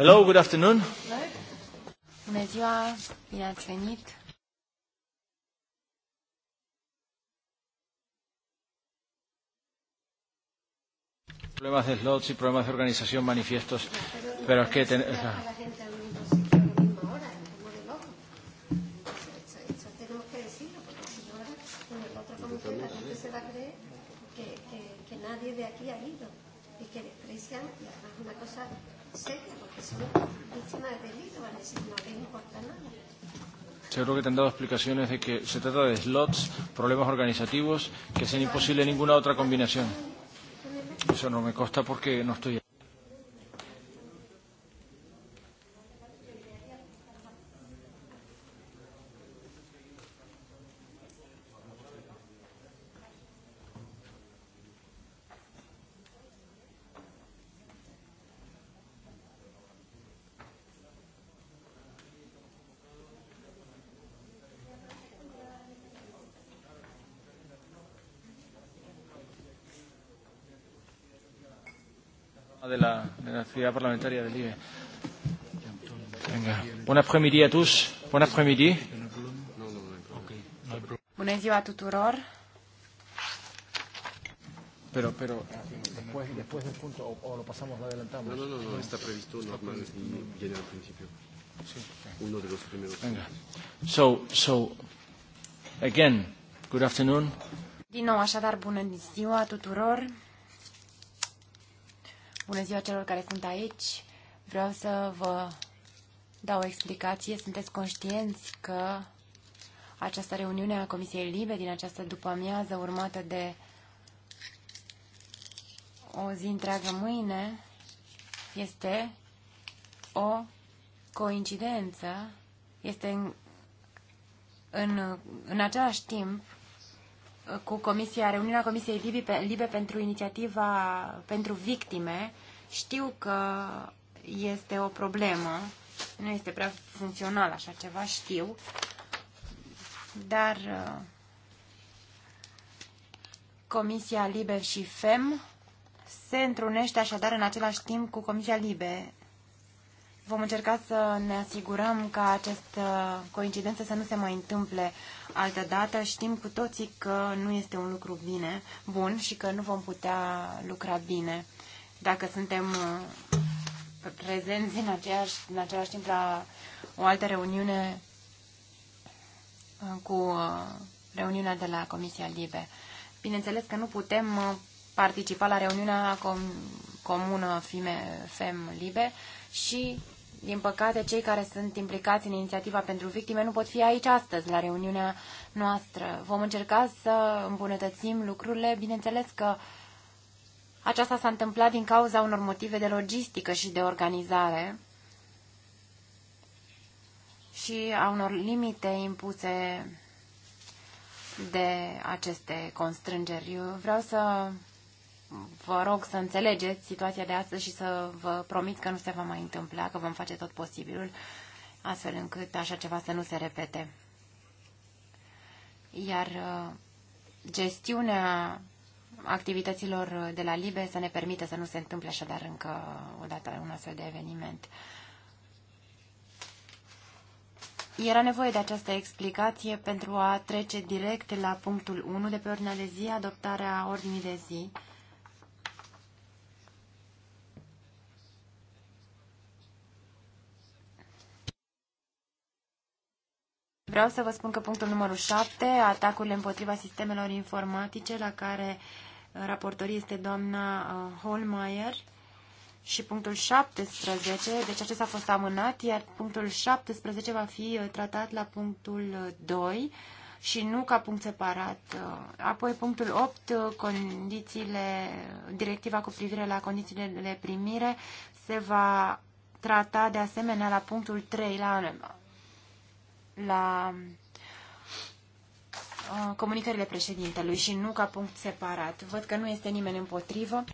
Hello, good afternoon. Bună ziua, bine ați venit. Problemas de slots y problemas de organización manifiestos, pero es que... Ten... nadie de aquí ha ido y que desprecian, y además una cosa creo que te han dado explicaciones de que se trata de slots, problemas organizativos, que sean imposible ninguna otra combinación. Eso no me consta porque no estoy. de la, de la actividad parlamentaria del IBE. Venga. Buen après-midi a tous. Buen après-midi. Bună ziua tuturor. Pero, pero, eh, después, después del punto, o, o lo pasamos, lo adelantamos. No, no, no, no está previsto normal y viene al principio. Sí. Uno de los primeros. Venga. So, so, again, good afternoon. Din nou, așadar, bună ziua tuturor. Bună ziua celor care sunt aici. Vreau să vă dau o explicație. Sunteți conștienți că această reuniune a Comisiei Libe din această după-amiază, urmată de o zi întreagă mâine, este o coincidență, este în, în, în același timp cu comisia, reuniunea Comisiei Libe, Libe pentru inițiativa pentru victime, știu că este o problemă, nu este prea funcțional așa ceva, știu, dar uh, Comisia Libe și FEM se întrunește așadar în același timp cu Comisia Libe vom încerca să ne asigurăm ca această coincidență să nu se mai întâmple altă dată. Știm cu toții că nu este un lucru bine, bun și că nu vom putea lucra bine dacă suntem uh, prezenți în, aceeași, în același timp la o altă reuniune uh, cu uh, reuniunea de la Comisia Libe. Bineînțeles că nu putem participa la reuniunea com comună FEM-LIBE și din păcate, cei care sunt implicați în inițiativa pentru victime nu pot fi aici astăzi, la reuniunea noastră. Vom încerca să îmbunătățim lucrurile. Bineînțeles că aceasta s-a întâmplat din cauza unor motive de logistică și de organizare și a unor limite impuse de aceste constrângeri. Eu vreau să vă rog să înțelegeți situația de astăzi și să vă promit că nu se va mai întâmpla, că vom face tot posibilul astfel încât așa ceva să nu se repete. Iar uh, gestiunea activităților de la LIBE să ne permită să nu se întâmple așadar încă o dată un astfel de eveniment. Era nevoie de această explicație pentru a trece direct la punctul 1 de pe ordinea de zi, adoptarea ordinii de zi. Vreau să vă spun că punctul numărul 7, atacurile împotriva sistemelor informatice, la care uh, raportorii este doamna uh, Holmeier, și punctul 17, deci acesta a fost amânat, iar punctul 17 va fi uh, tratat la punctul 2 și nu ca punct separat. Apoi punctul 8, condițiile, directiva cu privire la condițiile de primire se va trata de asemenea la punctul 3 la la uh, comunicările președintelui și nu ca punct separat. Văd că nu este nimeni împotrivă.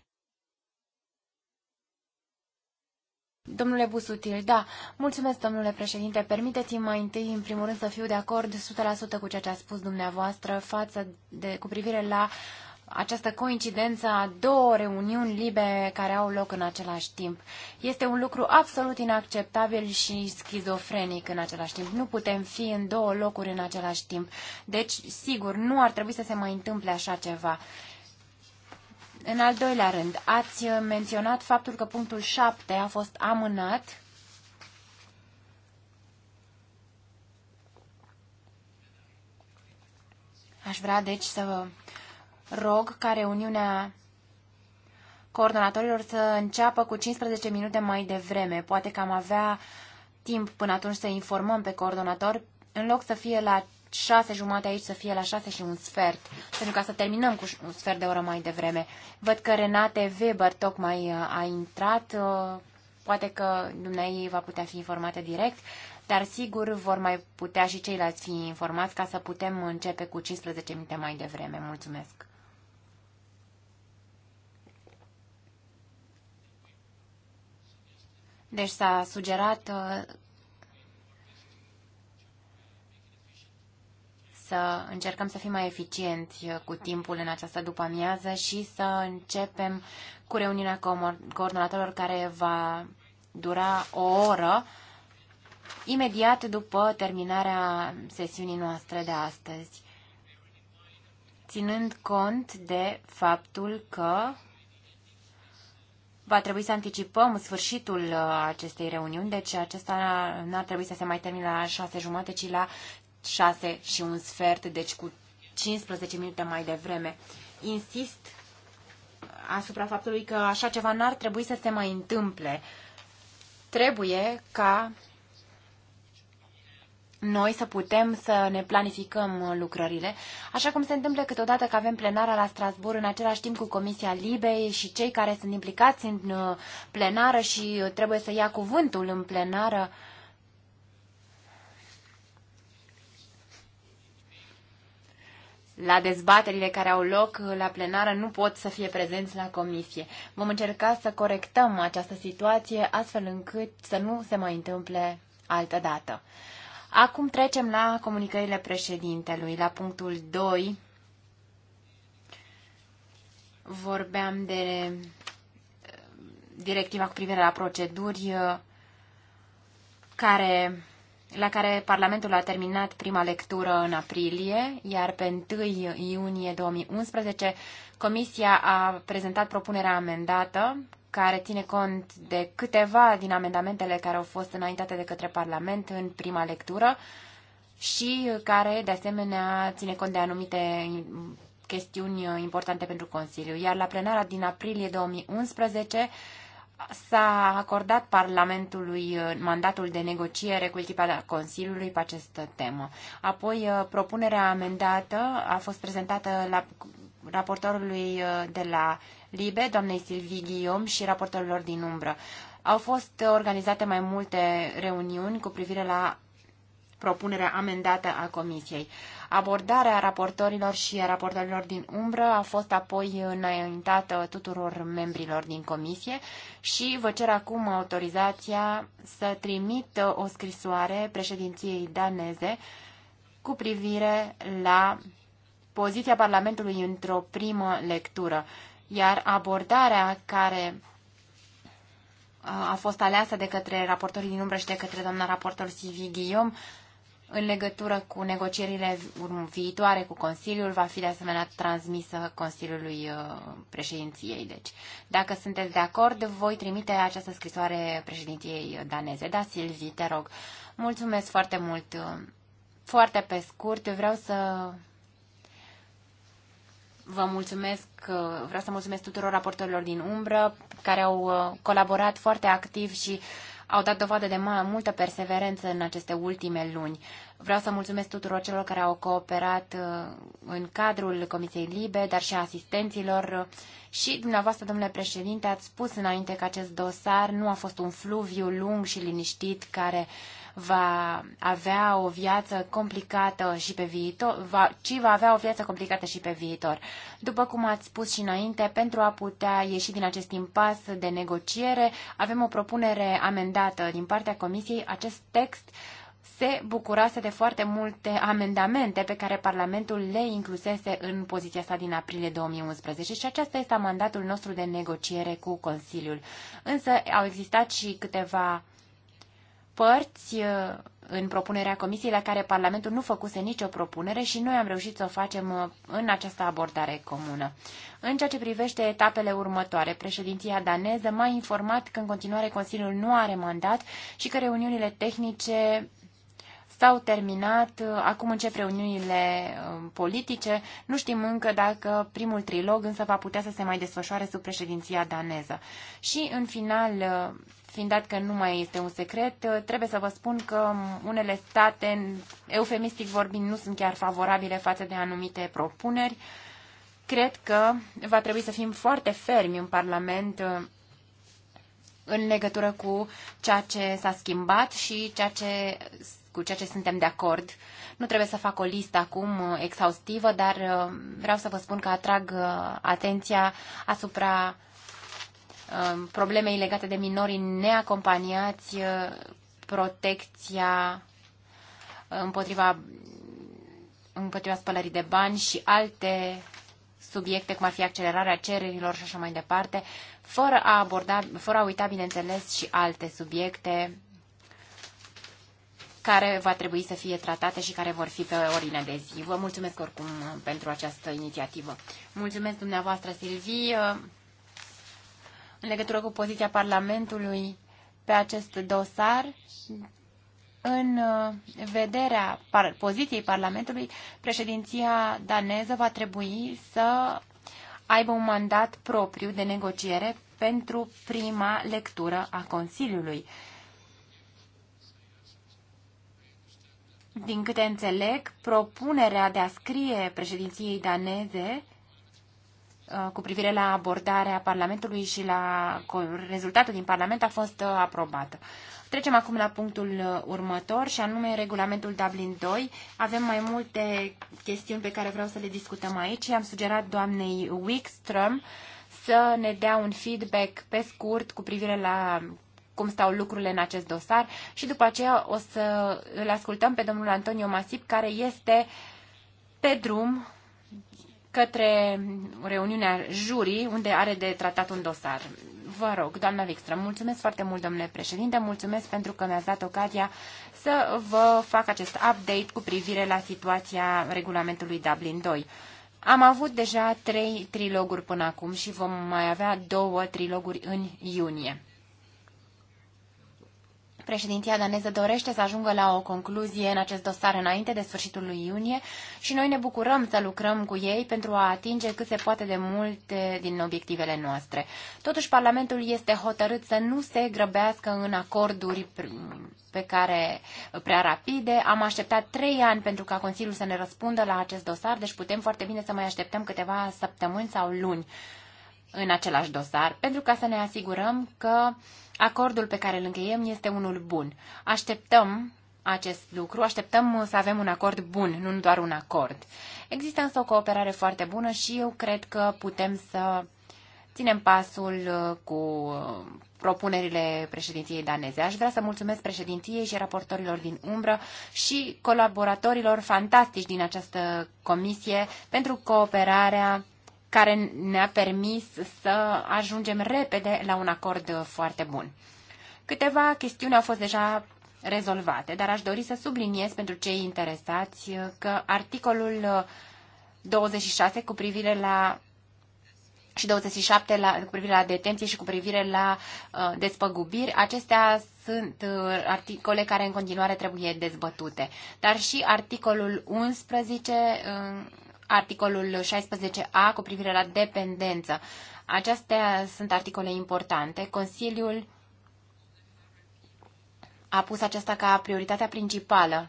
Domnule Busutil, da, mulțumesc, domnule președinte. Permiteți-mi mai întâi, în primul rând, să fiu de acord 100% cu ceea ce a spus dumneavoastră față de, cu privire la această coincidență a două reuniuni libere care au loc în același timp. Este un lucru absolut inacceptabil și schizofrenic în același timp. Nu putem fi în două locuri în același timp. Deci, sigur, nu ar trebui să se mai întâmple așa ceva. În al doilea rând, ați menționat faptul că punctul 7 a fost amânat Aș vrea, deci, să vă rog ca reuniunea coordonatorilor să înceapă cu 15 minute mai devreme. Poate că am avea timp până atunci să informăm pe coordonator, în loc să fie la 6 jumate aici, să fie la 6 și un sfert, pentru ca să terminăm cu un sfert de oră mai devreme. Văd că Renate Weber tocmai uh, a intrat, uh, poate că dumneai va putea fi informată direct, dar sigur vor mai putea și ceilalți fi informați ca să putem începe cu 15 minute mai devreme. Mulțumesc! Deci s-a sugerat uh, să încercăm să fim mai eficienți uh, cu timpul în această după-amiază și să începem cu reuniunea coordonatorilor care va dura o oră imediat după terminarea sesiunii noastre de astăzi, ținând cont de faptul că va trebui să anticipăm sfârșitul uh, acestei reuniuni, deci acesta n-ar trebui să se mai termine la șase jumate, ci la șase și un sfert, deci cu 15 minute mai devreme. Insist asupra faptului că așa ceva n-ar trebui să se mai întâmple. Trebuie ca noi să putem să ne planificăm lucrările, așa cum se întâmplă câteodată că avem plenara la Strasbourg în același timp cu Comisia Libei și cei care sunt implicați în uh, plenară și uh, trebuie să ia cuvântul în plenară. la dezbaterile care au loc uh, la plenară nu pot să fie prezenți la comisie. Vom încerca să corectăm această situație astfel încât să nu se mai întâmple altă dată. Acum trecem la comunicările președintelui. La punctul 2 vorbeam de directiva cu privire la proceduri care, la care Parlamentul a terminat prima lectură în aprilie, iar pe 1 iunie 2011 Comisia a prezentat propunerea amendată care ține cont de câteva din amendamentele care au fost înaintate de către Parlament în prima lectură și care, de asemenea, ține cont de anumite chestiuni importante pentru Consiliu. Iar la plenara din aprilie 2011 s-a acordat Parlamentului mandatul de negociere cu echipa Consiliului pe această temă. Apoi, uh, propunerea amendată a fost prezentată la raportorului uh, de la Libe, doamnei Silvii Guillaume și raportorilor din umbră. Au fost organizate mai multe reuniuni cu privire la propunerea amendată a Comisiei. Abordarea raportorilor și a raportorilor din umbră a fost apoi înaintată tuturor membrilor din comisie și vă cer acum autorizația să trimit o scrisoare președinției daneze cu privire la poziția Parlamentului într-o primă lectură iar abordarea care uh, a fost aleasă de către raportorii din umbră și de către doamna raportor CV Guillaume în legătură cu negocierile viitoare cu Consiliul va fi de asemenea transmisă Consiliului uh, președinției. Deci, dacă sunteți de acord, voi trimite această scrisoare președinției daneze. Da, Silvi, te rog. Mulțumesc foarte mult. Foarte pe scurt, vreau să Vă mulțumesc, vreau să mulțumesc tuturor raportorilor din umbră care au uh, colaborat foarte activ și au dat dovadă de multă perseverență în aceste ultime luni. Vreau să mulțumesc tuturor celor care au cooperat uh, în cadrul Comisiei Libe, dar și a asistenților. Și dumneavoastră, domnule președinte, ați spus înainte că acest dosar nu a fost un fluviu lung și liniștit care uh, va avea o viață complicată și pe viitor, va, ci va avea o viață complicată și pe viitor. După cum ați spus și înainte, pentru a putea ieși din acest impas de negociere, avem o propunere amendată din partea Comisiei. Acest text se bucurase de foarte multe amendamente pe care Parlamentul le inclusese în poziția sa din aprilie 2011 și aceasta este mandatul nostru de negociere cu Consiliul. Însă au existat și câteva părți uh, în propunerea Comisiei la care Parlamentul nu făcuse nicio propunere și noi am reușit să o facem uh, în această abordare comună. În ceea ce privește etapele următoare, președinția daneză m-a informat că în continuare Consiliul nu are mandat și că reuniunile tehnice s-au terminat, uh, acum încep reuniunile um, politice, nu știm încă dacă primul trilog însă va putea să se mai desfășoare sub președinția daneză. Și în final, uh, fiind dat că nu mai este un secret, uh, trebuie să vă spun că um, unele state, eufemistic vorbind, nu sunt chiar favorabile față de anumite propuneri. Cred că va trebui să fim foarte fermi în Parlament în legătură cu ceea ce s-a schimbat și ceea ce cu ceea ce suntem de acord. Nu trebuie să fac o listă acum uh, exhaustivă, dar uh, vreau să vă spun că atrag uh, atenția asupra problemei legate de minorii neacompaniați, protecția împotriva, împotriva spălării de bani și alte subiecte, cum ar fi accelerarea cererilor și așa mai departe, fără a aborda, fără a uita, bineînțeles, și alte subiecte care va trebui să fie tratate și care vor fi pe ordine de zi. Vă mulțumesc oricum uh, pentru această inițiativă. Mulțumesc dumneavoastră, Silvii. Uh, în legătură cu poziția Parlamentului pe acest dosar, în uh, vederea poziției Parlamentului, președinția daneză va trebui să aibă un mandat propriu de negociere pentru prima lectură a Consiliului. Din câte înțeleg, propunerea de a scrie președinției daneze uh, cu privire la abordarea Parlamentului și la rezultatul din Parlament a fost uh, aprobată. Trecem acum la punctul uh, următor și anume regulamentul Dublin 2. Avem mai multe chestiuni pe care vreau să le discutăm aici. Am sugerat doamnei Wickström să ne dea un feedback pe scurt cu privire la cum stau lucrurile în acest dosar și după aceea o să îl ascultăm pe domnul Antonio Masip, care este pe drum către reuniunea jurii, unde are de tratat un dosar. Vă rog, doamna Wikström, mulțumesc foarte mult, domnule președinte, mulțumesc pentru că mi-ați dat ocazia să vă fac acest update cu privire la situația regulamentului Dublin 2. Am avut deja trei triloguri până acum și vom mai avea două triloguri în iunie. Președinția daneză dorește să ajungă la o concluzie în acest dosar înainte de sfârșitul lui iunie și noi ne bucurăm să lucrăm cu ei pentru a atinge cât se poate de multe din obiectivele noastre. Totuși, Parlamentul este hotărât să nu se grăbească în acorduri pe care prea rapide. Am așteptat trei ani pentru ca Consiliul să ne răspundă la acest dosar, deci putem foarte bine să mai așteptăm câteva săptămâni sau luni în același dosar, pentru ca să ne asigurăm că uh, Acordul pe care îl încheiem este unul bun. Așteptăm acest lucru, așteptăm să avem un acord bun, nu doar un acord. Există însă o cooperare foarte bună și eu cred că putem să ținem pasul uh, cu uh, propunerile președinției daneze. Aș vrea să mulțumesc președinției și raportorilor din umbră și colaboratorilor fantastici din această comisie pentru cooperarea care ne-a permis să ajungem repede la un acord foarte bun. Câteva chestiuni au fost deja rezolvate, dar aș dori să subliniez pentru cei interesați că articolul 26 cu privire la și 27 la, cu privire la detenție și cu privire la uh, despăgubiri, acestea sunt uh, articole care în continuare trebuie dezbătute. Dar și articolul 11 uh, articolul 16a cu privire la dependență. Acestea sunt articole importante. Consiliul a pus aceasta ca prioritatea principală.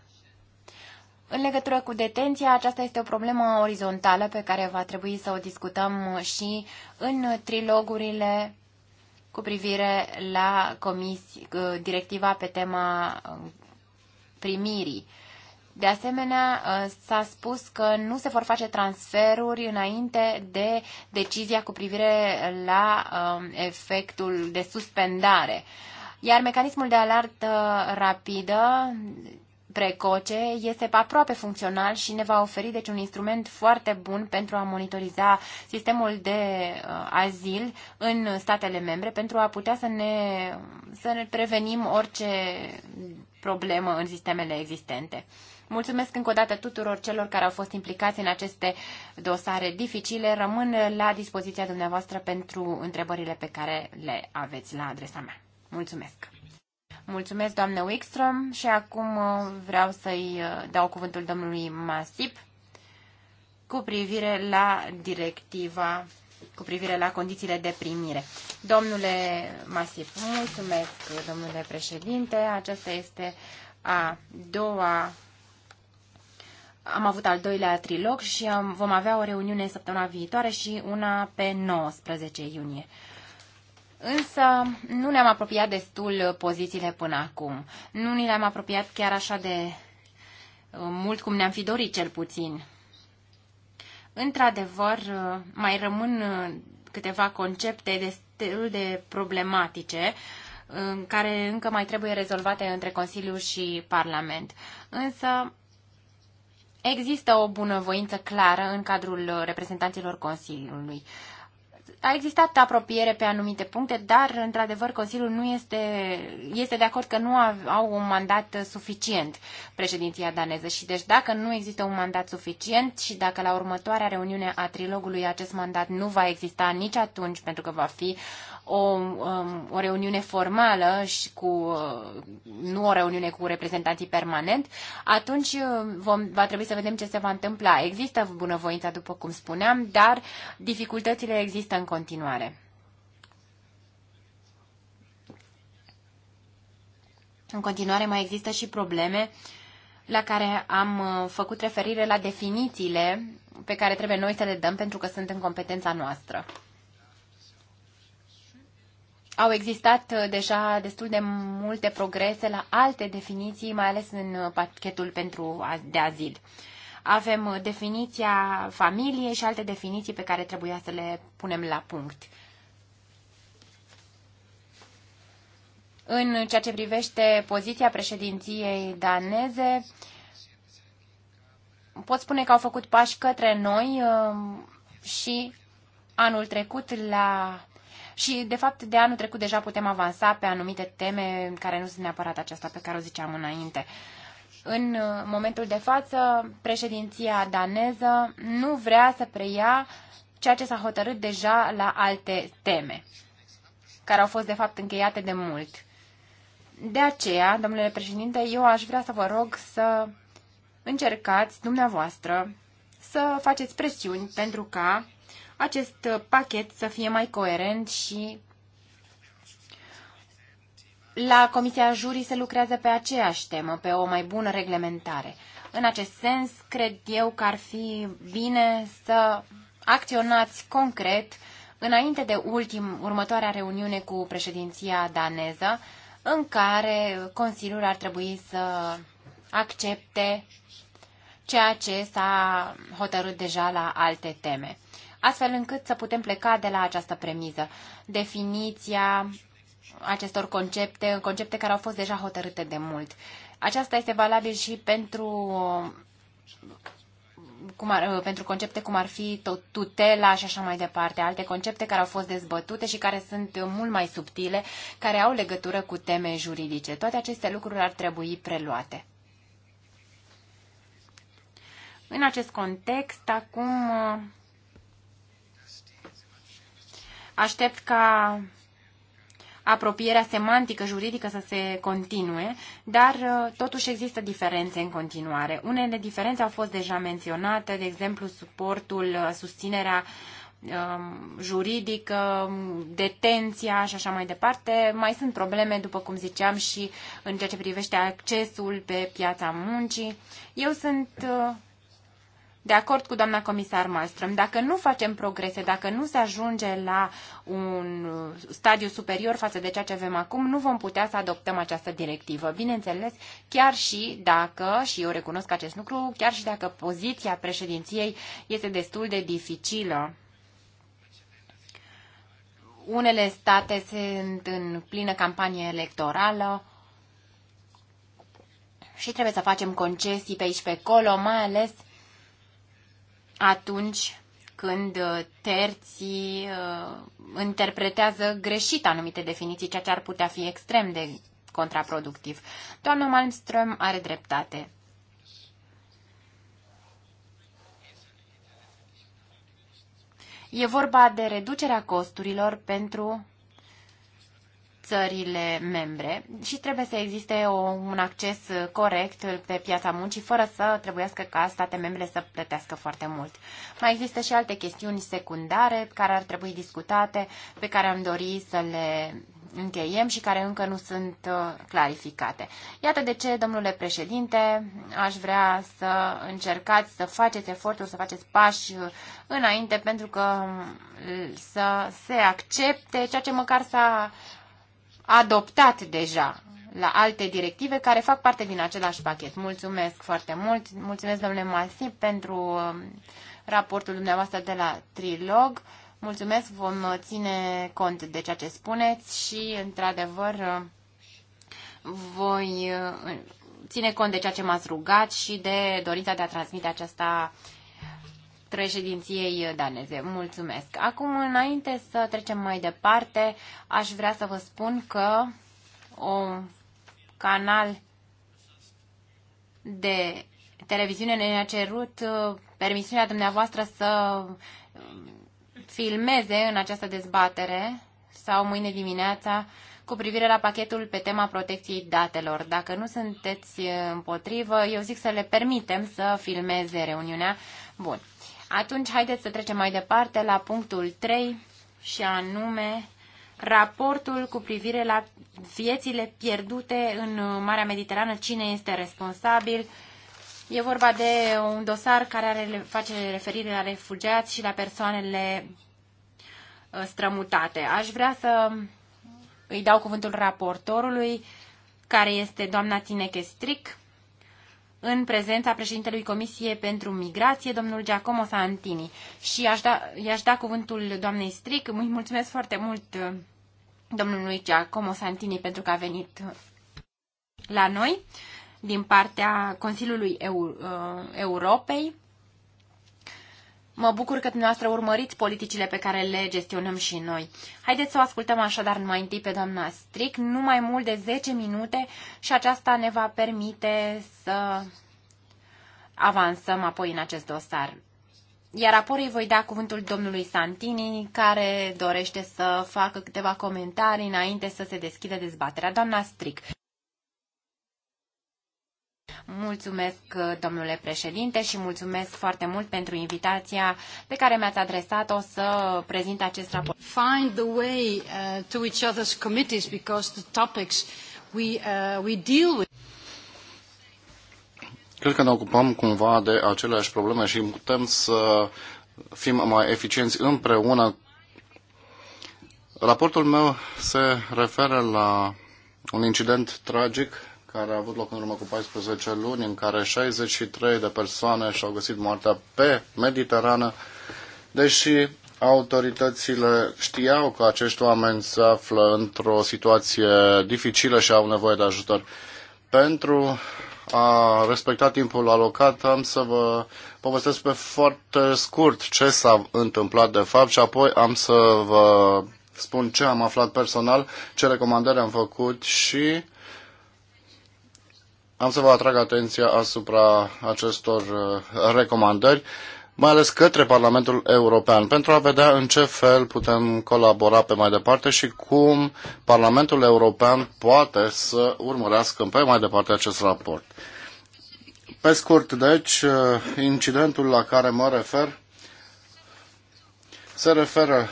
În legătură cu detenția, aceasta este o problemă orizontală pe care va trebui să o discutăm și în trilogurile cu privire la comisi, uh, directiva pe tema uh, primirii. De asemenea, uh, s-a spus că nu se vor face transferuri înainte de decizia cu privire la um, efectul de suspendare. Iar mecanismul de alertă rapidă precoce este aproape funcțional și ne va oferi deci un instrument foarte bun pentru a monitoriza sistemul de uh, azil în statele membre pentru a putea să ne, să ne prevenim orice problemă în sistemele existente. Mulțumesc încă o dată tuturor celor care au fost implicați în aceste dosare dificile. Rămân la dispoziția dumneavoastră pentru întrebările pe care le aveți la adresa mea. Mulțumesc! Mulțumesc, doamnă Wickström, și acum uh, vreau să-i uh, dau cuvântul domnului Masip cu privire la directiva cu privire la condițiile de primire. Domnule Masip, mulțumesc, domnule președinte. Aceasta este a doua am avut al doilea trilog și am, vom avea o reuniune săptămâna viitoare și una pe 19 iunie. Însă nu ne-am apropiat destul pozițiile până acum. Nu ni le-am apropiat chiar așa de uh, mult cum ne-am fi dorit cel puțin. Într-adevăr, uh, mai rămân uh, câteva concepte destul de problematice care încă mai trebuie rezolvate între Consiliu și Parlament. Însă Există o bunăvoință clară în cadrul uh, reprezentanților Consiliului. A existat apropiere pe anumite puncte, dar, într-adevăr, Consiliul nu este, este de acord că nu au un mandat uh, suficient președinția daneză și, deci, dacă nu există un mandat suficient și dacă la următoarea reuniune a trilogului acest mandat nu va exista nici atunci, pentru că va fi o, um, o reuniune formală și cu, uh, nu o reuniune cu reprezentanții permanent, atunci uh, vom, va trebui să vedem ce se va întâmpla. Există bunăvoința, după cum spuneam, dar dificultățile există în continuare. În continuare mai există și probleme la care am uh, făcut referire la definițiile pe care trebuie noi să le dăm pentru că sunt în competența noastră. Au existat uh, deja destul de multe progrese la alte definiții, mai ales în uh, pachetul pentru de azil. Avem uh, definiția familiei și alte definiții pe care trebuia să le punem la punct. În ceea ce privește poziția președinției daneze, pot spune că au făcut pași către noi și anul trecut la și, de fapt, de anul trecut deja putem avansa pe anumite teme care nu sunt neapărat aceasta pe care o ziceam înainte. În uh, momentul de față, președinția daneză nu vrea să preia ceea ce s-a hotărât deja la alte teme, care au fost, de fapt, încheiate de mult. De aceea, domnule președinte, eu aș vrea să vă rog să încercați dumneavoastră să faceți presiuni pentru ca acest uh, pachet să fie mai coerent și la Comisia Jurii se lucrează pe aceeași temă, pe o mai bună reglementare. În acest sens, cred eu că ar fi bine să acționați concret înainte de ultim, următoarea reuniune cu președinția daneză, în care Consiliul ar trebui să accepte ceea ce s-a hotărât deja la alte teme astfel încât să putem pleca de la această premiză. Definiția acestor concepte, concepte care au fost deja hotărâte de mult. Aceasta este valabil și pentru, cum ar, pentru concepte cum ar fi tutela și așa mai departe, alte concepte care au fost dezbătute și care sunt mult mai subtile, care au legătură cu teme juridice. Toate aceste lucruri ar trebui preluate. În acest context, acum Aștept ca apropierea semantică juridică să se continue, dar uh, totuși există diferențe în continuare. Unele diferențe au fost deja menționate, de exemplu suportul, uh, susținerea um, juridică, detenția și așa mai departe. Mai sunt probleme, după cum ziceam, și în ceea ce privește accesul pe piața muncii. Eu sunt uh, de acord cu doamna comisar Malmström, dacă nu facem progrese, dacă nu se ajunge la un stadiu superior față de ceea ce avem acum, nu vom putea să adoptăm această directivă. Bineînțeles, chiar și dacă, și eu recunosc acest lucru, chiar și dacă poziția președinției este destul de dificilă unele state sunt în plină campanie electorală și trebuie să facem concesii pe aici pe acolo, mai ales atunci când uh, terții uh, interpretează greșit anumite definiții, ceea ce ar putea fi extrem de contraproductiv. Doamna Malmström are dreptate. E vorba de reducerea costurilor pentru țările membre și trebuie să existe o, un acces corect pe piața muncii fără să trebuiască ca state membre să plătească foarte mult. Mai există și alte chestiuni secundare care ar trebui discutate, pe care am dori să le încheiem și care încă nu sunt uh, clarificate. Iată de ce, domnule președinte, aș vrea să încercați să faceți eforturi, să faceți pași uh, înainte pentru că mm, să se accepte ceea ce măcar s-a adoptat deja la alte directive care fac parte din același pachet. Mulțumesc foarte mult. Mulțumesc, domnule Masip, pentru um, raportul dumneavoastră de la Trilog. Mulțumesc, vom ține cont de ceea ce spuneți și, într-adevăr, voi uh, ține cont de ceea ce m-ați rugat și de dorința de a transmite aceasta președinției daneze. Mulțumesc. Acum, înainte să trecem mai departe, aș vrea să vă spun că un canal de televiziune ne-a cerut uh, permisiunea dumneavoastră să uh, filmeze în această dezbatere sau mâine dimineața cu privire la pachetul pe tema protecției datelor. Dacă nu sunteți uh, împotrivă, eu zic să le permitem să filmeze reuniunea. Bun. Atunci, haideți să trecem mai departe la punctul 3 și anume raportul cu privire la viețile pierdute în Marea Mediterană, cine este responsabil. E vorba de un dosar care are, face referire la refugiați și la persoanele uh, strămutate. Aș vrea să îi dau cuvântul raportorului, care este doamna Tineke Stric în prezența președintelui Comisiei pentru Migrație, domnul Giacomo Santini. Și aș da, i-aș da cuvântul doamnei Stric. Îi mulțumesc foarte mult uh, domnului Giacomo Santini pentru că a venit uh, la noi din partea Consiliului Euro- uh, Europei Mă bucur că dumneavoastră urmăriți politicile pe care le gestionăm și noi. Haideți să o ascultăm așadar mai întâi pe doamna Stric, nu mai mult de 10 minute și aceasta ne va permite să avansăm apoi în acest dosar. Iar apoi îi voi da cuvântul domnului Santini, care dorește să facă câteva comentarii înainte să se deschidă dezbaterea. Doamna Stric. Mulțumesc, domnule președinte, și mulțumesc foarte mult pentru invitația pe care mi-ați adresat-o să prezint acest raport. Find the way uh, to each other's committees because the topics we, uh, we deal with Cred că ne ocupăm cumva de aceleași probleme și putem să fim mai eficienți împreună. Raportul meu se referă la un incident tragic care a avut loc în urmă cu 14 luni, în care 63 de persoane și-au găsit moartea pe Mediterană, deși autoritățile știau că acești oameni se află într-o situație dificilă și au nevoie de ajutor. Pentru a respecta timpul alocat, am să vă povestesc pe foarte scurt ce s-a întâmplat de fapt și apoi am să vă spun ce am aflat personal, ce recomandări am făcut și am să vă atrag atenția asupra acestor uh, recomandări, mai ales către Parlamentul European, pentru a vedea în ce fel putem colabora pe mai departe și cum Parlamentul European poate să urmărească pe mai departe acest raport. Pe scurt, deci, uh, incidentul la care mă refer se referă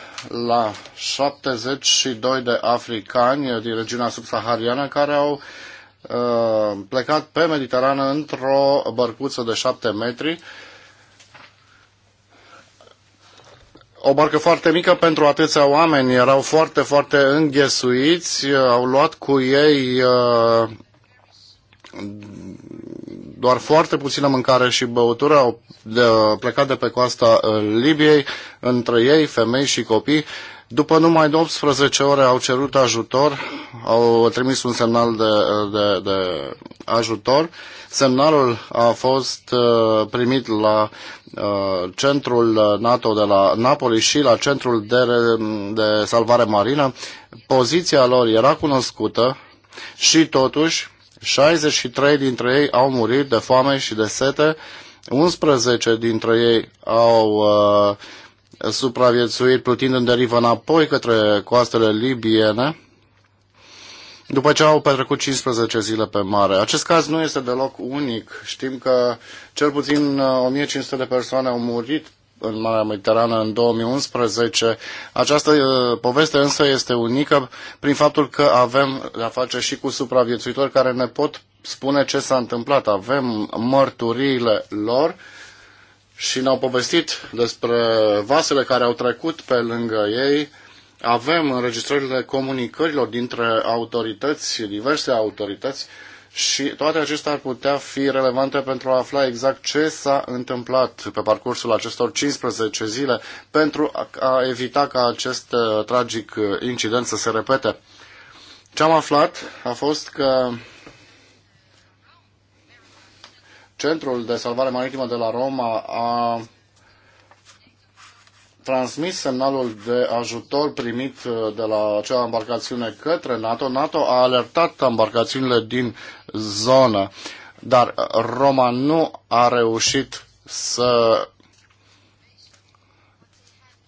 la 72 de africani din regiunea subsahariană care au Uh, plecat pe Mediterană într-o bărcuță de 7 metri. O barcă foarte mică pentru atâția oameni, erau foarte, foarte înghesuiți, uh, au luat cu ei uh, doar foarte puțină mâncare și băutură, au plecat de pe coasta Libiei, între ei femei și copii. După numai 18 ore au cerut ajutor, au trimis un semnal de, de, de ajutor. Semnalul a fost uh, primit la uh, centrul NATO de la Napoli și la centrul de, de salvare marină. Poziția lor era cunoscută și totuși 63 dintre ei au murit de foame și de sete, 11 dintre ei au uh, supraviețuit plutind în derivă înapoi către coastele libiene după ce au petrecut 15 zile pe mare. Acest caz nu este deloc unic. Știm că cel puțin 1500 uh, de persoane au murit în Marea Mediterană în 2011. Această uh, poveste însă este unică prin faptul că avem de-a face și cu supraviețuitori care ne pot spune ce s-a întâmplat. Avem mărturiile lor și ne-au povestit despre vasele care au trecut pe lângă ei. Avem înregistrările comunicărilor dintre autorități, diverse autorități, și toate acestea ar putea fi relevante pentru a afla exact ce s-a întâmplat pe parcursul acestor 15 zile pentru a evita ca acest uh, tragic uh, incident să se repete. Ce am aflat a fost că Centrul de Salvare Maritimă de la Roma a transmis semnalul de ajutor primit uh, de la acea embarcațiune către NATO. NATO a alertat embarcațiunile din zonă, dar Roma nu a reușit să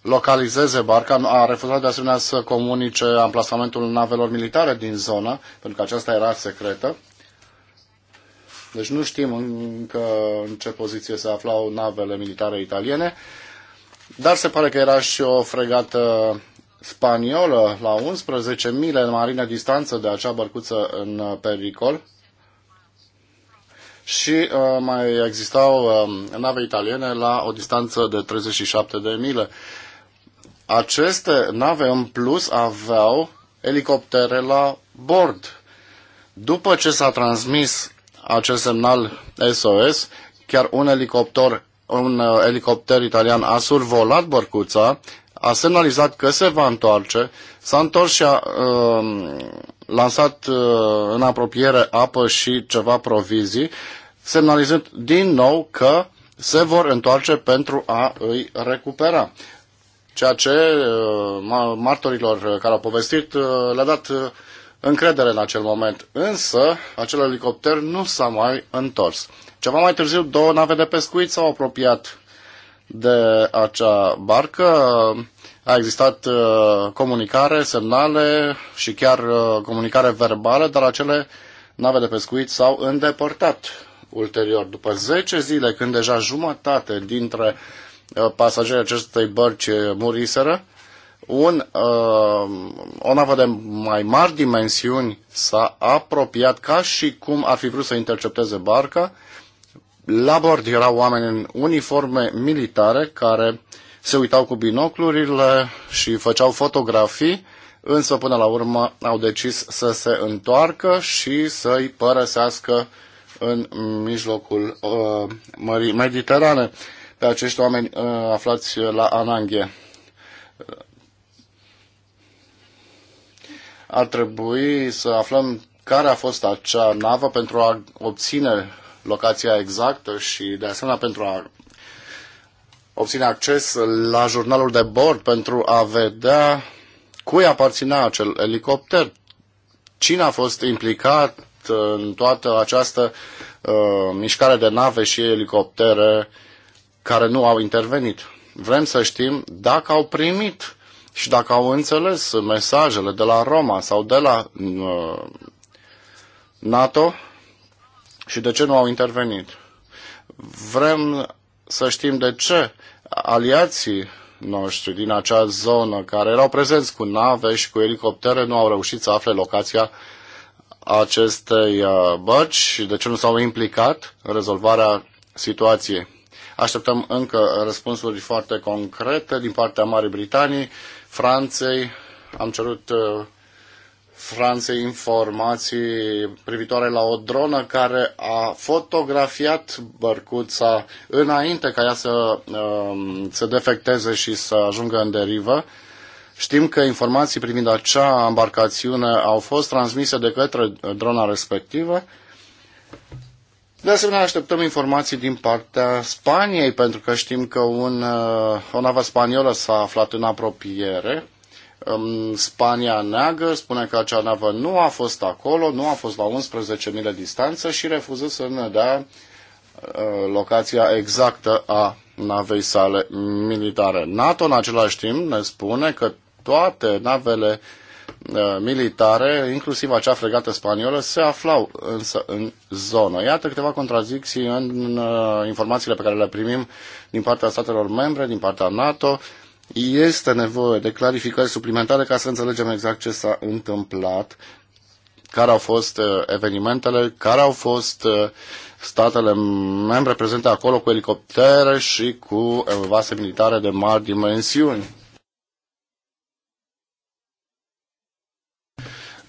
localizeze barca, a refuzat de asemenea să comunice amplasamentul navelor militare din zonă, pentru că aceasta era secretă. Deci nu știm încă în ce poziție se aflau navele militare italiene, dar se pare că era și o fregată spaniolă la 11 mile în marină distanță de acea bărcuță în pericol. Și uh, mai existau uh, nave italiene la o distanță de 37 de mile. Aceste nave în plus aveau elicoptere la bord. După ce s-a transmis acest semnal SOS. Chiar un elicopter, un uh, elicopter italian a survolat bărcuța, a semnalizat că se va întoarce, s-a întors și a uh, lansat uh, în apropiere apă și ceva provizii, semnalizând din nou că se vor întoarce pentru a îi recupera ceea ce uh, martorilor care au povestit uh, le-a dat încredere în acel moment, însă acel elicopter nu s-a mai întors. Ceva mai târziu, două nave de pescuit s-au apropiat de acea barcă. A existat uh, comunicare, semnale și chiar uh, comunicare verbală, dar acele nave de pescuit s-au îndepărtat ulterior. După 10 zile, când deja jumătate dintre uh, pasagerii acestei bărci muriseră, un, uh, o navă de mai mari dimensiuni s-a apropiat ca și cum ar fi vrut să intercepteze barca. La bord erau oameni în uniforme militare care se uitau cu binoclurile și făceau fotografii, însă până la urmă au decis să se întoarcă și să-i părăsească în mijlocul uh, Mării Mediterane pe acești oameni uh, aflați la Ananghe ar trebui să aflăm care a fost acea navă pentru a obține locația exactă și de asemenea pentru a obține acces la jurnalul de bord pentru a vedea cui aparținea acel elicopter, cine a fost implicat în toată această uh, mișcare de nave și elicoptere care nu au intervenit. Vrem să știm dacă au primit și dacă au înțeles mesajele de la Roma sau de la uh, NATO și de ce nu au intervenit. Vrem să știm de ce aliații noștri din acea zonă care erau prezenți cu nave și cu elicoptere nu au reușit să afle locația acestei uh, băci și de ce nu s-au implicat în rezolvarea situației. Așteptăm încă răspunsuri foarte concrete din partea Marii Britanii Franței. Am cerut uh, Franței informații privitoare la o dronă care a fotografiat bărcuța înainte ca ea să um, se defecteze și să ajungă în derivă. Știm că informații privind acea embarcațiune au fost transmise de către drona respectivă de asemenea, așteptăm informații din partea Spaniei, pentru că știm că un, uh, o navă spaniolă s-a aflat în apropiere. Um, Spania neagă, spune că acea navă nu a fost acolo, nu a fost la 11 mile distanță și refuză să ne dea uh, locația exactă a navei sale militare. NATO în același timp ne spune că toate navele uh, Uh, militare, inclusiv acea fregată spaniolă, se aflau însă în zonă. Iată câteva contrazicții în uh, informațiile pe care le primim din partea statelor membre, din partea NATO. Este nevoie de clarificări suplimentare ca să înțelegem exact ce s-a întâmplat, care au fost uh, evenimentele, care au fost statele membre prezente acolo cu elicoptere și cu vase militare de mari dimensiuni.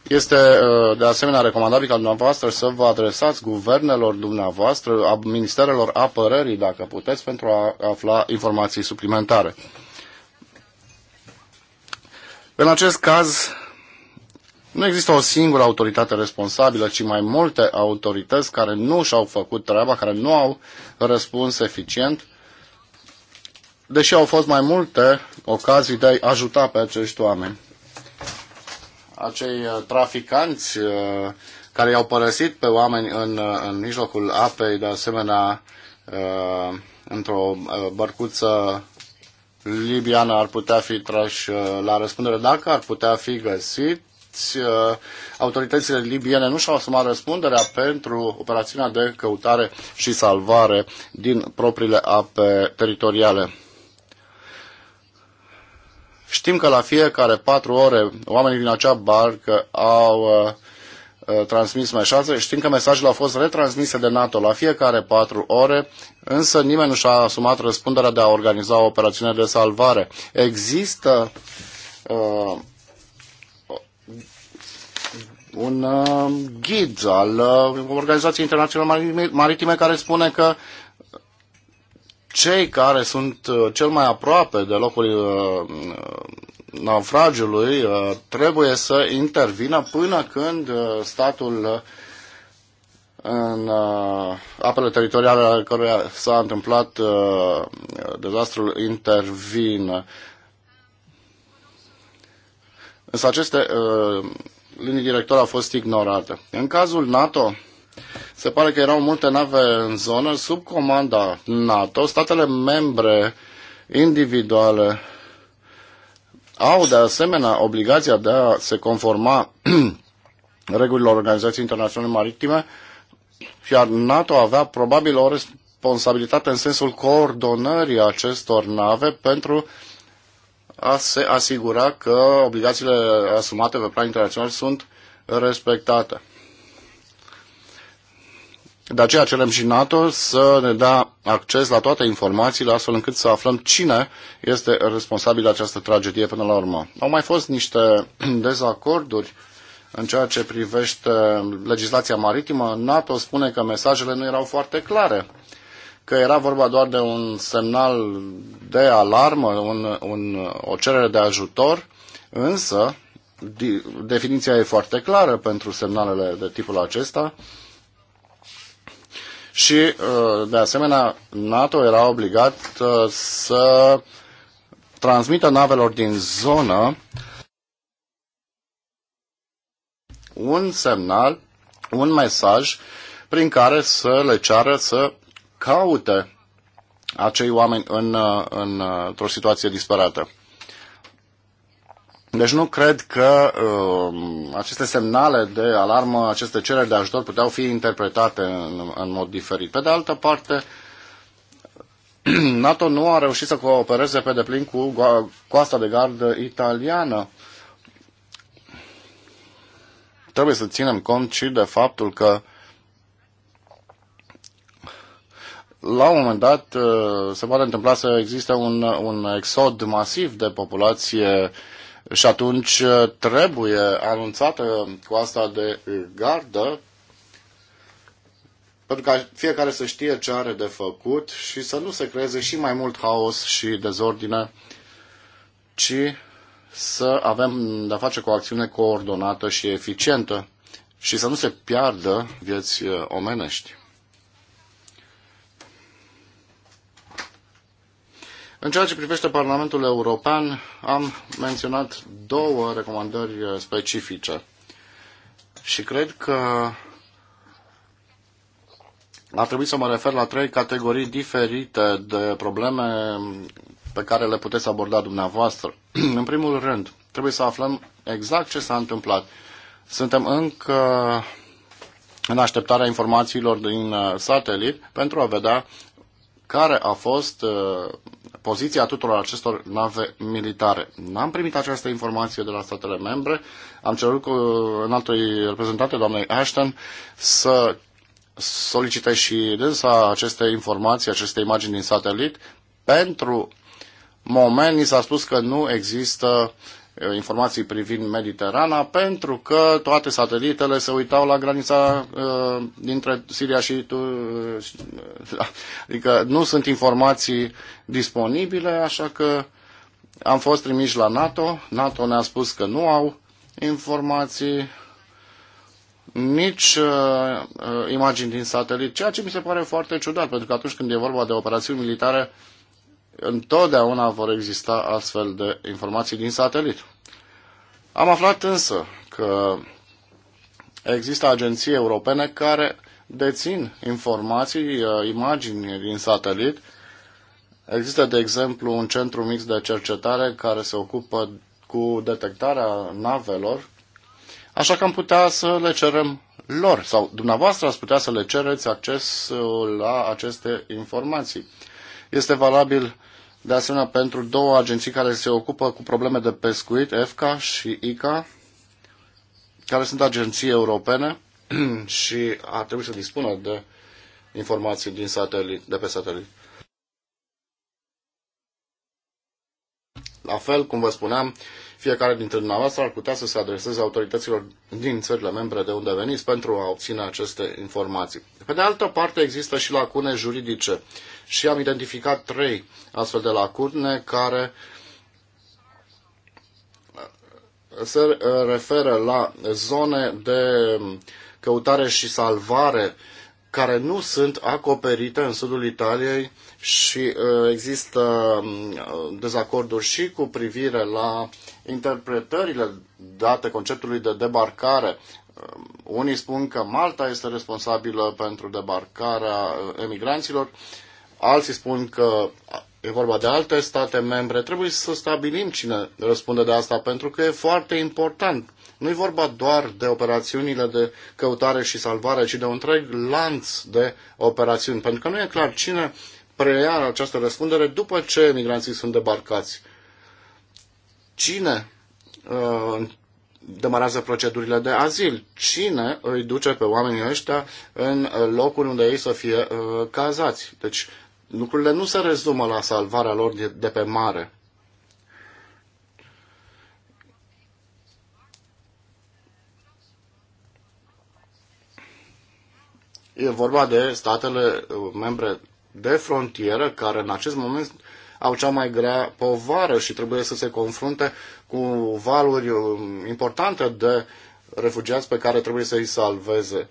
Este uh, de asemenea recomandabil ca dumneavoastră să vă adresați guvernelor dumneavoastră, a ministerelor apărării, dacă puteți, pentru a afla informații suplimentare. În acest caz, nu există o singură autoritate responsabilă, ci mai multe autorități care nu și-au făcut treaba, care nu au răspuns eficient, deși au fost mai multe ocazii de a ajuta pe acești oameni acei uh, traficanți uh, care i-au părăsit pe oameni în, uh, în mijlocul apei, de asemenea, într-o bărcuță libiană ar putea fi trași la răspundere. Dacă ar putea fi găsit, autoritățile libiene nu și-au asumat răspunderea pentru operațiunea de căutare și salvare din propriile ape teritoriale. Știm că la fiecare patru ore oamenii din acea barcă au uh, uh, transmis mesaje. Știm că mesajele au fost retransmise de NATO la fiecare patru ore, însă nimeni nu și-a asumat răspunderea de a organiza o operațiune de salvare. Există uh, un uh, ghid al uh, Organizației Internaționale Maritime care spune că cei care sunt uh, cel mai aproape de locul uh, uh, naufragiului trebuie să intervină până când statul în apele teritoriale ale căruia s-a întâmplat dezastrul intervine. Însă aceste linii directoare au fost ignorate. În cazul NATO, se pare că erau multe nave în zonă sub comanda NATO. Statele membre individuale au de asemenea obligația de a se conforma regulilor Organizației Internaționale Maritime, și NATO avea probabil o responsabilitate în sensul coordonării acestor nave pentru a se asigura că obligațiile asumate pe plan internațional sunt respectate. De aceea cerem și NATO să ne dea acces la toate informațiile, astfel încât să aflăm cine este responsabil de această tragedie până la urmă. Au mai fost niște dezacorduri în ceea ce privește legislația maritimă. NATO spune că mesajele nu erau foarte clare, că era vorba doar de un semnal de alarmă, un, un, o cerere de ajutor, însă definiția e foarte clară pentru semnalele de tipul acesta și, uh, de asemenea, NATO era obligat uh, să transmită navelor din zonă un semnal, un mesaj prin care să le ceară să caute acei oameni în, uh, în, într-o situație disperată. Deci nu cred că uh, aceste semnale de alarmă, aceste cereri de ajutor puteau fi interpretate în, în mod diferit. Pe de altă parte, NATO nu a reușit să coopereze pe deplin cu coasta de gardă italiană. Trebuie să ținem cont și de faptul că la un moment dat uh, se poate întâmpla să existe un, un exod masiv de populație uh, și atunci uh, trebuie anunțată cu asta de gardă pentru ca fiecare să știe ce are de făcut și să nu se creeze și mai mult haos și dezordine, ci să avem de-a face cu o acțiune coordonată și eficientă și să nu se piardă vieți uh, omenești. În ceea ce privește Parlamentul European, am menționat două recomandări uh, specifice și cred că ar trebui să mă refer la trei categorii diferite de probleme pe care le puteți aborda dumneavoastră. în primul rând, trebuie să aflăm exact ce s-a întâmplat. Suntem încă în așteptarea informațiilor din uh, satelit pentru a vedea care a fost uh, poziția tuturor acestor nave militare. N-am primit această informație de la statele membre. Am cerut cu înaltui reprezentante, doamnei Ashton, să solicite și dânsa aceste informații, aceste imagini din satelit. Pentru moment ni s-a spus că nu există uh, Eh, informații privind Mediterana, pentru că toate satelitele se uitau la granița uh, dintre Siria și Uh, adică nu sunt informații disponibile, așa că am fost trimiși la NATO, NATO ne-a spus că nu au informații nici uh, imagini din satelit, ceea ce mi se pare foarte ciudat, pentru că atunci când e vorba de operațiuni militare, uh, întotdeauna vor exista astfel de informații din satelit. Am aflat însă că există agenții europene care dețin informații, uh, imagini din satelit. Există, de exemplu, un centru mix de cercetare care se ocupă cu detectarea navelor, așa că am putea să le cerem lor sau dumneavoastră ați putea să le cereți accesul la aceste informații. Este valabil de asemenea pentru două agenții care se ocupă cu probleme de pescuit, EFCA și ICA, care sunt agenții europene și ar trebui să dispună de informații din satelit, de pe satelit. La fel, cum vă spuneam, fiecare dintre dumneavoastră ar putea să se adreseze autorităților din țările membre de unde veniți pentru a obține aceste informații. Pe de altă parte, există și lacune juridice și am identificat trei astfel de lacune care se referă la zone de căutare și salvare uh, care nu sunt acoperite în sudul Italiei și uh, există um, uh, dezacorduri și cu privire la interpretările date conceptului de debarcare. Um, unii spun că Malta este responsabilă pentru debarcarea uh, emigranților, alții spun că e vorba de alte state membre. Trebuie să stabilim cine răspunde de asta, pentru că e foarte important nu e vorba doar de operațiunile de căutare și salvare, ci de un întreg lanț de operațiuni, pentru că nu e clar cine preia această răspundere după ce migranții sunt debarcați. Cine uh, demarează procedurile de azil? Cine îi duce pe oamenii ăștia în locul unde ei să fie uh, cazați? Deci lucrurile nu se rezumă la salvarea lor de, de pe mare. E vorba de statele uh, membre de frontieră care în acest moment au cea mai grea povară și trebuie să se confrunte cu valuri uh, importante de refugiați pe care trebuie să îi salveze.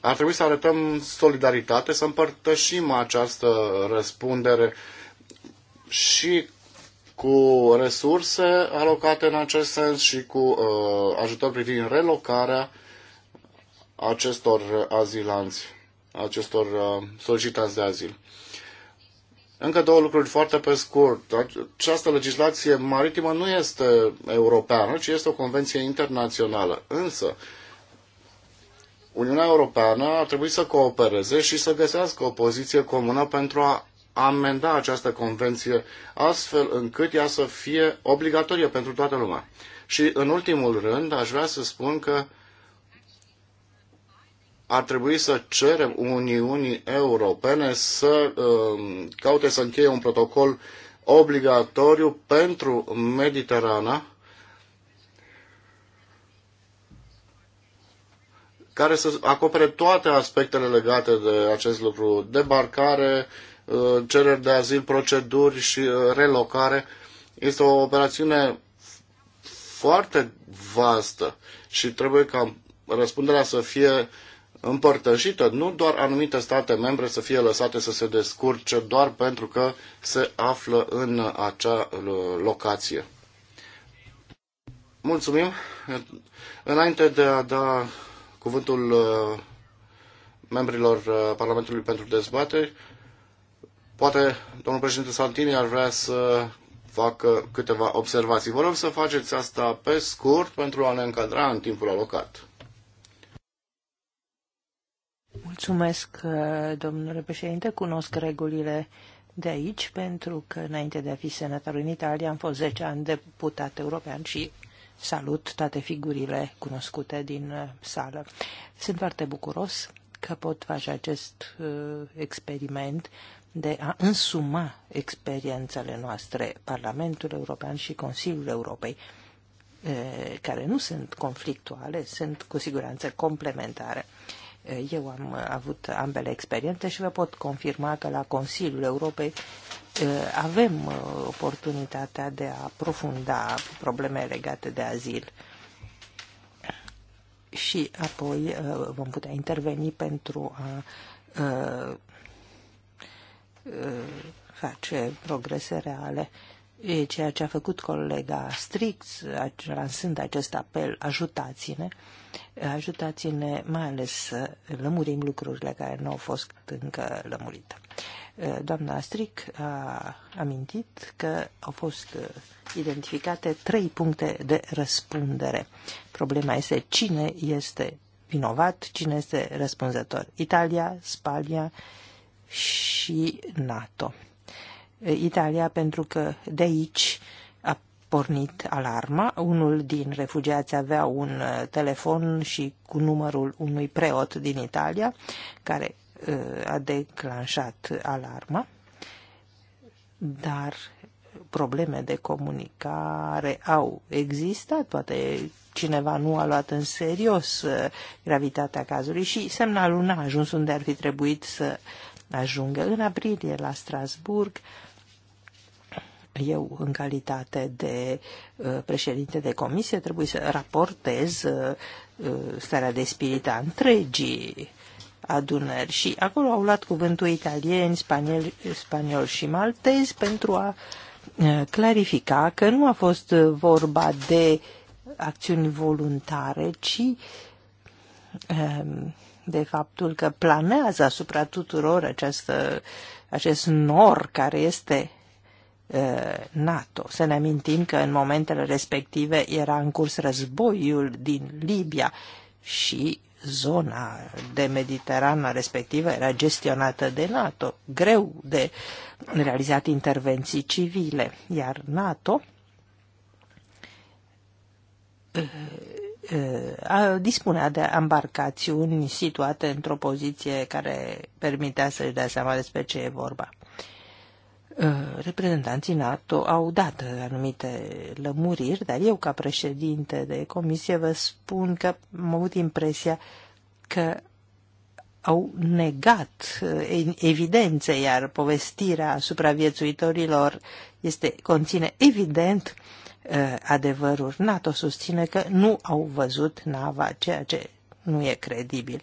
Ar trebui să arătăm solidaritate, să împărtășim această răspundere și cu resurse alocate în acest sens și cu uh, ajutor privind relocarea acestor uh, azilanți, acestor uh, solicitanți de azil. Încă două lucruri foarte pe scurt. Această legislație maritimă nu este europeană, ci este o convenție internațională. Însă, Uniunea Europeană ar trebui să coopereze și să găsească o poziție comună pentru a amenda această convenție astfel încât ea să fie obligatorie pentru toată lumea. Și în ultimul rând, aș vrea să spun că ar trebui să cerem Uniunii Europene să um, caute să încheie un protocol obligatoriu pentru Mediterana care să acopere toate aspectele legate de acest lucru, debarcare, uh, cereri de azil, proceduri și uh, relocare. Este o operațiune foarte vastă și trebuie ca răspunderea să fie uh, împărtășită, nu doar anumite state membre să fie lăsate să se descurce doar pentru că se află în acea locație. Mulțumim. Înainte de a da cuvântul uh, membrilor uh, Parlamentului pentru dezbateri, poate domnul președinte Santini ar vrea să facă câteva observații. Vă rog să faceți asta pe scurt pentru a ne încadra în timpul alocat. Mulțumesc, uh, domnule președinte. Cunosc regulile de aici, pentru că înainte de a fi senator în Italia am fost 10 ani deputat european și salut toate figurile cunoscute din uh, sală. Sunt foarte bucuros că pot face acest uh, experiment de a însuma experiențele noastre, Parlamentul European și Consiliul Europei, care nu sunt conflictuale, sunt cu siguranță complementare. Uh, eu am avut ambele experiențe și vă pot confirma că la Consiliul Europei eh, avem eh, oportunitatea de a aprofunda probleme legate de azil și apoi eh, vom putea interveni pentru a face progrese reale ceea ce a făcut colega Strix, lansând acest apel, ajutați-ne, ajutați-ne mai ales să lămurim lucrurile care nu au fost încă lămurite. Doamna Stric a amintit că au fost identificate trei puncte de răspundere. Problema este cine este vinovat, cine este răspunzător. Italia, Spania și NATO. Italia pentru că de aici a pornit alarma. Unul din refugiați avea un uh, telefon și cu numărul unui preot din Italia care uh, a declanșat alarma, dar probleme de comunicare au existat, poate cineva nu a luat în serios uh, gravitatea cazului și semnalul n-a ajuns unde ar fi trebuit să ajungă. În aprilie la Strasburg, eu, în calitate de uh, președinte de comisie, trebuie să raportez uh, uh, starea de spirit a întregii adunări și acolo au luat cuvântul italieni, spanieli, spanioli și maltezi pentru a clarifica că nu a fost vorba de acțiuni voluntare, ci um, de faptul că planează asupra tuturor această, acest nor care este Uh, NATO. Să ne amintim că în momentele respective era în curs războiul din Libia și zona de Mediterana respectivă era gestionată de NATO, greu de realizat intervenții civile, iar NATO uh, uh, dispunea de ambarcațiuni situate într-o poziție care permitea să-și dea seama despre ce e vorba. Uh, reprezentanții NATO au dat anumite lămuriri, dar eu ca președinte de comisie vă spun că am avut impresia că au negat uh, evidențe, iar povestirea supraviețuitorilor este, conține evident uh, adevăruri. NATO susține că nu au văzut nava, ceea ce nu e credibil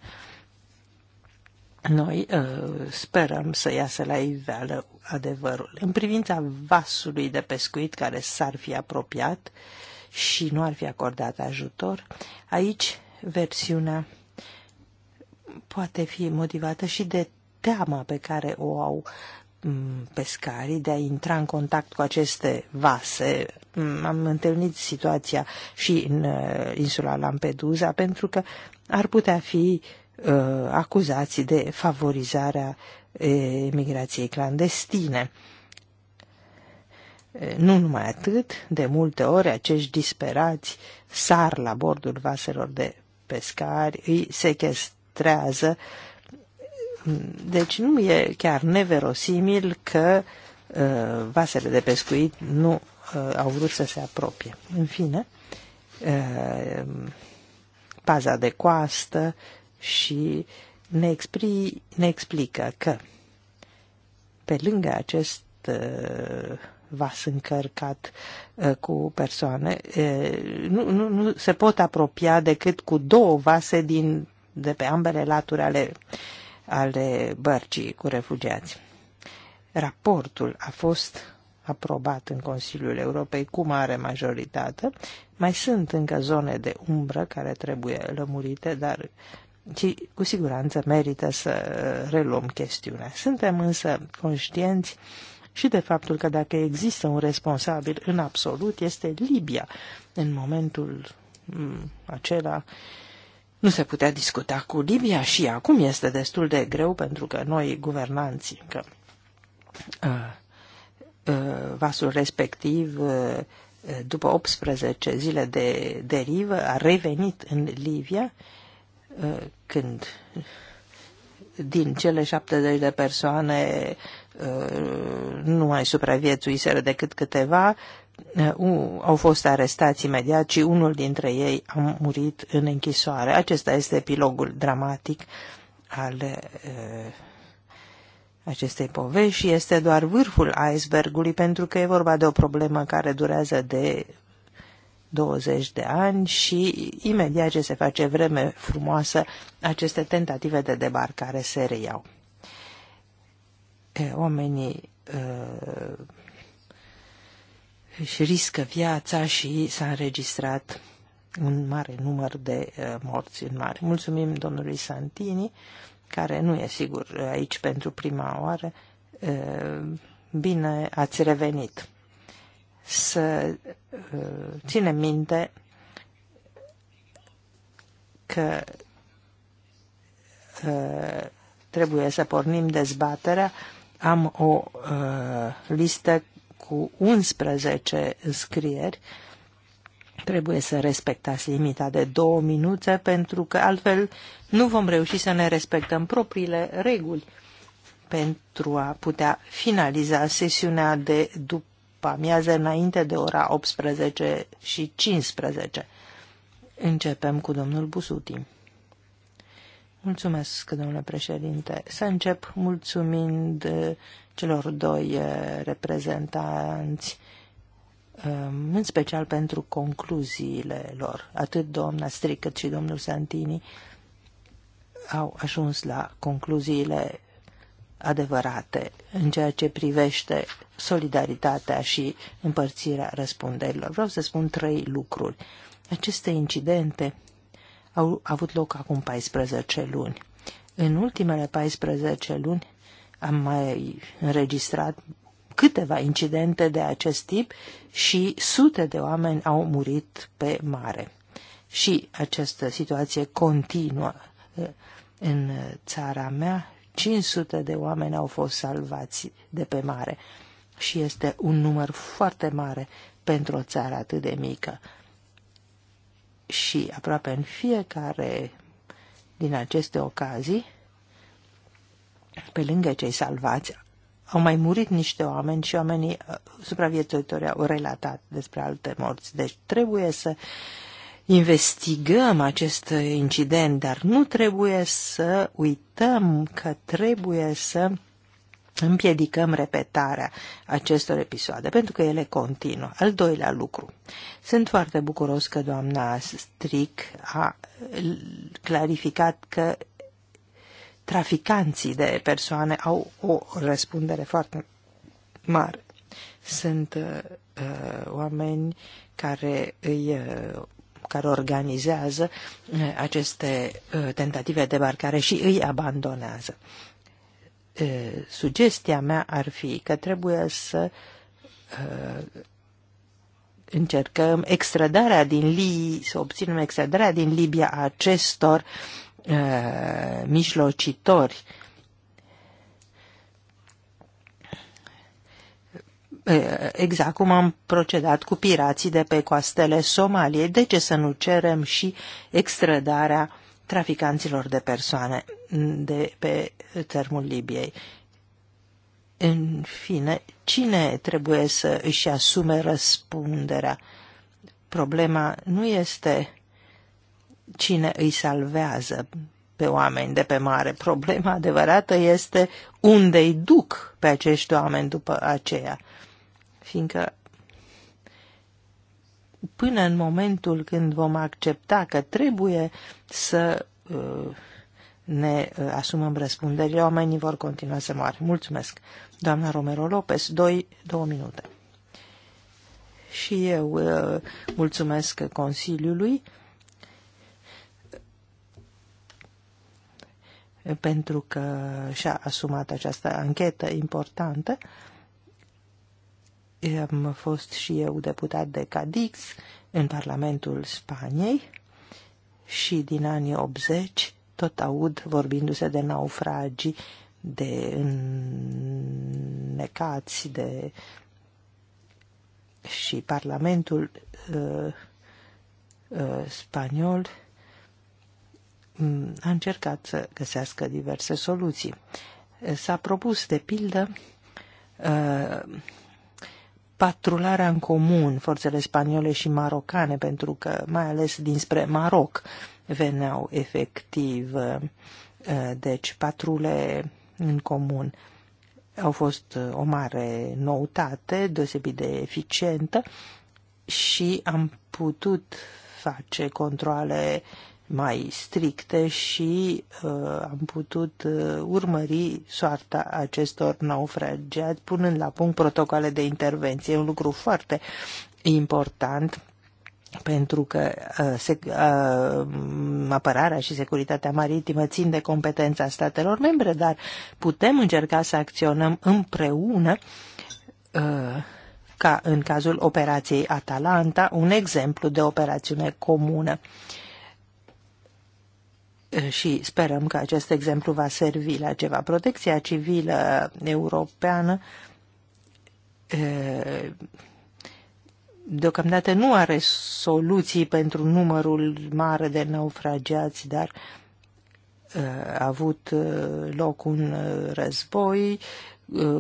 noi uh, sperăm să iasă la iveală adevărul. În privința vasului de pescuit care s-ar fi apropiat și nu ar fi acordat ajutor, aici versiunea poate fi motivată și de teama pe care o au mm, pescarii de a intra în contact cu aceste vase. Mm, am întâlnit situația și în uh, insula Lampedusa pentru că ar putea fi Uh, acuzați de favorizarea uh, emigrației clandestine. Uh, nu numai atât, de multe ori acești disperați sar la bordul vaselor de pescari, îi sequestrează. Deci nu e chiar neverosimil că vasele de pescuit nu au vrut să se apropie. În fine, paza de coastă și ne, expri, ne explică că pe lângă acest uh, vas încărcat uh, cu persoane, uh, nu, nu, nu se pot apropia decât cu două vase din, de pe ambele laturi ale, ale bărcii cu refugiați. Raportul a fost aprobat în Consiliul Europei cu mare majoritate. Mai sunt încă zone de umbră care trebuie lămurite, dar și cu siguranță merită să reluăm chestiunea. Suntem însă conștienți și de faptul că dacă există un responsabil în absolut, este Libia. În momentul mm, acela nu se putea discuta cu Libia și acum este destul de greu pentru că noi, guvernanții, că vasul respectiv după 18 zile de derivă a revenit în Libia Uh, când din cele 70 de persoane uh, nu mai supraviețuiseră decât câteva, uh, au fost arestați imediat și unul dintre ei a murit în închisoare. Acesta este epilogul dramatic al acestei povești și este doar vârful icebergului pentru că e vorba de o problemă care durează de 20 de ani și imediat ce se face vreme frumoasă, aceste tentative de debarcare se reiau. oamenii uh, își riscă viața și s-a înregistrat un mare număr de uh, morți în mare. Mulțumim domnului Santini, care nu e sigur aici pentru prima oară. Uh, bine ați revenit! să uh, ținem minte că uh, trebuie să pornim dezbaterea. Am o uh, listă cu 11 scrieri. Trebuie să respectați limita de două minute pentru că altfel nu vom reuși să ne respectăm propriile reguli pentru a putea finaliza sesiunea de după după amiază înainte de ora 18 și 15. Începem cu domnul Busuti. Mulțumesc, domnule președinte. Să încep mulțumind eh, celor doi eh, reprezentanți, eh, în special pentru concluziile lor. Atât doamna Stric cât și domnul Santini au ajuns la concluziile adevărate în ceea ce privește solidaritatea și împărțirea răspunderilor. Vreau să spun trei lucruri. Aceste incidente au avut loc acum 14 luni. În ultimele 14 luni am mai înregistrat câteva incidente de acest tip și sute de oameni au murit pe mare. Și această situație continuă eh, în țara mea 500 de oameni au fost salvați de pe mare și este un număr foarte mare pentru o țară atât de mică. Și aproape în fiecare din aceste ocazii, pe lângă cei salvați, au mai murit niște oameni și oamenii uh, supraviețuitori au relatat despre alte morți. Deci trebuie să uh, investigăm acest incident, dar nu trebuie să uităm că trebuie să împiedicăm repetarea acestor episoade, pentru că ele continuă. Al doilea lucru. Sunt foarte bucuros că doamna Stric a clarificat că traficanții de persoane au o răspundere foarte mare. Sunt uh, oameni care îi uh, care organizează uh, aceste uh, tentative de barcare și îi abandonează. Uh, sugestia mea ar fi că trebuie să încercăm extradarea din Libia, să obținem extradarea din Libia acestor mijlocitori exact cum am procedat cu pirații de pe coastele Somaliei. De ce să nu cerem și extrădarea traficanților de persoane de pe termul Libiei? În fine, cine trebuie să își asume răspunderea? Problema nu este cine îi salvează pe oameni de pe mare. Problema adevărată este unde îi duc pe acești oameni după aceea fiindcă până în momentul când vom accepta că trebuie să uh, ne uh, asumăm răspunderile, oamenii vor continua să moară. Mulțumesc. Doamna Romero Lopez, doi două minute. Și eu uh, mulțumesc Consiliului pentru că și-a asumat această anchetă importantă am fost și eu deputat de Cadix în Parlamentul Spaniei și din anii 80 tot aud vorbindu-se de naufragii, de necați, de... și Parlamentul uh, uh, spaniol mm, a încercat să găsească diverse soluții. S-a propus, de pildă, uh, patrularea în comun forțele spaniole și marocane, pentru că mai ales dinspre Maroc veneau efectiv, uh, deci patrule în comun. Au fost uh, o mare noutate, deosebit de eficientă și am putut face controle mai stricte și uh, am putut uh, urmări soarta acestor naufragiați punând la punct protocoale de intervenție. un lucru foarte important pentru că uh, se, uh, apărarea și securitatea maritimă țin de competența statelor membre, dar putem încerca să acționăm împreună uh, ca în cazul operației Atalanta, un exemplu de operațiune comună. Uh, și sperăm că acest exemplu va servi la ceva. Protecția civilă europeană deocamdată nu are soluții pentru numărul mare de naufragiați, dar a avut loc un război,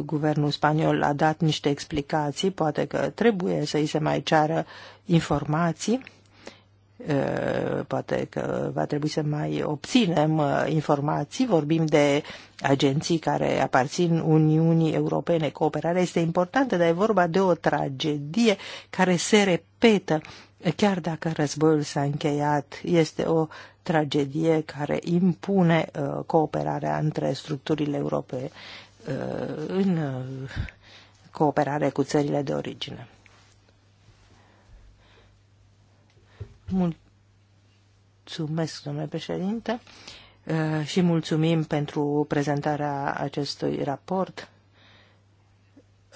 guvernul spaniol a dat niște explicații, poate că trebuie să îi se mai ceară informații, poate că va trebui să mai obținem informații, vorbim de agenții care aparțin Uniunii Europene, cooperarea este importantă, dar e vorba de o tragedie care se repetă chiar dacă războiul s-a încheiat, este o tragedie care impune cooperarea între structurile europene în cooperare cu țările de origine. Mulțumesc, domnule președinte, uh, și mulțumim pentru prezentarea acestui raport.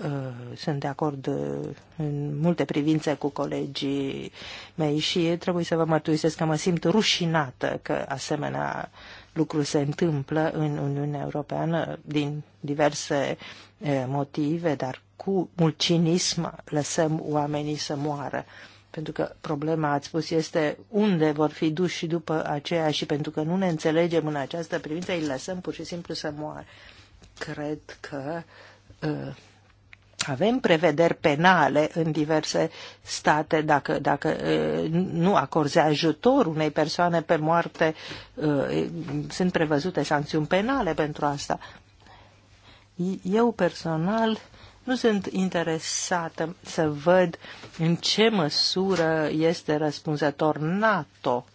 Uh, sunt de acord uh, în multe privințe cu colegii mei și trebuie să vă mărturisesc că mă simt rușinată că asemenea lucru se întâmplă în Uniunea Europeană din diverse motive, dar cu mult cinism lăsăm oamenii să moară pentru că problema, ați spus, este unde vor fi duși și după aceea și pentru că nu ne înțelegem în această privință, îi lăsăm pur și simplu să moară. Cred că uh, avem prevederi penale în diverse state dacă, dacă uh, nu acorzi ajutor unei persoane pe moarte, uh, sunt prevăzute sancțiuni penale pentru asta. Eu personal nu sunt interesată să văd în ce măsură este răspunzător NATO.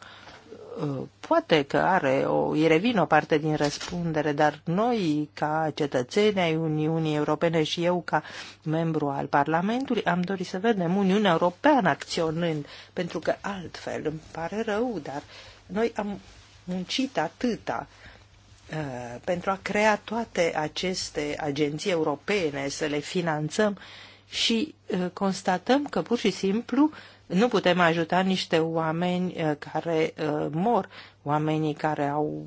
Uh, poate că are o, îi revin o parte din răspundere, dar noi, ca cetățeni ai Uniunii Europene și eu, ca membru al Parlamentului, am dorit să vedem Uniunea Europeană acționând, pentru că altfel îmi pare rău, dar noi am muncit atâta Uh, pentru a crea toate aceste agenții europene, să le finanțăm și uh, constatăm că pur și simplu nu putem ajuta niște oameni uh, care mor, oamenii care au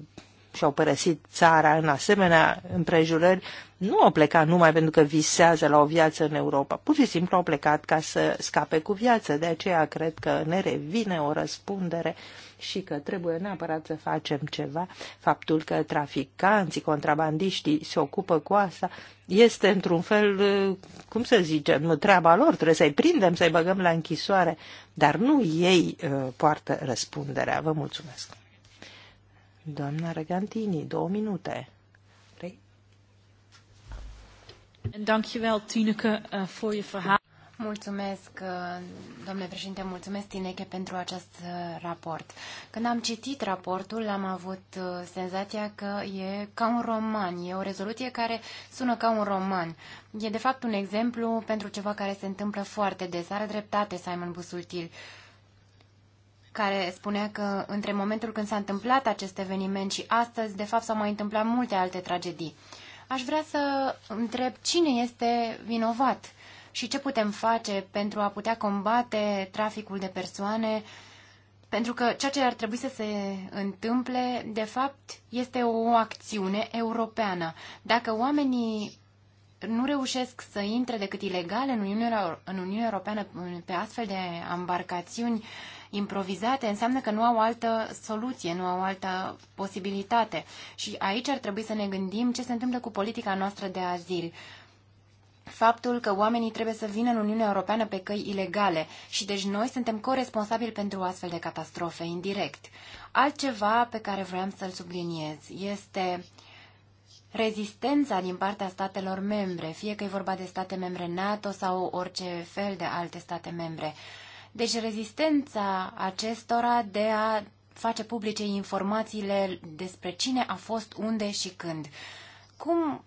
și-au părăsit țara în asemenea împrejurări, nu au plecat numai pentru că visează la o viață în Europa. Pur și simplu au plecat ca să scape cu viață. De aceea cred că ne revine o răspundere și că trebuie neapărat să facem ceva. Faptul că traficanții, contrabandiștii se ocupă cu asta este într-un fel, cum să zicem, treaba lor. Trebuie să-i prindem, să-i băgăm la închisoare. Dar nu ei uh, poartă răspunderea. Vă mulțumesc. Doamna Regantini, două minute. Dankjewel, Tineke, eh, voor je verhaal. Mulțumesc, eh, domnule președinte, mulțumesc, Tineke pentru acest eh, raport. Când am citit raportul, am avut senzația că e ca un roman, e o rezoluție care sună ca un roman. E, de fapt, un exemplu pentru ceva care se întâmplă foarte des. Are dreptate Simon Busultil care spunea că între momentul când s-a întâmplat acest eveniment și astăzi, de fapt, s-au mai întâmplat multe alte tragedii. Aș vrea să întreb cine este vinovat și ce putem face pentru a putea combate traficul de persoane, pentru că ceea ce ar trebui să se întâmple, de fapt, este o acțiune europeană. Dacă oamenii nu reușesc să intre decât ilegal în Uniunea, Europeană pe astfel de embarcațiuni, improvizate, înseamnă că nu au altă soluție, nu au altă posibilitate. Și aici ar trebui să ne gândim ce se întâmplă cu politica noastră de azil faptul că oamenii trebuie să vină în Uniunea Europeană pe căi ilegale și deci noi suntem corresponsabili pentru astfel de catastrofe indirect. Altceva pe care vreau să-l subliniez este rezistența din partea statelor membre, fie că e vorba de state membre NATO sau orice fel de alte state membre. Uh, deci rezistența acestora de a face publice informațiile despre cine a fost, unde și când. Cum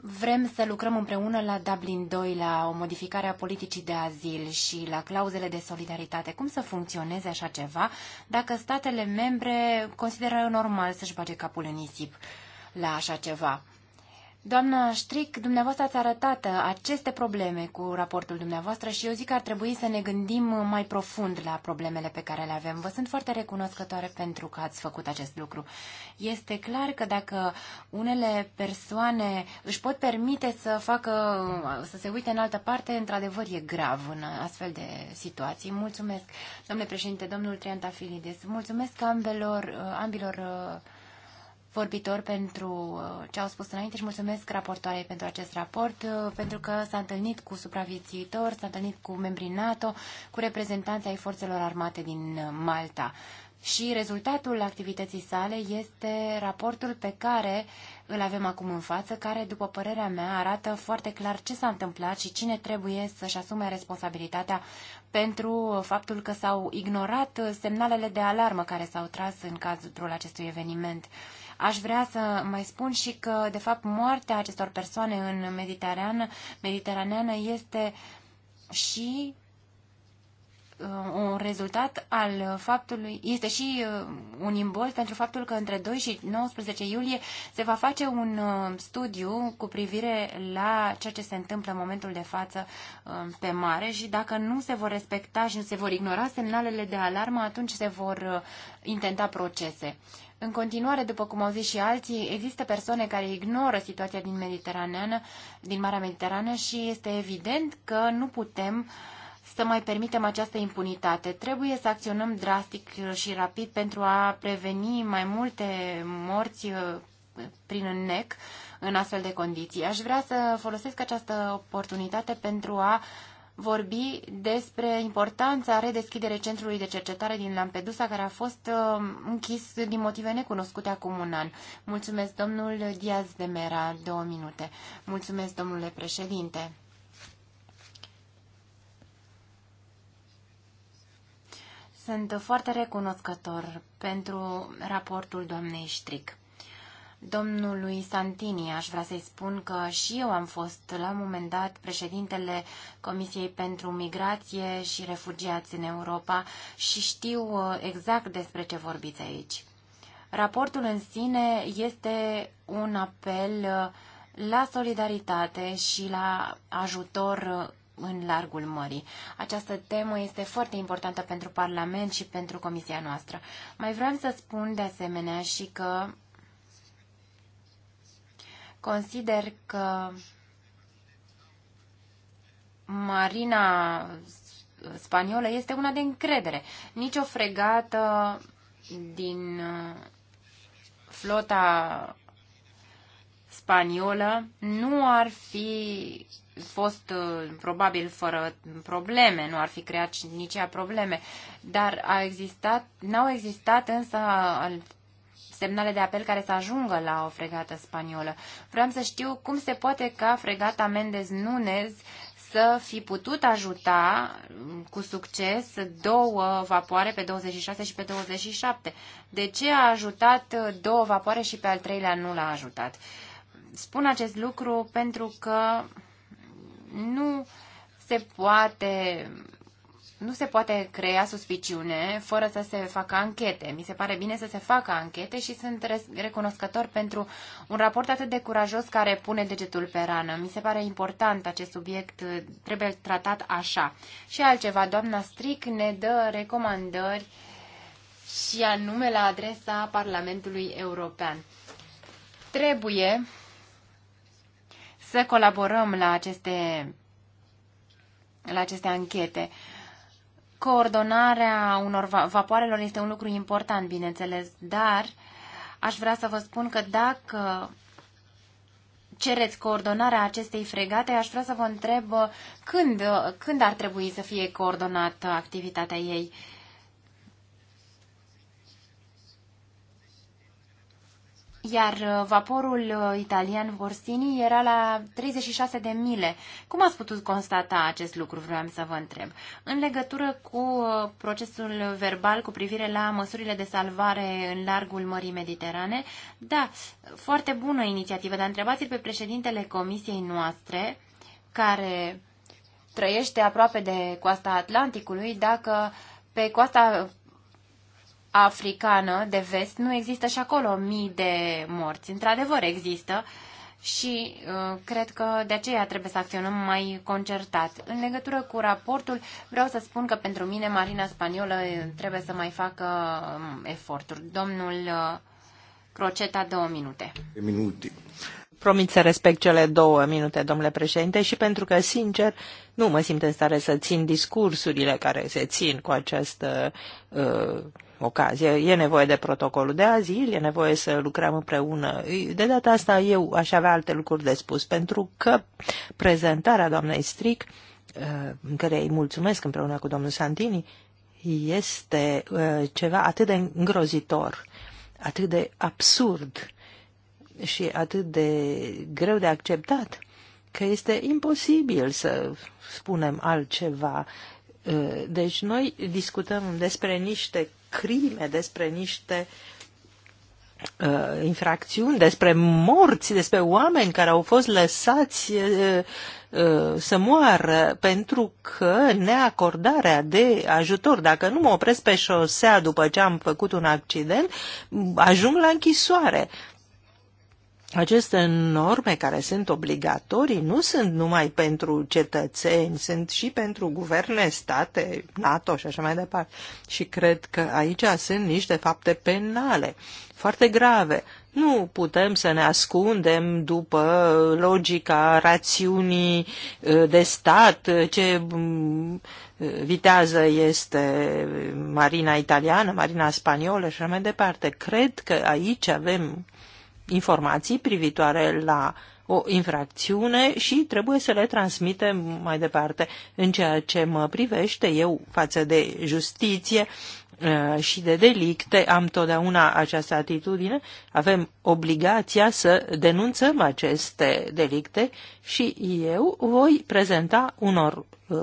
vrem să lucrăm împreună la Dublin 2, la o modificare a politicii de azil și la clauzele de solidaritate. Cum să funcționeze așa ceva dacă statele membre consideră normal să-și bage capul în nisip la așa ceva? Doamna Stric, dumneavoastră ați arătat aceste probleme cu raportul dumneavoastră și eu zic că ar trebui să ne gândim mai profund la problemele pe care le avem. Vă sunt foarte recunoscătoare pentru că ați făcut acest lucru. Este clar că dacă unele persoane își pot permite să facă, să se uite în altă parte, într-adevăr e grav în astfel de situații. Mulțumesc, domnule președinte, domnul Triantafilides. Mulțumesc ambelor, ambilor vorbitor pentru uh, ce au spus înainte și mulțumesc raportoarei pentru acest raport, uh, pentru că s-a întâlnit cu supraviețuitori, s-a întâlnit cu membrii NATO, cu reprezentanții ai forțelor armate din uh, Malta. Și rezultatul activității sale este raportul pe care îl avem acum în față, care, după părerea mea, arată foarte clar ce s-a întâmplat și cine trebuie să-și asume responsabilitatea pentru faptul că s-au ignorat semnalele de alarmă care s-au tras în cazul acestui eveniment. Aș vrea să mai spun și că, de fapt, moartea acestor persoane în Mediterană, Mediteraneană este și uh, un rezultat al faptului, este și uh, un imbol pentru faptul că între 2 și 19 iulie se va face un uh, studiu cu privire la ceea ce se întâmplă în momentul de față pe mare și dacă nu se vor respecta și nu se vor ignora semnalele de alarmă, atunci se vor intenta procese. În continuare, după cum au zis și alții, există persoane care ignoră situația din Mediteraneană, din Marea Mediterană și este evident că nu putem să mai permitem această impunitate. Trebuie să acționăm drastic și rapid pentru a preveni mai multe morți uh, prin nec în astfel de condiții. Aș vrea să folosesc această oportunitate pentru a uh, vorbi despre importanța redeschiderei centrului de cercetare din Lampedusa, care a fost uh, închis din motive necunoscute acum un an. Mulțumesc, domnul Diaz de Mera, două minute. Mulțumesc, domnule președinte. Sunt foarte recunoscător pentru raportul doamnei Stric. Domnului Santini aș vrea să-i spun că și eu am fost la un moment dat președintele Comisiei pentru Migrație și Refugiați în Europa și știu uh, exact despre ce vorbiți aici. Raportul în sine este un apel uh, la solidaritate și la ajutor uh, în largul mării. Această temă este foarte importantă pentru Parlament și pentru Comisia noastră. Mai vreau să spun de asemenea și că Consider că marina spaniolă este una de încredere. Nici o fregată din uh, flota spaniolă nu ar fi fost uh, probabil fără probleme, nu ar fi creat nici ea probleme, dar a existat, n-au existat însă semnale de apel care să ajungă la o fregată spaniolă. Vreau să știu cum se poate ca fregata Mendez Nunes să fi putut ajuta mm, cu succes două vapoare pe 26 și pe 27. De ce a ajutat două vapoare și pe al treilea nu l-a ajutat? Spun acest lucru pentru că nu se poate nu se poate crea suspiciune fără să se facă anchete. Mi se pare bine să se facă anchete și sunt recunoscător pentru un raport atât de curajos care pune degetul pe rană. Mi se pare important acest subiect, trebuie tratat așa. Și altceva, doamna Stric ne dă recomandări și anume la adresa Parlamentului European. Trebuie să colaborăm la aceste la aceste anchete. Coordonarea unor vapoarelor este un lucru important, bineînțeles, dar aș vrea să vă spun că dacă cereți coordonarea acestei fregate, aș vrea să vă întreb uh, când, uh, când ar trebui să fie coordonată activitatea ei. iar uh, vaporul uh, italian Vorsini era la 36 de mile. Cum ați putut constata acest lucru, vreau să vă întreb. În legătură cu uh, procesul verbal cu privire la măsurile de salvare în largul Mării Mediterane, da, foarte bună inițiativă, dar întrebați pe președintele comisiei noastre, care trăiește aproape de coasta Atlanticului, dacă pe coasta africană de vest nu există și acolo mii de morți. Într-adevăr există și uh, cred că de aceea trebuie să acționăm mai concertat. În legătură cu raportul, vreau să spun că pentru mine Marina Spaniolă uh, trebuie să mai facă um, eforturi. Domnul uh, Croceta, două minute. Minute. Promit să respect cele două minute, domnule președinte, și pentru că, sincer, nu mă simt în stare să țin discursurile care se țin cu această uh, ocazie. E nevoie de protocolul de azil, e nevoie să lucrăm împreună. De data asta eu aș avea alte lucruri de spus, pentru că prezentarea doamnei Stric, uh, în care îi mulțumesc împreună cu domnul Santini, este uh, ceva atât de îngrozitor, atât de absurd și atât de greu de acceptat, că este imposibil să spunem altceva. Uh, deci noi discutăm despre niște crime, despre niște uh, infracțiuni, despre morți, despre oameni care au fost lăsați uh, uh, să moară pentru că neacordarea de ajutor, dacă nu mă opresc pe șosea după ce am făcut un accident, ajung la închisoare aceste norme care sunt obligatorii nu sunt numai pentru cetățeni, sunt și pentru guverne, state, NATO și așa mai departe. Și cred că aici sunt niște fapte penale, foarte grave. Nu putem să ne ascundem după logica rațiunii uh, de stat, uh, ce mm, uh, vitează este marina italiană, marina spaniolă și așa mai departe. Cred că aici avem informații privitoare la o infracțiune și trebuie să le transmitem mai departe. În ceea ce mă privește eu față de justiție uh, și de delicte, am totdeauna această atitudine, avem obligația să denunțăm aceste delicte și eu voi prezenta unor uh,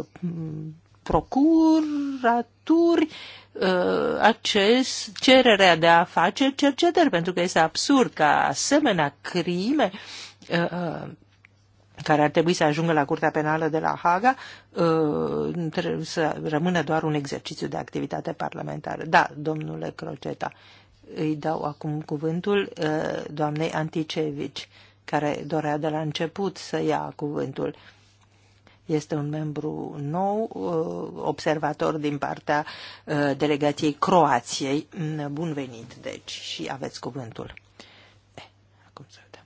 procurat legături uh, acces, cererea de a face cercetări, pentru că este absurd ca asemenea crime uh, uh, care ar trebui să ajungă la Curtea Penală de la Haga, să rămână doar un exercițiu de activitate parlamentară. Da, domnule Croceta, îi dau acum cuvântul doamnei Anticevici, care dorea de la început să ia cuvântul. Este un membru nou, uh, observator din partea uh, delegației Croației. Mm, bun venit, deci, și aveți cuvântul. Eh, acum să vedem.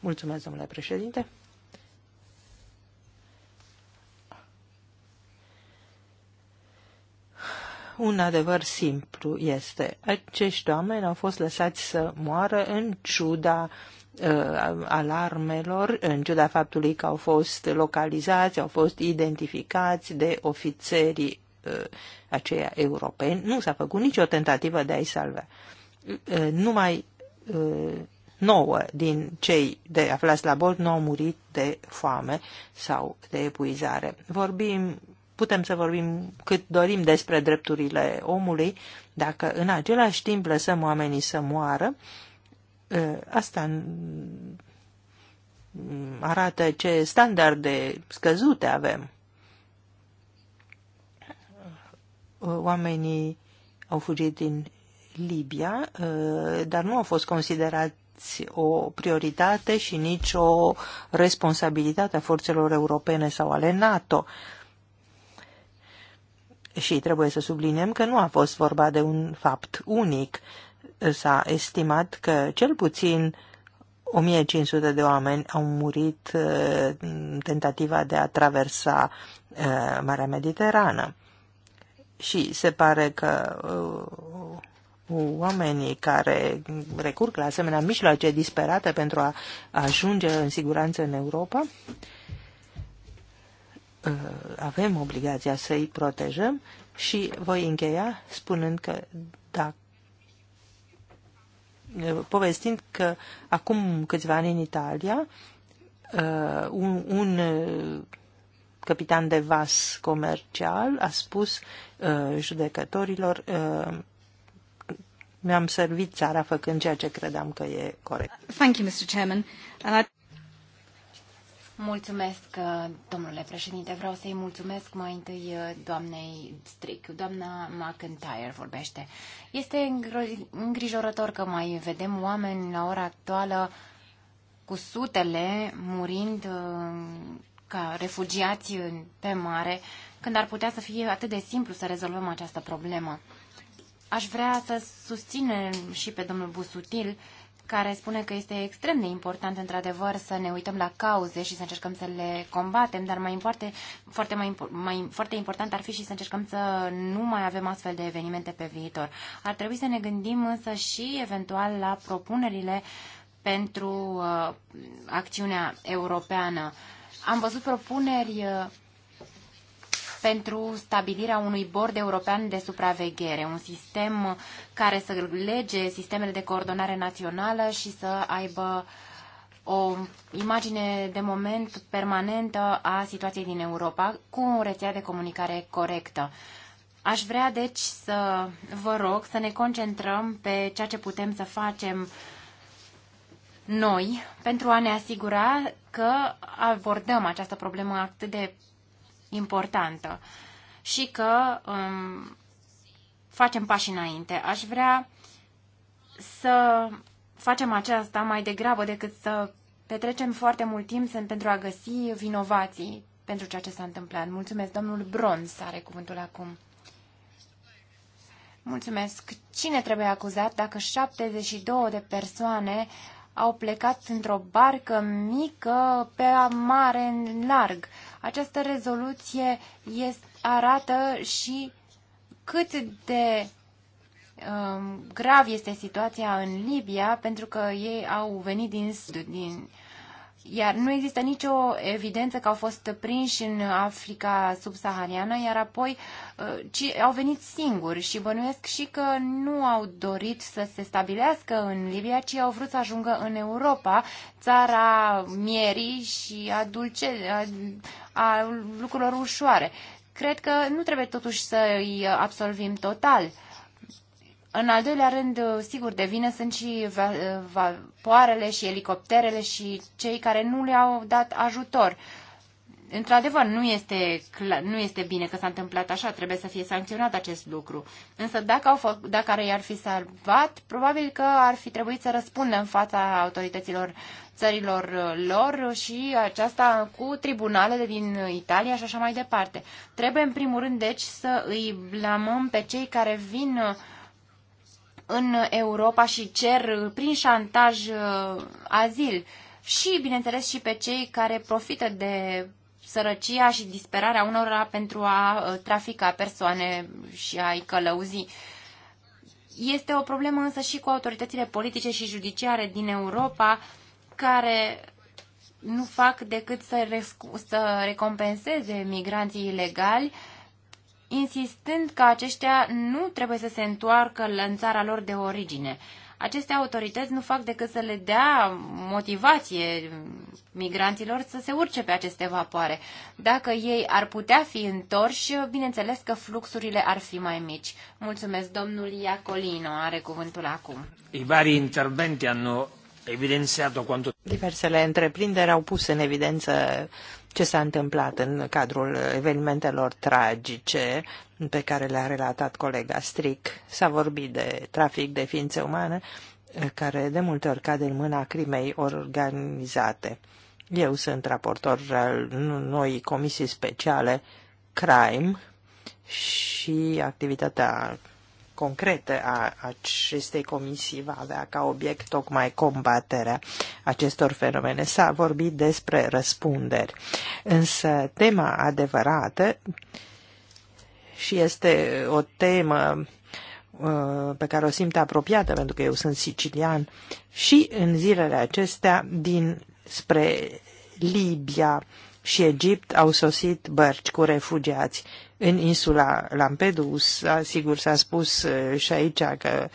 Mulțumesc, domnule președinte. un adevăr simplu este, acești oameni au fost lăsați să moară în ciuda Uh, alarmelor, în ciuda faptului că au fost localizați, au fost identificați de ofițerii uh, aceia europeni, nu s-a făcut nicio tentativă de a-i salva. Uh, numai nouă din cei de aflați la bord nu au murit de foame sau de epuizare. Vorbim, putem să vorbim cât dorim despre drepturile omului, dacă în același timp lăsăm oamenii să moară, uh, Asta arată ce standarde scăzute avem. Oamenii au fugit din Libia, dar nu au fost considerați o prioritate și nici o responsabilitate a forțelor europene sau ale NATO. Și trebuie să subliniem că nu a fost vorba de un fapt unic s-a estimat că cel puțin 1500 de oameni au murit uh, în tentativa de a traversa uh, Marea Mediterană. Și se pare că uh, oamenii care recurg la asemenea mijloace disperate pentru a ajunge în siguranță în Europa, avem obligația să i protejăm și voi încheia spunând că dacă Eh, povestind că acum câțiva ani în Italia eh, un, un eh, capitan de vas comercial a spus judecătorilor mi-am servit țara făcând ceea ce credeam că e corect. Thank you, Mr. Chairman. Mulțumesc, uh, domnule președinte. Vreau să-i mulțumesc mai întâi uh, doamnei Strick. Doamna McIntyre vorbește. Este îngrijorător că mai vedem oameni la ora actuală cu sutele murind uh, ca refugiați pe mare, când ar putea să fie atât de simplu să rezolvăm această problemă. Aș vrea să susținem și pe domnul Busutil care spune că este extrem de important, într-adevăr, să ne uităm la cauze și să încercăm să le combatem, dar mai foarte, foarte, mai, mai, foarte important ar fi și să încercăm să nu mai avem astfel de evenimente pe viitor. Ar trebui să ne gândim însă și eventual la propunerile pentru uh, acțiunea europeană. Am văzut propuneri uh, pentru stabilirea unui bord european de supraveghere, un sistem care să lege sistemele de coordonare națională și să aibă o imagine de moment permanentă a situației din Europa cu o rețea de comunicare corectă. Aș vrea deci să vă rog să ne concentrăm pe ceea ce putem să facem noi pentru a ne asigura că abordăm această problemă atât de importantă și că um, facem pași înainte. Aș vrea să facem aceasta mai degrabă decât să petrecem foarte mult timp pentru a găsi vinovații pentru ceea ce s-a întâmplat. Mulțumesc, domnul Bronz are cuvântul acum. Mulțumesc. Cine trebuie acuzat dacă 72 de persoane au plecat într-o barcă mică pe mare în larg? Această rezoluție este, arată și cât de um, grav este situația în Libia, pentru că ei au venit din, din iar nu există nicio evidență că au fost prinși în Africa subsahariană, iar apoi uh, ci au venit singuri și bănuiesc și că nu au dorit să se stabilească în Libia, ci au vrut să ajungă în Europa, țara mierii și a, dulce, a, a lucrurilor ușoare. Cred că nu trebuie totuși să îi absolvim total. Uh, în al doilea rând, uh, sigur, de vină sunt și uh, poarele și elicopterele și cei care nu le-au dat ajutor. Într-adevăr, nu este, nu este bine că s-a întâmplat așa, trebuie să fie sancționat acest lucru. Însă dacă, au fă, dacă i-ar fi salvat, probabil că ar fi trebuit să răspundă în fața autorităților țărilor uh, lor și aceasta cu tribunalele din Italia și așa mai departe. Trebuie, în primul rând, deci, să îi blamăm pe cei care vin uh, în Europa și cer prin șantaj uh, azil și, bineînțeles, și pe cei care profită de sărăcia și disperarea unora pentru a uh, trafica persoane și a-i călăuzi. Este o problemă însă și cu autoritățile politice și judiciare din Europa care nu fac decât să, să recompenseze migranții ilegali uh, insistând că aceștia nu trebuie să se întoarcă în țara lor de origine. Aceste autorități nu fac decât să le dea motivație migranților să se urce pe aceste vapoare. Dacă ei ar putea fi întorși, bineînțeles că fluxurile ar fi mai mici. Mulțumesc, domnul Iacolino are cuvântul acum. I vari interventi hanno quanto... Diversele întreprinderi au pus în evidență ce s-a întâmplat în cadrul evenimentelor tragice pe care le-a relatat colega Stric. S-a vorbit de trafic de ființe umane care de multe ori cade în mâna crimei organizate. Eu sunt raportor al noii comisii speciale Crime și activitatea concrete a acestei comisii va avea ca obiect tocmai combaterea acestor fenomene. S-a vorbit despre răspunderi, însă tema adevărată și este o temă uh, pe care o simt apropiată, pentru că eu sunt sicilian, și în zilele acestea din spre Libia și Egipt au sosit bărci cu refugiați în insula Lampedusa, sigur s-a spus și aici că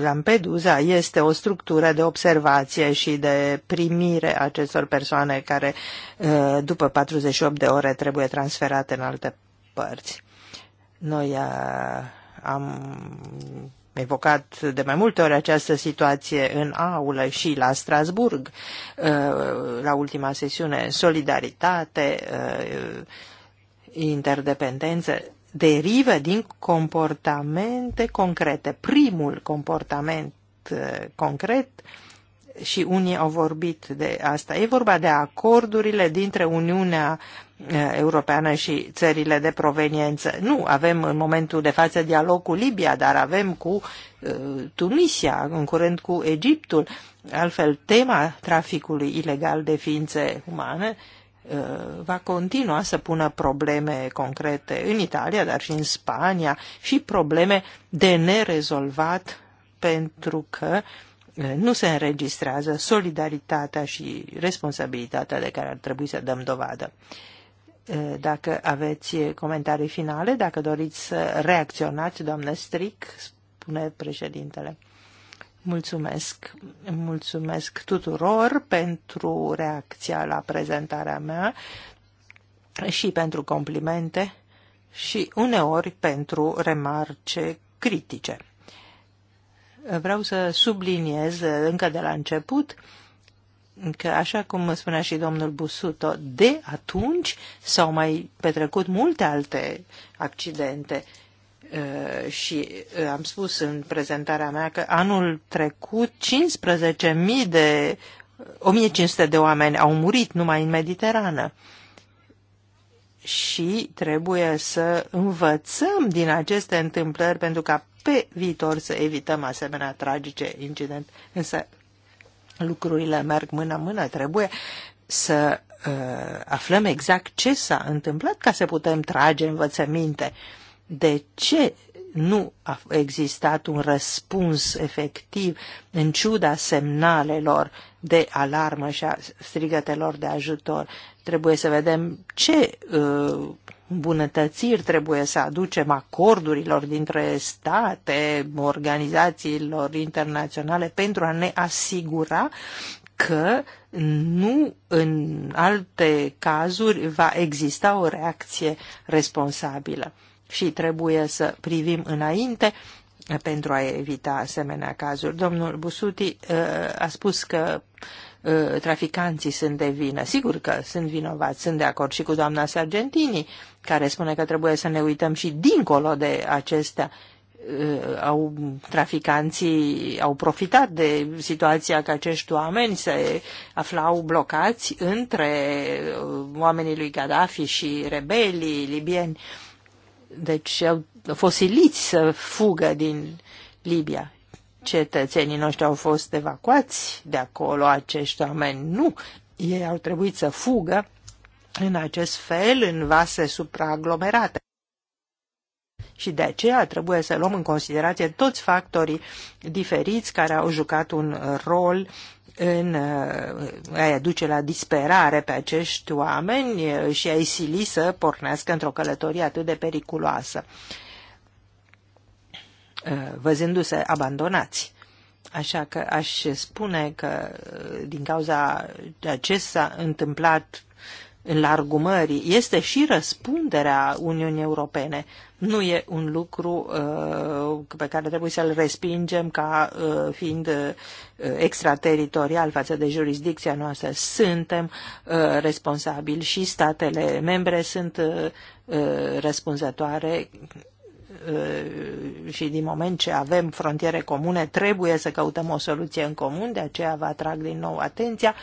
Lampedusa da, este o structură de observație și de primire acestor persoane care după 48 de ore trebuie transferate în alte părți. Noi am evocat de mai multe ori această situație în aulă și la Strasburg, uh, la ultima sesiune, solidaritate, uh, interdependență, derivă din comportamente concrete. Primul comportament uh, concret și unii au vorbit de asta. E vorba de acordurile dintre Uniunea Eh, europeană și țările de proveniență. Nu, avem în momentul de față dialog cu Libia, dar avem cu eh, Tunisia, în curând cu Egiptul. Altfel, tema traficului ilegal de ființe umane eh, va continua să pună probleme concrete în Italia, dar și în Spania și probleme de nerezolvat pentru că nu se înregistrează solidaritatea și responsabilitatea de care ar trebui să dăm dovadă dacă aveți comentarii finale, dacă doriți să reacționați, doamnă Stric, spune președintele. Mulțumesc. Mulțumesc tuturor pentru reacția la prezentarea mea și pentru complimente și uneori pentru remarce critice. Vreau să subliniez încă de la început că, așa cum spunea și domnul Busuto, de atunci s-au mai petrecut multe alte accidente uh, și uh, am spus în prezentarea mea că anul trecut 15.000 de 1500 uh, de oameni au murit numai în Mediterană. Și trebuie să învățăm din aceste întâmplări pentru ca pe viitor să evităm asemenea tragice incident. Însă lucrurile merg mână-mână. Trebuie să uh, aflăm exact ce s-a întâmplat ca să putem trage învățăminte. De ce nu a existat un răspuns efectiv în ciuda semnalelor de alarmă și a strigătelor de ajutor. Trebuie să vedem ce uh, îmbunătățiri trebuie să aducem acordurilor dintre state, organizațiilor internaționale pentru a ne asigura că nu în alte cazuri va exista o reacție responsabilă și trebuie să privim înainte pentru a evita asemenea cazuri. Domnul Busuti uh, a spus că uh, traficanții sunt de vină. Sigur că sunt vinovați, sunt de acord și cu doamna Sargentini, care spune că trebuie să ne uităm și dincolo de acestea. Uh, au, traficanții au profitat de situația că acești oameni se aflau blocați între oamenii lui Gaddafi și rebelii libieni. Uh, deci au fosiliți să fugă din Libia. Cetățenii noștri au fost evacuați de acolo, acești oameni nu. Ei au trebuit să fugă în acest fel în vase supraaglomerate. Și de aceea trebuie să luăm în considerație toți factorii diferiți care au jucat un rol în a uh, aduce la disperare pe acești oameni uh, și a-i sili să pornească într-o călătorie atât de periculoasă, uh, văzându-se abandonați. Așa că aș spune că din cauza ce s-a întâmplat înlargumării este și răspunderea Uniunii Europene. Nu e un lucru uh, pe care trebuie să-l respingem ca uh, fiind uh, extrateritorial față de jurisdicția noastră. Suntem uh, responsabili și statele membre sunt uh, uh răspunzătoare uh, și din moment ce avem frontiere comune, trebuie să căutăm o soluție în comun, de aceea vă atrag din nou atenția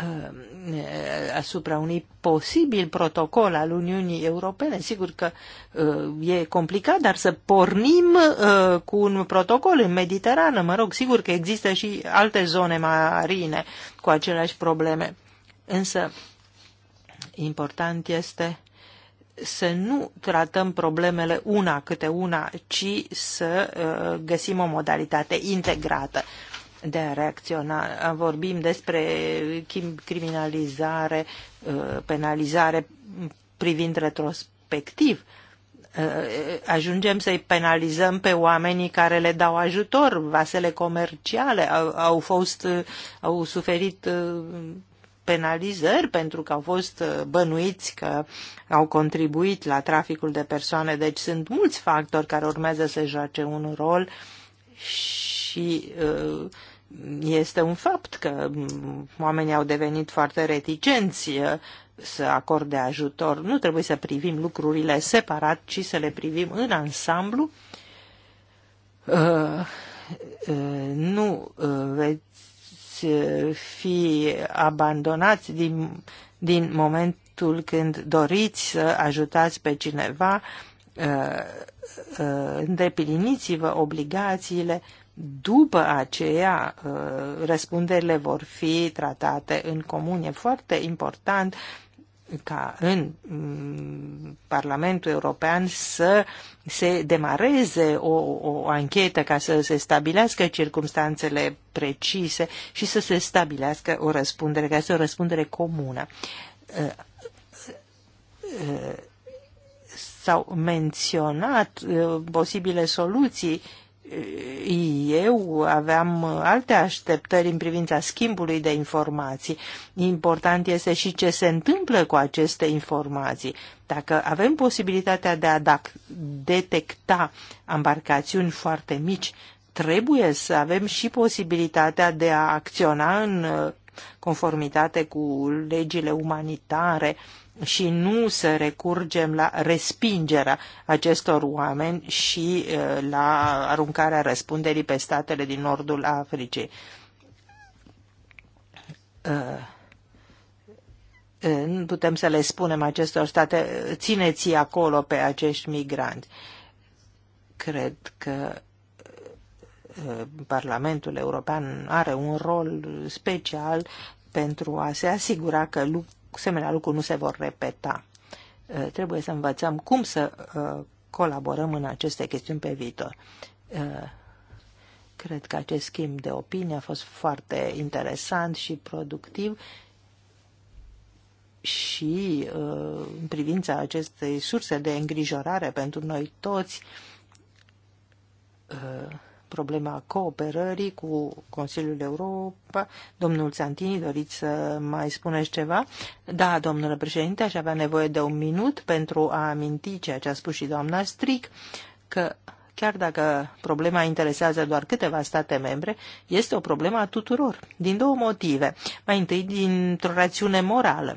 Uh, asupra unui posibil protocol al Uniunii Europene. Sigur că uh, e complicat, dar să pornim uh, cu un protocol în Mediterană, mă rog, sigur că există și alte zone marine cu aceleași probleme. Însă, important este să nu tratăm problemele una câte una, ci să găsim o modalitate integrată de a reacționa. Vorbim despre criminalizare, uh, penalizare privind retrospectiv. Uh, ajungem să-i penalizăm pe oamenii care le dau ajutor. Vasele comerciale au, au fost, uh, au suferit penalizări pentru că au fost bănuiți că au contribuit la traficul de persoane. Deci sunt mulți factori care urmează să joace un rol și uh, este un fapt că oamenii au devenit foarte reticenți eh, să acorde ajutor. Nu trebuie să privim lucrurile separat, ci să le privim în ansamblu. Eh, eh, nu veți fi abandonați din, din momentul când doriți să ajutați pe cineva. Îndepliniți-vă obligațiile după aceea uh, răspunderile vor fi tratate în comun. E foarte important ca în mm, Parlamentul European să se demareze o, o anchetă ca să se stabilească circumstanțele precise și să se stabilească o răspundere, ca să o răspundere comună. Uh, uh, s-au menționat posibile soluții eu aveam alte așteptări în privința schimbului de informații. Important este și ce se întâmplă cu aceste informații. Dacă avem posibilitatea de a detecta embarcațiuni foarte mici, trebuie să avem și posibilitatea de a acționa în uh, conformitate cu legile umanitare uh, și nu să recurgem la respingerea acestor oameni și la aruncarea răspunderii pe statele din nordul Africii. Nu putem să le spunem acestor state, țineți acolo pe acești migranți. Cred că Parlamentul European are un rol special pentru a se asigura că lupta asemenea lucruri nu se vor repeta. Uh, trebuie să învățăm cum să uh, colaborăm în aceste chestiuni pe viitor. Uh, cred că acest schimb de opinie a fost foarte interesant și productiv și în privința acestei surse de îngrijorare pentru noi toți, problema cooperării cu Consiliul Europa. Domnul Santini, doriți să mai spuneți ceva? Da, domnule președinte, aș avea nevoie de un minut pentru a aminti ceea ce a spus și doamna Stric, că chiar dacă problema interesează doar câteva state membre, este o problemă a tuturor, din două motive. Mai întâi, dintr-o rațiune morală.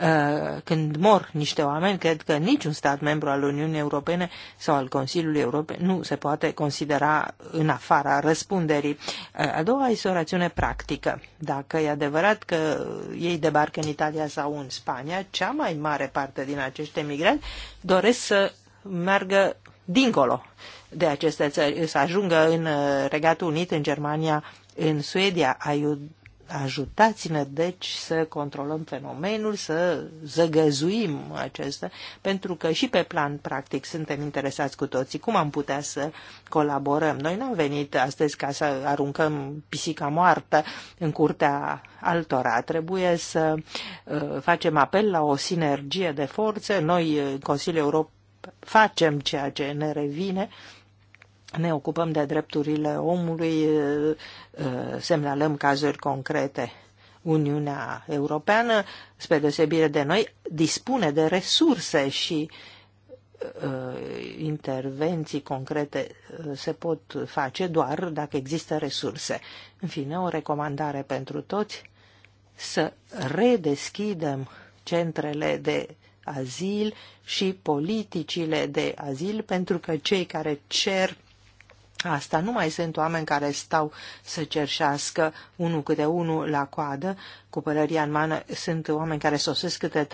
Uh, când mor niște oameni, cred că niciun stat membru al Uniunii Europene sau al Consiliului Europei nu se poate considera în afara răspunderii. Uh, a doua este o rațiune practică. Dacă e adevărat că ei debarcă în Italia sau în Spania, cea mai mare parte din acești emigranți doresc să meargă dincolo de aceste țări, să ajungă în uh, Regatul Unit, în Germania, în Suedia. Aiud Ajutați-ne, deci, să controlăm fenomenul, să zăgăzuim acesta, pentru că și pe plan practic suntem interesați cu toții cum am putea să colaborăm. Noi n-am venit astăzi ca să aruncăm pisica moartă în curtea altora. Trebuie să uh, facem apel la o sinergie de forțe. Noi, uh, Consiliul Europei, facem ceea ce ne revine ne ocupăm de drepturile omului, semnalăm cazuri concrete. Uniunea Europeană, spre deosebire de noi, dispune de resurse și intervenții concrete se pot face doar dacă există resurse. În fine, o recomandare pentru toți să redeschidem centrele de azil și politicile de azil, pentru că cei care cer asta. Nu mai sunt oameni care stau să cerșească unul câte unul la coadă, cu pălăria în mană, sunt oameni care sosesc câte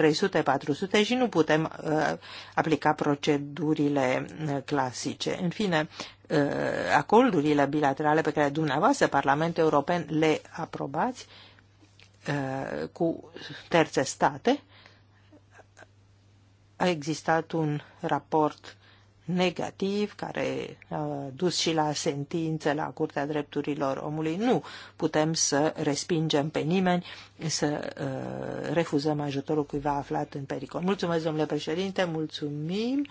300-400 și nu putem uh, aplica procedurile uh, clasice. În fine, uh, acordurile bilaterale pe care dumneavoastră, Parlamentul European, le aprobați uh, cu terțe state, a existat un raport negativ, care a dus și la sentințe la Curtea Drepturilor Omului. Nu putem să respingem pe nimeni, să uh, refuzăm ajutorul cuiva aflat în pericol. Mulțumesc, domnule președinte, mulțumim.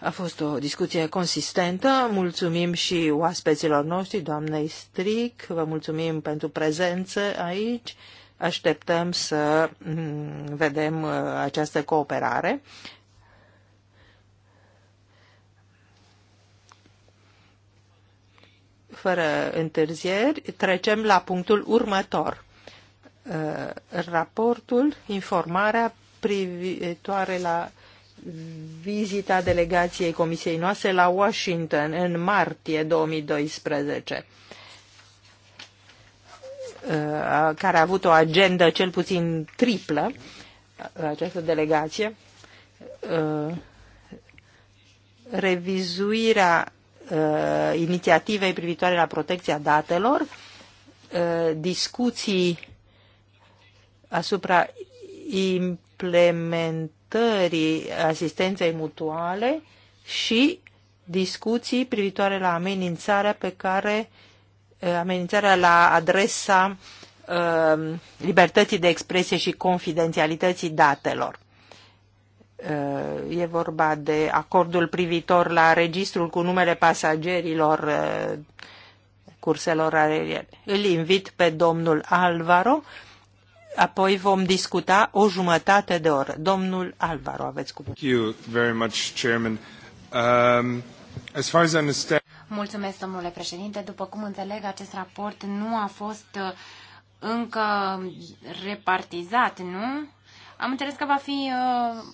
A fost o discuție consistentă. Mulțumim și oaspeților noștri, doamnei Stric, vă mulțumim pentru prezență aici. Așteptăm să mm, vedem uh, această cooperare fără întârzieri, trecem la punctul următor. Uh, raportul, informarea privitoare la vizita delegației Comisiei noastre la Washington în martie 2012 uh, care a avut o agendă cel puțin triplă, uh, această delegație, revizuirea uh, inițiativei privitoare la protecția datelor, uh, discuții asupra implementării asistenței mutuale și discuții privitoare la amenințarea pe care uh, amenințarea la adresa uh, libertății de expresie și confidențialității datelor. Eh, e vorba de acordul privitor la registrul cu numele pasagerilor eh, curselor aeriene. Îl invit pe domnul Alvaro, apoi vom discuta o jumătate de oră. Domnul Alvaro, aveți cuvântul. Thank you very much, Chairman. Um, as far as I understand... Mulțumesc, domnule președinte. După cum înțeleg, acest raport nu a fost uh, încă repartizat, nu? Am înțeles că va fi uh,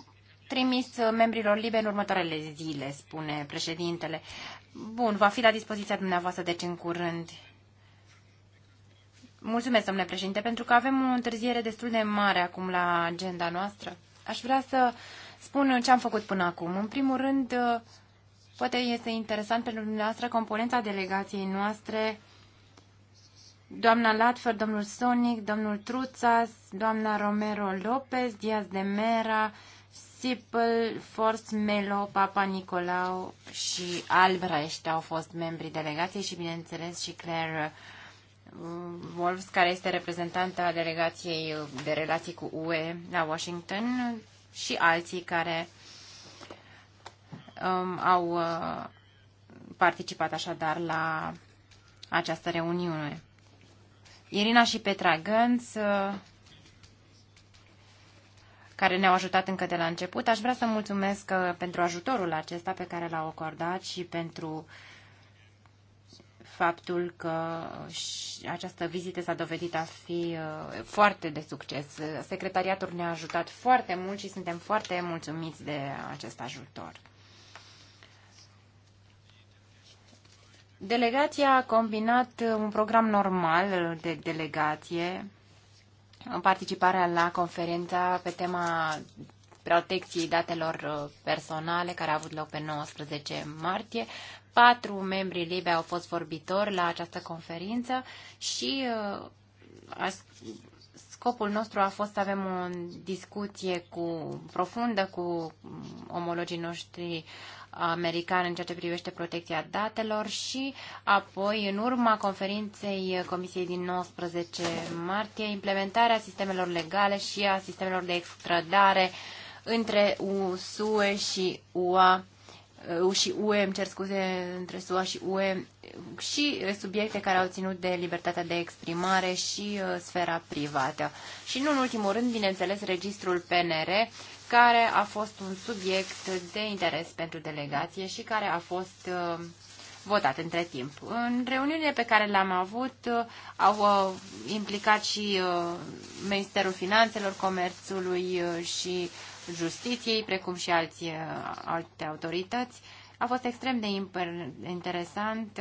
trimis uh, membrilor liberi în următoarele zile, spune președintele. Bun, va fi la dispoziția dumneavoastră, deci în curând. Mulțumesc, domnule președinte, pentru că avem o întârziere destul de mare acum la agenda noastră. Aș vrea să spun ce am făcut până acum. În primul rând, uh, poate este interesant pentru dumneavoastră componența delegației noastre, doamna Latford, domnul Sonic, domnul Truțas, doamna Romero Lopez, Diaz de Mera, Sipel, Forst, Melo, Papa Nicolau și Albrecht au fost membrii delegației și, bineînțeles, și Claire uh, Wolfs, care este reprezentanta delegației uh, de relații cu UE la Washington și alții care um, au uh, participat așadar la această reuniune. Irina și Petra Gânț uh, care ne-au ajutat încă de la început. Aș vrea să mulțumesc uh, pentru ajutorul acesta pe care l-au acordat și pentru faptul că această vizită s-a dovedit a fi uh, foarte de succes. Secretariatul ne-a ajutat foarte mult și suntem foarte mulțumiți de acest ajutor. Delegația a combinat un program normal de delegație participarea la conferința pe tema protecției datelor uh, personale care a avut loc pe 19 martie. Patru membri libe au fost vorbitori la această conferință și uh, scopul nostru a fost să avem o discuție cu, profundă cu um, omologii noștri american în ceea ce privește protecția datelor și apoi, în urma conferinței Comisiei din 19 martie, implementarea sistemelor legale și a sistemelor de extradare între SUE și UA și UE, îmi cer scuze, între SUA și UE și subiecte care au ținut de libertatea de exprimare și uh, sfera privată. Și nu în ultimul rând, bineînțeles, registrul PNR care a fost un subiect de interes pentru delegație și care a fost uh, votat între timp. În reuniunile pe care le-am avut uh, au uh, implicat și Ministerul Finanțelor, Comerțului și Justiției, precum și alții, alte autorități. A fost extrem de interesant.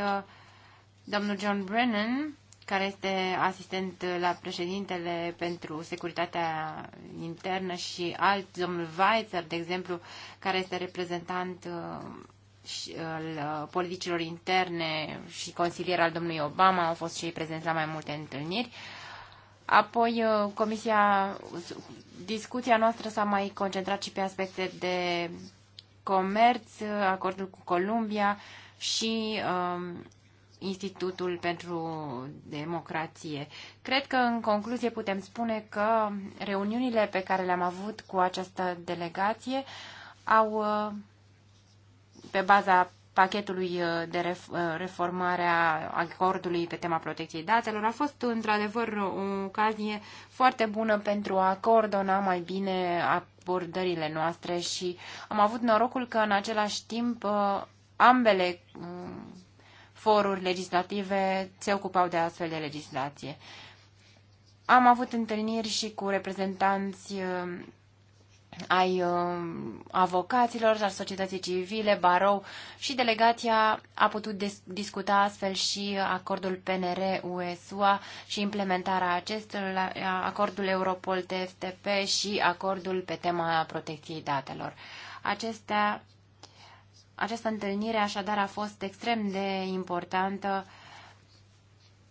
Domnul John Brennan care este asistent la președintele pentru securitatea internă și alt domnul Weitzer, de exemplu, care este reprezentant uh, uh, al uh, politicilor interne și consilier al domnului Obama, au fost și ei prezenți la mai multe întâlniri. Apoi, comisia, discuția noastră s-a mai concentrat și pe aspecte de comerț, acordul cu Columbia și um, Institutul pentru Democrație. Cred că, în concluzie, putem spune că reuniunile pe care le-am avut cu această delegație au, uh, pe baza pachetului uh, de uh, reformare a acordului pe tema protecției datelor a fost într-adevăr o ocazie foarte bună pentru a coordona mai bine abordările noastre și am avut norocul că în același timp ambele foruri legislative se ocupau de astfel de legislație. Am avut întâlniri și cu reprezentanți uh, ai uh, avocaților, al societății civile, barou și delegația a putut discuta astfel și acordul PNR-USUA și implementarea acestui acordul Europol-TFTP și acordul pe tema protecției datelor. Acestea această întâlnire așadar a fost extrem de importantă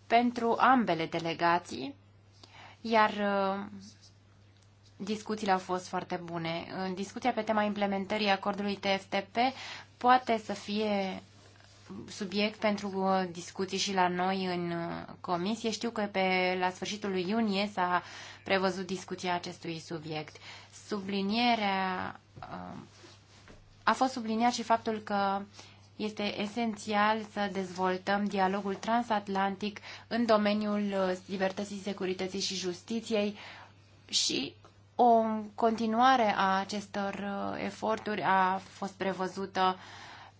pentru ambele delegații, iar uh, discuțiile au fost foarte bune. În discuția pe tema implementării acordului TFTP poate să fie subiect pentru uh, discuții și la noi în uh, comisie. Știu că pe la sfârșitul lui iunie s-a prevăzut discuția acestui subiect. Sublinierea a fost subliniat și faptul că este esențial să dezvoltăm dialogul transatlantic în domeniul uh, libertății, securității și justiției și o continuare a acestor uh, eforturi a fost prevăzută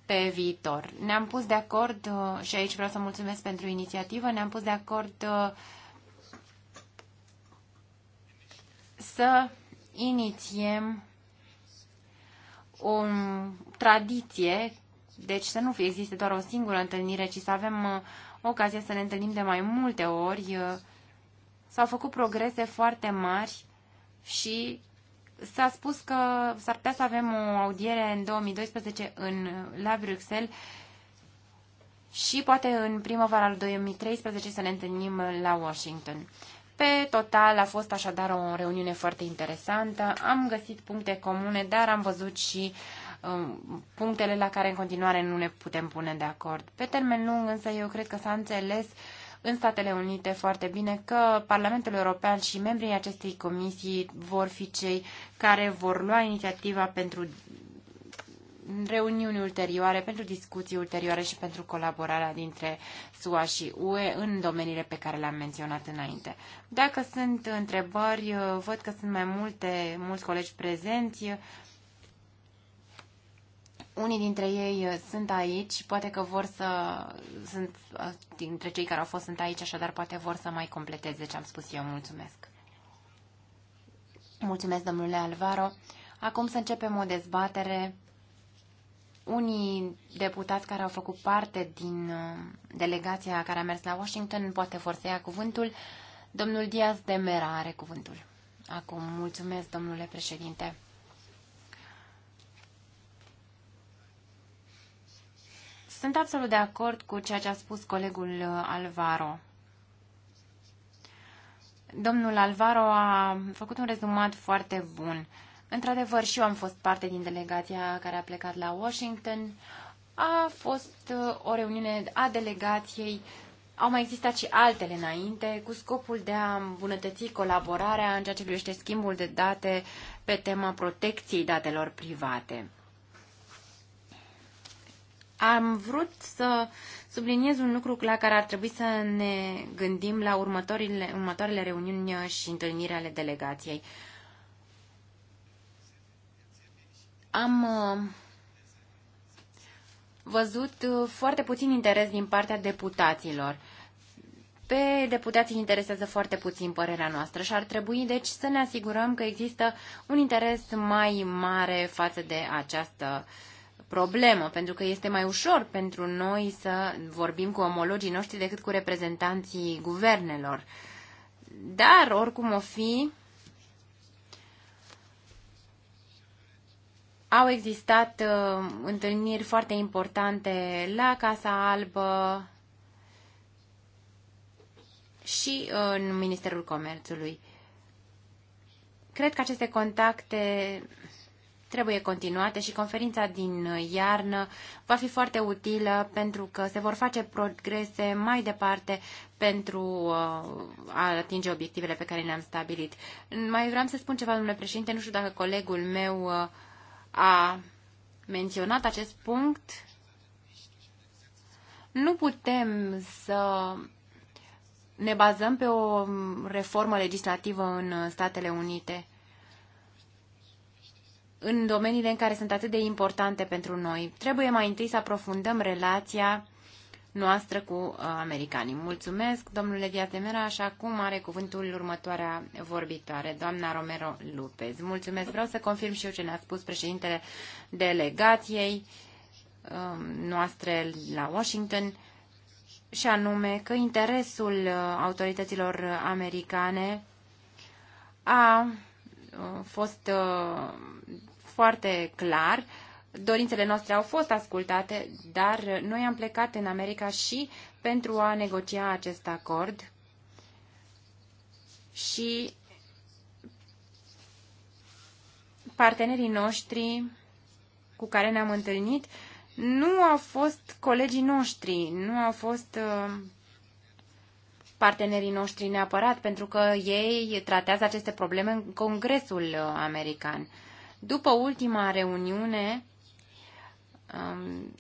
pe viitor. Ne-am pus de acord, uh, și aici vreau să mulțumesc pentru inițiativă, ne-am pus de acord să inițiem o tradiție, deci să nu existe doar o singură întâlnire, ci să avem uh, ocazia să ne întâlnim de mai multe ori. Uh, s-au făcut progrese foarte mari și s-a spus că s-ar putea să avem o audiere în 2012 în, uh, la Bruxelles și poate în primăvara al 2013 să ne întâlnim la Washington. Pe total a fost așadar o reuniune foarte interesantă. Am găsit puncte comune, dar am văzut și um, punctele la care în continuare nu ne putem pune de acord. Pe termen lung însă eu cred că s-a înțeles în Statele Unite foarte bine că Parlamentul European și membrii acestei comisii vor fi cei care vor lua inițiativa pentru reuniuni ulterioare, pentru discuții ulterioare și pentru colaborarea dintre SUA și UE în domeniile pe care le-am menționat înainte. Dacă sunt întrebări, văd că sunt mai multe, mulți colegi prezenți. Unii dintre ei sunt aici, poate că vor să... sunt dintre cei care au fost sunt aici, așadar poate vor să mai completeze ce am spus eu. Mulțumesc! Mulțumesc, domnule Alvaro! Acum să începem o dezbatere unii deputați care au făcut parte din uh, delegația care a mers la Washington poate vor să ia cuvântul. Domnul Diaz de Mera are cuvântul. Acum, mulțumesc, domnule președinte. Sunt absolut de acord cu ceea ce a spus colegul uh, Alvaro. Domnul Alvaro a făcut un rezumat foarte bun Într-adevăr, și eu am fost parte din delegația care a plecat la Washington. A fost uh, o reuniune a delegației. Au mai existat și altele înainte, cu scopul de a îmbunătăți colaborarea în ceea ce privește schimbul de date pe tema protecției datelor private. Am vrut să subliniez un lucru la care ar trebui să ne gândim la următoarele, reuniuni și întâlniri ale delegației. Uh, am uh, văzut uh, foarte puțin interes din partea deputaților. Pe deputații interesează foarte puțin părerea noastră și ar trebui deci să ne asigurăm că există un interes mai mare față de această problemă, pentru că este mai ușor pentru noi să vorbim cu omologii noștri decât cu reprezentanții guvernelor. Dar, oricum o fi, Au existat uh, întâlniri foarte importante la Casa Albă și uh, în Ministerul Comerțului. Cred că aceste contacte trebuie continuate și conferința din uh, iarnă va fi foarte utilă pentru că se vor face progrese mai departe pentru uh, a atinge obiectivele pe care le-am stabilit. Mai vreau să spun ceva, domnule președinte, nu știu dacă colegul meu a menționat acest punct, nu putem să ne bazăm pe o reformă legislativă în Statele Unite, în domeniile în care sunt atât de importante pentru noi. Trebuie mai întâi să aprofundăm relația noastră cu uh, americanii. Mulțumesc, domnule Diatemera, așa cum are cuvântul următoarea vorbitoare, doamna Romero Lupez. Mulțumesc, vreau să confirm și eu ce ne-a spus președintele delegației um, noastre la Washington, și anume că interesul uh, autorităților americane a uh, fost foarte clar Dorințele noastre au fost ascultate, dar noi am plecat în America și pentru a negocia acest acord și partenerii noștri cu care ne-am întâlnit nu au fost colegii noștri, nu au fost uh, partenerii noștri neapărat, pentru că ei tratează aceste probleme în Congresul uh, American. După ultima reuniune, um,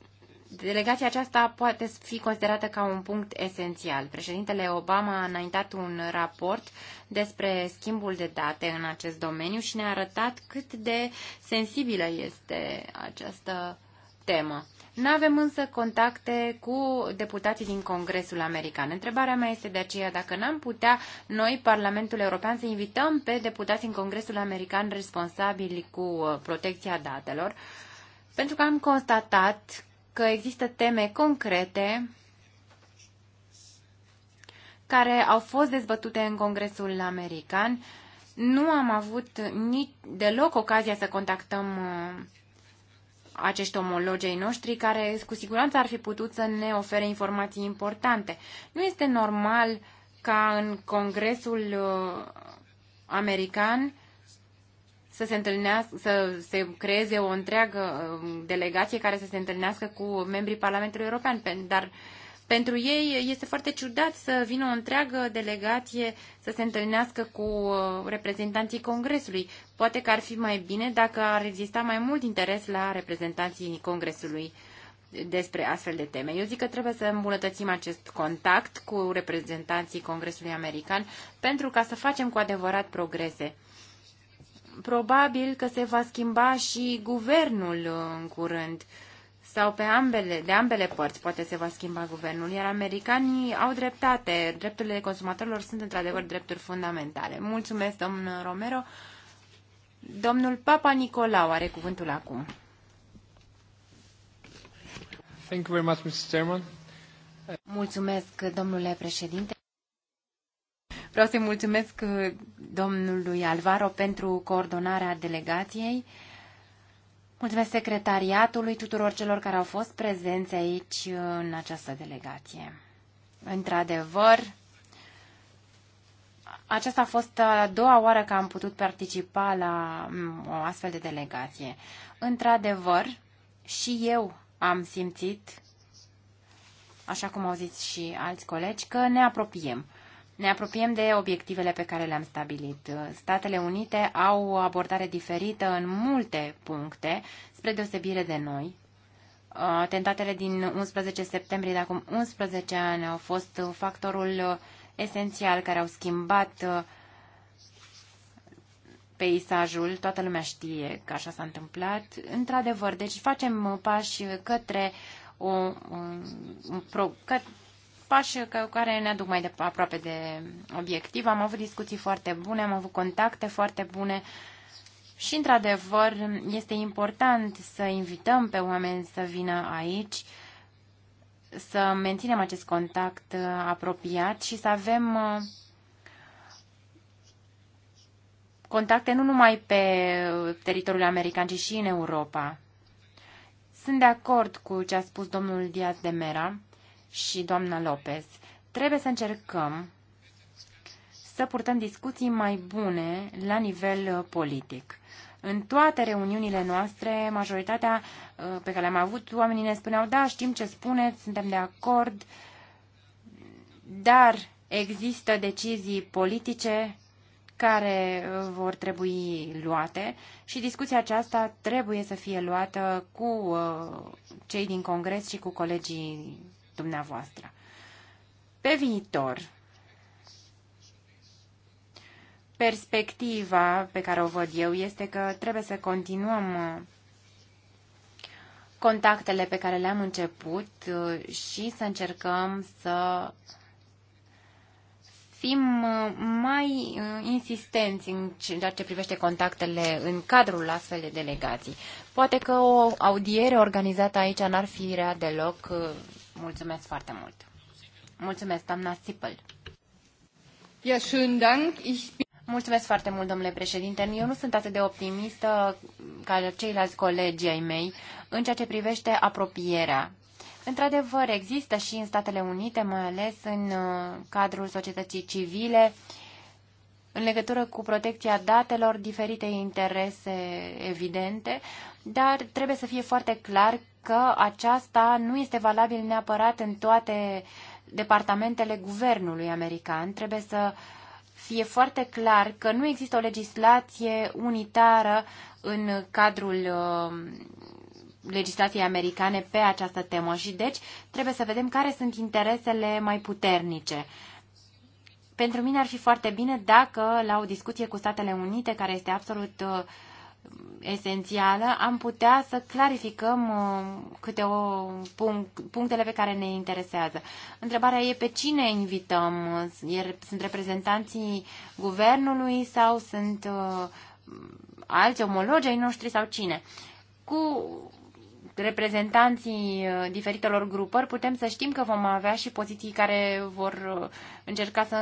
delegația aceasta poate fi considerată ca un punct esențial. Președintele Obama a înaintat un raport despre schimbul de date în acest domeniu și ne-a arătat cât de sensibilă este această temă. Nu avem însă contacte cu deputații din Congresul American. Întrebarea mea este de aceea dacă n-am putea noi, Parlamentul European, să invităm pe deputații în Congresul American responsabili cu uh, protecția datelor pentru că am constatat că există teme concrete care au fost dezbătute în Congresul American. Nu am avut nici deloc ocazia să contactăm uh, acești omologei noștri care cu siguranță ar fi putut să ne ofere informații importante. Nu este normal ca în Congresul uh, American să se întâlnească, să se creeze o întreagă um, delegație care să se întâlnească cu membrii Parlamentului European, dar pentru ei este foarte ciudat să vină o întreagă delegație să se întâlnească cu uh, reprezentanții Congresului. Poate că ar fi mai bine dacă ar exista mai mult interes la reprezentanții Congresului despre astfel de teme. Eu zic că trebuie să îmbunătățim acest contact cu reprezentanții Congresului American pentru ca să facem cu adevărat progrese probabil că se va schimba și guvernul uh, în curând sau pe ambele, de ambele părți poate se va schimba guvernul, iar americanii au dreptate. Drepturile consumatorilor sunt într-adevăr drepturi fundamentale. Mulțumesc, domnul Romero. Domnul Papa Nicolau are cuvântul acum. Thank you very much, Mr. Chairman. Mulțumesc, domnule președinte. Vreau să-i mulțumesc uh, domnului Alvaro pentru coordonarea delegației. Mulțumesc secretariatului tuturor celor care au fost prezenți aici uh, în această delegație. Într-adevăr, aceasta a fost a doua oară că am putut participa la mm, o astfel de delegație. Într-adevăr, și eu am simțit, așa cum au zis și alți colegi, că ne apropiem ne apropiem de obiectivele pe care le-am stabilit. Statele Unite au o abordare diferită în multe puncte, spre deosebire de noi. Atentatele din 11 septembrie de acum 11 ani au fost factorul esențial care au schimbat uh, peisajul, toată lumea știe că așa s-a întâmplat. Într-adevăr, deci facem pași către o, un, pro, că, pași care ne aduc mai de, aproape de obiectiv. Am avut discuții foarte bune, am avut contacte foarte bune și, într-adevăr, este important să invităm pe oameni să vină aici, să menținem acest contact uh, apropiat și să avem uh, contacte nu numai pe uh, teritoriul american, ci și în Europa. Sunt de acord cu ce a spus domnul Diaz de Mera și doamna Lopez. Trebuie să încercăm să purtăm discuții mai bune la nivel uh, politic. În toate reuniunile noastre, majoritatea uh, pe care le-am avut, oamenii ne spuneau, da, știm ce spuneți, suntem de acord, dar există decizii politice care uh, vor trebui luate și discuția aceasta trebuie să fie luată cu cei din Congres și cu colegii dumneavoastră. Pe viitor, perspectiva pe care o văd eu este că trebuie să continuăm uh, contactele pe care le-am început uh, și să încercăm să fim uh, mai insistenți în ceea ce privește contactele în cadrul astfel de delegații. Poate că o audiere organizată aici n-ar fi rea deloc Mulțumesc foarte mult. Mulțumesc, doamna Sipel. Ja, Dank. Ich Mulțumesc foarte mult, domnule președinte. Eu nu sunt atât de optimistă ca ceilalți colegi ai mei în ceea ce privește apropierea. Într-adevăr, există și în Statele Unite, mai ales în uh, cadrul societății civile, în legătură cu protecția datelor, diferite interese evidente, dar trebuie să fie foarte clar că aceasta nu este valabil neapărat în toate departamentele guvernului american. Trebuie să fie foarte clar că nu există o legislație unitară în cadrul uh, legislației americane pe această temă și deci trebuie să vedem care sunt interesele mai puternice. Pentru mine ar fi foarte bine dacă la o discuție cu Statele Unite, care este absolut uh, esențială, am putea să clarificăm uh, câte o punct, punctele pe care ne interesează. Întrebarea e pe cine invităm? Sunt reprezentanții guvernului sau sunt uh, alți omologi ai noștri sau cine? Cu reprezentanții uh, diferitelor grupări putem să știm că vom avea și poziții care vor încerca să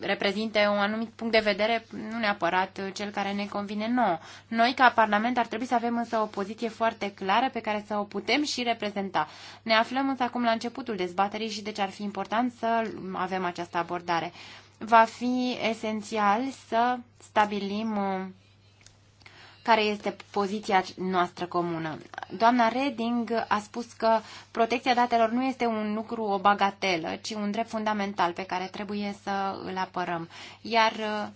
reprezinte un anumit punct de vedere, nu neapărat cel care ne convine nouă. Noi, ca Parlament, ar trebui să avem însă o poziție foarte clară pe care să o putem și reprezenta. Ne aflăm însă acum la începutul dezbaterii și deci ar fi important să avem această abordare. Va fi esențial să stabilim uh, care este poziția noastră comună. Doamna Reding a spus că protecția datelor nu este un lucru, o bagatelă, ci un drept fundamental pe care trebuie să îl apărăm. Iar uh,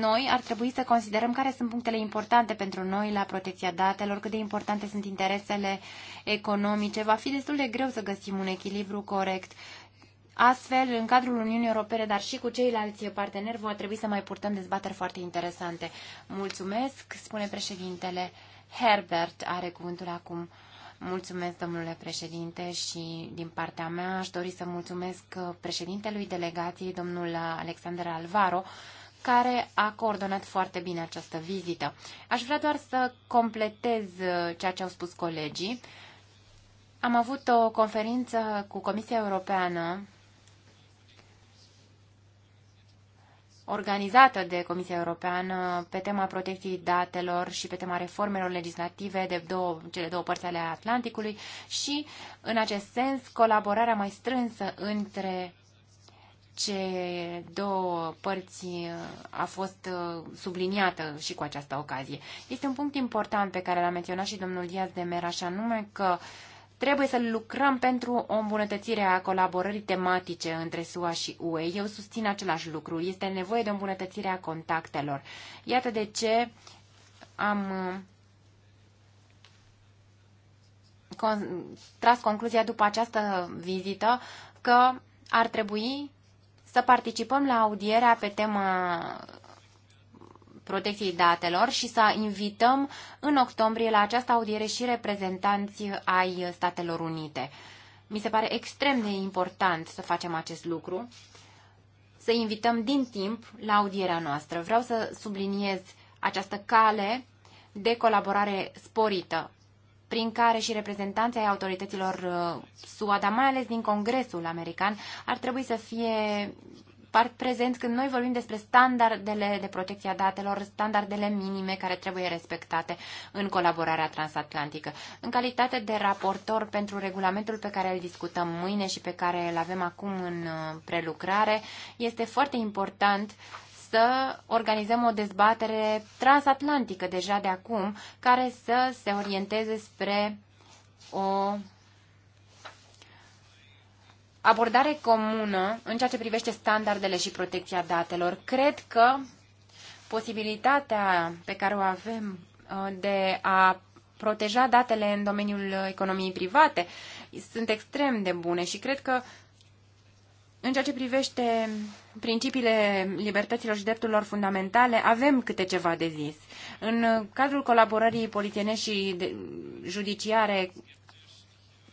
noi ar trebui să considerăm care sunt punctele importante pentru noi la protecția datelor, cât de importante sunt interesele economice. Va fi destul de greu să găsim un echilibru corect Astfel, în cadrul Uniunii Europene, dar și cu ceilalți parteneri, va trebui să mai purtăm dezbateri foarte interesante. Mulțumesc, spune președintele. Herbert are cuvântul acum. Mulțumesc, domnule președinte, și din partea mea aș dori să mulțumesc președintelui delegației, domnul Alexander Alvaro, care a coordonat foarte bine această vizită. Aș vrea doar să completez ceea ce au spus colegii. Am avut o conferință cu Comisia Europeană organizată de Comisia Europeană pe tema protecției datelor și pe tema reformelor legislative de două, cele două părți ale Atlanticului și, în acest sens, colaborarea mai strânsă între ce două părți uh, a fost uh, subliniată și cu această ocazie. Este un punct important pe care l-a menționat și domnul Diaz de Mera, și anume că uh, Trebuie să lucrăm pentru o îmbunătățire a colaborării tematice între SUA și UE. Eu susțin același lucru. Este nevoie de a contactelor. Iată de ce am uh, tras concluzia după această vizită că ar trebui să participăm la audierea pe tema protecției datelor și să invităm în octombrie la această audiere și reprezentanți ai Statelor Unite. Mi se pare extrem de important să facem acest lucru, să invităm din timp la audierea noastră. Vreau să subliniez această cale de colaborare sporită prin care și reprezentanții ai autorităților uh, SUA, dar mai ales din Congresul American, ar trebui să fie part prezent când noi vorbim despre standardele de protecție a datelor, standardele minime care trebuie respectate în colaborarea transatlantică. În calitate de raportor pentru regulamentul pe care îl discutăm mâine și pe care îl avem acum în uh, prelucrare, este foarte important să organizăm o dezbatere transatlantică deja de acum, care să se orienteze spre o abordare comună în ceea ce privește standardele și protecția datelor. Cred că posibilitatea pe care o avem uh, de a proteja datele în domeniul economiei private sunt extrem de bune și cred că în ceea ce privește principiile libertăților și drepturilor fundamentale, avem câte ceva de zis. În cadrul colaborării polițienești și judiciare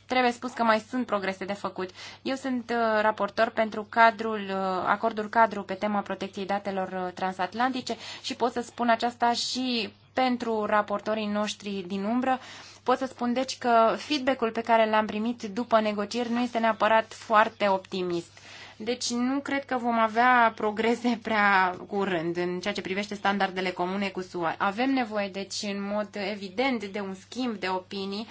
trebuie spus că mai sunt progrese de făcut. Eu sunt uh, raportor pentru cadrul, uh, acordul cadru pe tema protecției datelor uh, transatlantice și pot să spun aceasta și pentru raportorii noștri din umbră. Pot să spun deci că feedback-ul pe care l-am primit după negocieri nu este neapărat foarte optimist. Deci nu cred că vom avea progrese prea curând în ceea ce privește standardele comune cu SUA. Avem nevoie, deci, în mod evident de un schimb de opinii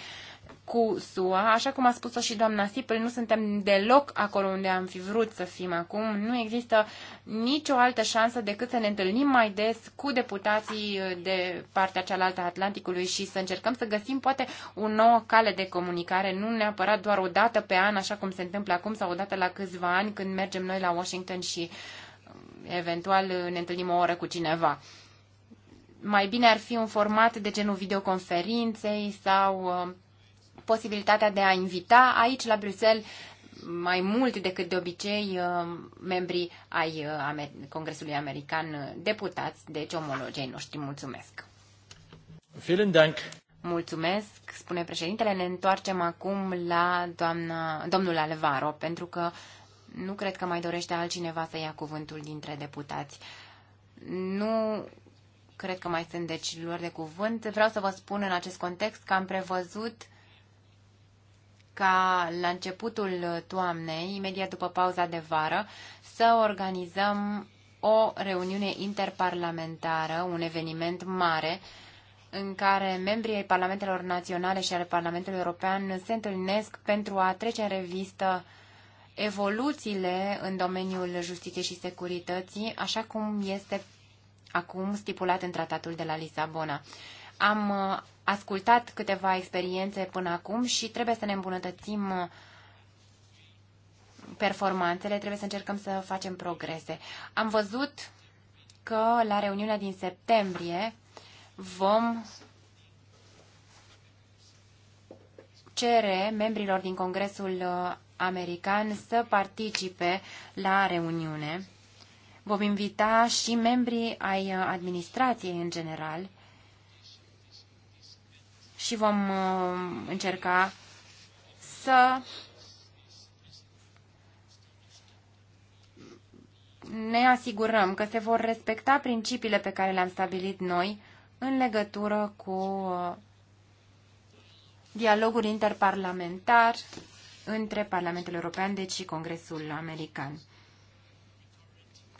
cu SUA. Așa cum a spus-o și doamna Sipel, nu suntem deloc acolo unde am fi vrut să fim acum. Nu există nicio altă șansă decât să ne întâlnim mai des cu deputații uh, de partea cealaltă a Atlanticului și să încercăm să găsim poate o nouă cale de comunicare, nu neapărat doar o dată pe an, așa cum se întâmplă acum, sau o dată la câțiva ani când mergem noi la Washington și uh, eventual uh, ne întâlnim o oră cu cineva mai bine ar fi un format de genul videoconferinței sau posibilitatea de a invita aici la Bruxelles mai mult decât de obicei uh, membrii ai uh, Congresului American uh, deputați, deci omologei noștri. Mulțumesc! Vielen Dank! Mulțumesc, spune președintele. Ne întoarcem acum la doamna, domnul Alvaro, pentru că nu cred că mai dorește altcineva să ia cuvântul dintre deputați. Nu cred că mai sunt deci luări de cuvânt. Vreau să vă spun în acest context că am prevăzut ca la începutul toamnei, imediat după pauza de vară, să organizăm o reuniune interparlamentară, un eveniment mare, în care membrii ai Parlamentelor Naționale și ale Parlamentului European se întâlnesc pentru a trece în revistă evoluțiile în domeniul justiției și securității, așa cum este acum stipulat în tratatul de la Lisabona. Am ascultat câteva experiențe până acum și trebuie să ne îmbunătățim uh, performanțele, trebuie să încercăm să facem progrese. Am văzut că la reuniunea din septembrie vom cere membrilor din Congresul uh, American să participe la reuniune. Vom invita și membrii ai uh, administrației în general și vom uh, încerca să ne asigurăm că se vor respecta principiile pe care le-am stabilit noi în legătură cu uh, dialogul interparlamentar între Parlamentul European, deci și Congresul American.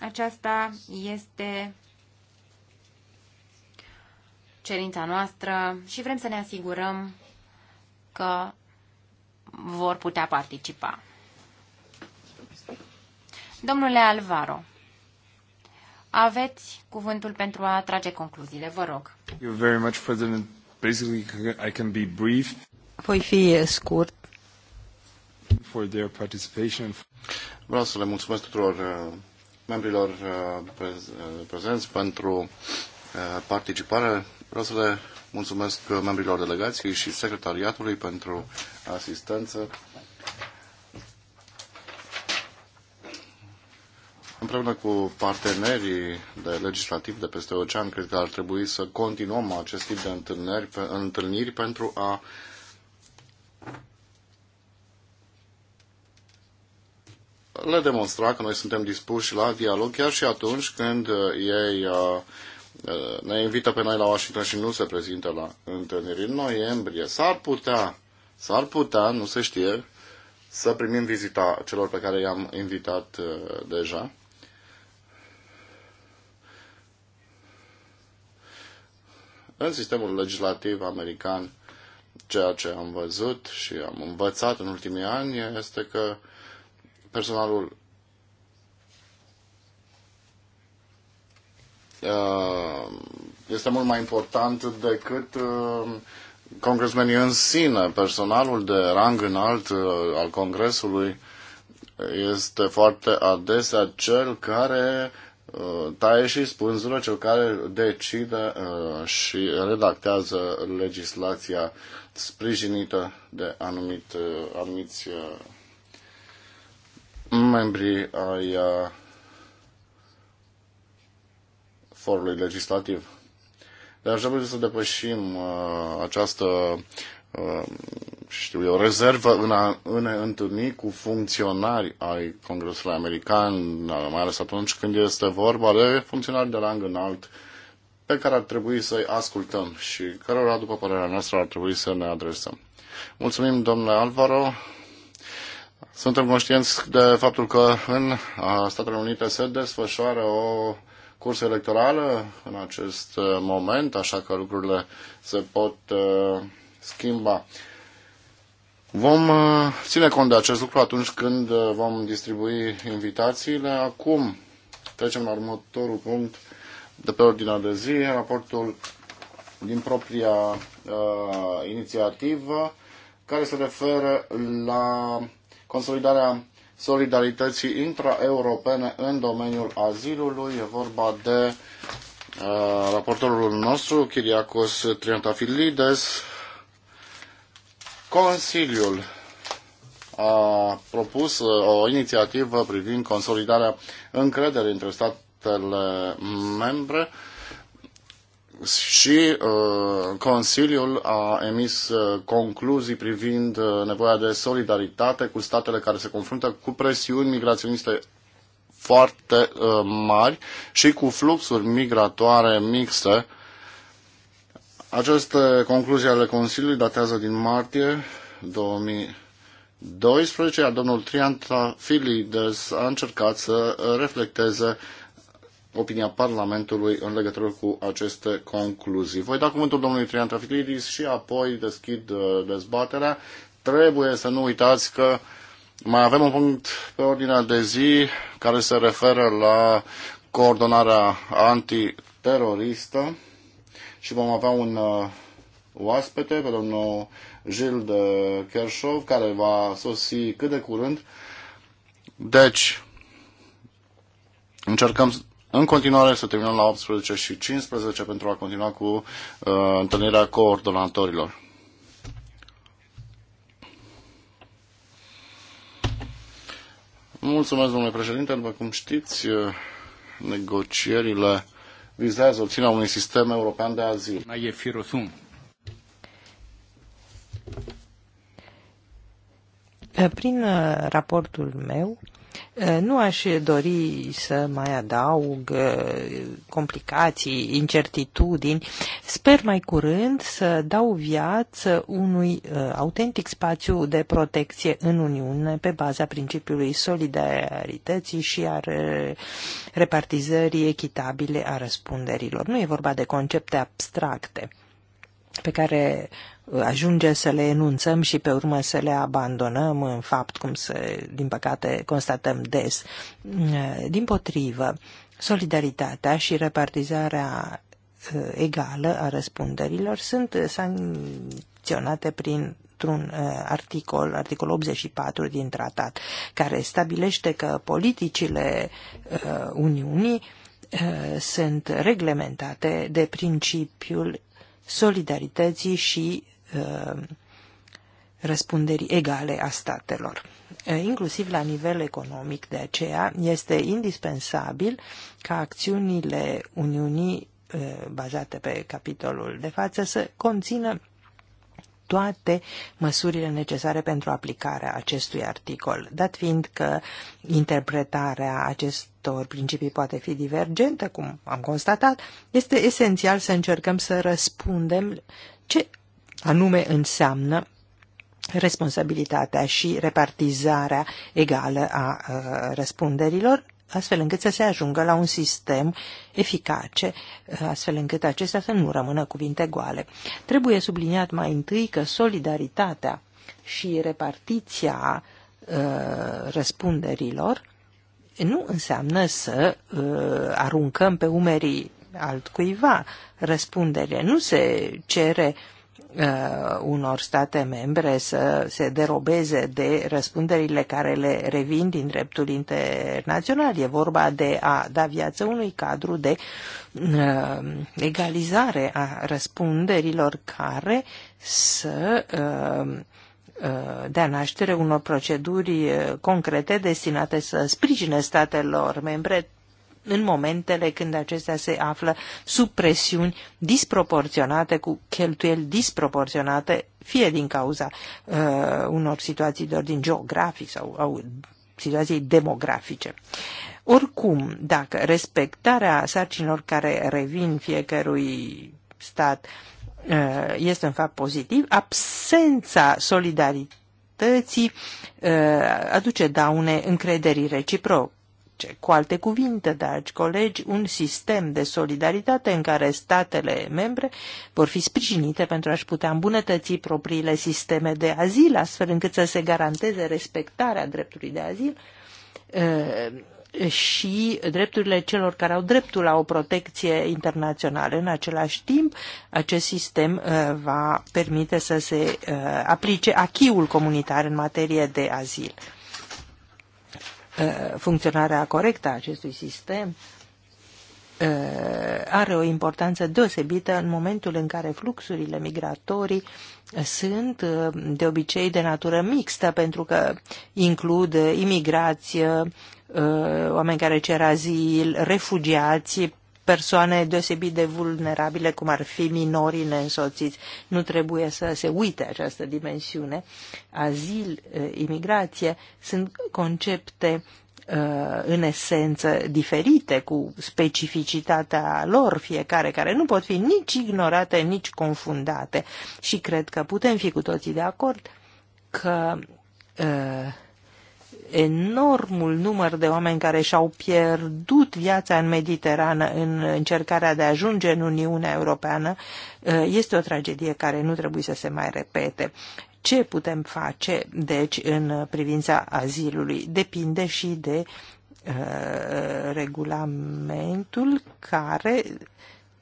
Aceasta este cerința noastră și vrem să ne asigurăm că vor putea participa. Domnule Alvaro, aveți cuvântul pentru a trage concluziile, vă rog. very much, Basically, I can be brief. Voi fi scurt. For their participation. Vreau să le mulțumesc tuturor uh, membrilor uh, uh, prezenți pentru participare. Vreau să le mulțumesc membrilor delegației și secretariatului pentru asistență. Împreună cu partenerii de legislativ de peste ocean, cred că ar trebui să continuăm acest tip de întâlniri, întâlniri pentru a le demonstra că noi suntem dispuși la dialog chiar și atunci când ei uh, Eh, ne invită pe noi la Washington și nu se prezintă la întâlniri în noiembrie. S-ar putea, s-ar putea, nu se știe, să primim vizita celor pe care i-am invitat eh, deja. În sistemul legislativ american, ceea ce am văzut și am învățat în ultimii ani este că personalul Uh, este mult mai important decât uh, congresmenii în sine. Personalul de rang înalt uh, al Congresului este foarte adesea cel care taie și spânzură, cel care decide și redactează legislația sprijinită de anumit, anumiți membri ai forului legislativ. Dar trebuie să depășim uh, această uh, știu eu, rezervă în a, în a întâlni cu funcționari ai Congresului American, uh, mai ales atunci când este vorba de funcționari de rang înalt pe care ar trebui să-i ascultăm și cărora, după părerea noastră, ar trebui să ne adresăm. Mulțumim, domnule Alvaro. Suntem conștienți de faptul că în uh, Statele Unite se desfășoară o curs electorală în acest uh, moment, așa că lucrurile se pot uh, schimba. Vom uh, ține cont de acest lucru atunci când vom distribui invitațiile. Acum trecem la următorul punct de pe ordinea de zi, raportul din propria uh, inițiativă care se referă la consolidarea solidarității intraeuropene în domeniul azilului. E vorba de uh, raportorul nostru, Chiriacos Triantafilides. Consiliul a propus uh, o inițiativă privind consolidarea încrederii între statele membre și uh, Consiliul a emis uh, concluzii privind uh, nevoia de solidaritate cu statele care se confruntă cu presiuni migraționiste foarte mari și cu fluxuri migratoare mixte. Aceste concluzii ale Consiliului datează din martie 2012, iar domnul Trianta Filides a încercat să reflecteze uh, opinia Parlamentului în legătură cu aceste concluzii. Voi da cuvântul domnului Trian Traficlidis și apoi deschid uh, dezbaterea. Trebuie să nu uitați că mai avem un punct pe ordinea de zi care se referă la coordonarea antiteroristă și vom avea un uh, oaspete, pe domnul Gilles de Kershov, care va sosi cât de curând. Deci, încercăm în continuare să terminăm la 18 și 15 pentru a continua cu uh, întâlnirea coordonatorilor. Mulțumesc, domnule președinte. După cum știți, uh, negocierile vizează obținerea unui sistem european de azil. Prin uh, raportul meu, nu aș dori să mai adaug complicații, incertitudini. Sper mai curând să dau viață unui autentic spațiu de protecție în Uniune pe baza principiului solidarității și a repartizării echitabile a răspunderilor. Nu e vorba de concepte abstracte pe care ajunge să le enunțăm și pe urmă să le abandonăm, în fapt, cum să din păcate, constatăm des. Din potrivă, solidaritatea și repartizarea ă, egală a răspunderilor sunt sancționate prin un ă, articol, articol 84 din tratat, care stabilește că politicile ă, Uniunii sunt reglementate de principiul solidarității și Uh, răspunderii egale a statelor. Uh, inclusiv la nivel economic, de aceea, este indispensabil ca acțiunile Uniunii uh, bazate pe capitolul de față să conțină toate măsurile necesare pentru aplicarea acestui articol, dat fiind că interpretarea acestor principii poate fi divergentă, cum am constatat, este esențial să încercăm să răspundem ce anume înseamnă responsabilitatea și repartizarea egală a uh, răspunderilor, astfel încât să se ajungă la un sistem eficace, uh, astfel încât acestea să nu rămână cuvinte goale. Trebuie subliniat mai întâi că solidaritatea și repartiția uh, răspunderilor nu înseamnă să uh, aruncăm pe umerii altcuiva răspundere. Nu se cere uh, unor state membre să se derobeze de răspunderile care le revin din dreptul internațional. E vorba de a da viață unui cadru de uh, egalizare a răspunderilor care să uh, uh dea naștere unor proceduri uh, concrete destinate să sprijine statelor membre în momentele când acestea se află sub presiuni disproporționate, cu cheltuieli disproporționate, fie din cauza uh, unor situații de ordin geografic sau au, situației demografice. Oricum, dacă respectarea sarcinilor care revin fiecărui stat uh, este în fapt pozitiv, absența solidarității uh, aduce daune încrederii reciproc economice. Cu alte cuvinte, dragi colegi, un sistem de solidaritate în care statele membre vor fi sprijinite pentru a-și putea îmbunătăți propriile sisteme de azil, astfel încât să se garanteze respectarea dreptului de azil eh, și drepturile celor care au dreptul la o protecție internațională. În același timp, acest sistem eh, va permite să se eh, aplice achiul comunitar în materie de azil. Eh, funcționarea corectă a acestui sistem eh, are o importanță deosebită în momentul în care fluxurile migratorii sunt eh, de obicei de natură mixtă, pentru că includ imigrație, oameni care cer azil, refugiații persoane deosebit de vulnerabile, cum ar fi minorii neînsoțiți. Nu trebuie să se uite această dimensiune. Azil, imigrație sunt concepte în esență diferite cu specificitatea lor fiecare, care nu pot fi nici ignorate, nici confundate. Și cred că putem fi cu toții de acord că uh, enormul număr de oameni care și-au pierdut viața în Mediterană în încercarea de a ajunge în Uniunea Europeană, eh, este o tragedie care nu trebuie să se mai repete. Ce putem face, deci, în privința azilului? Depinde și de uh, regulamentul care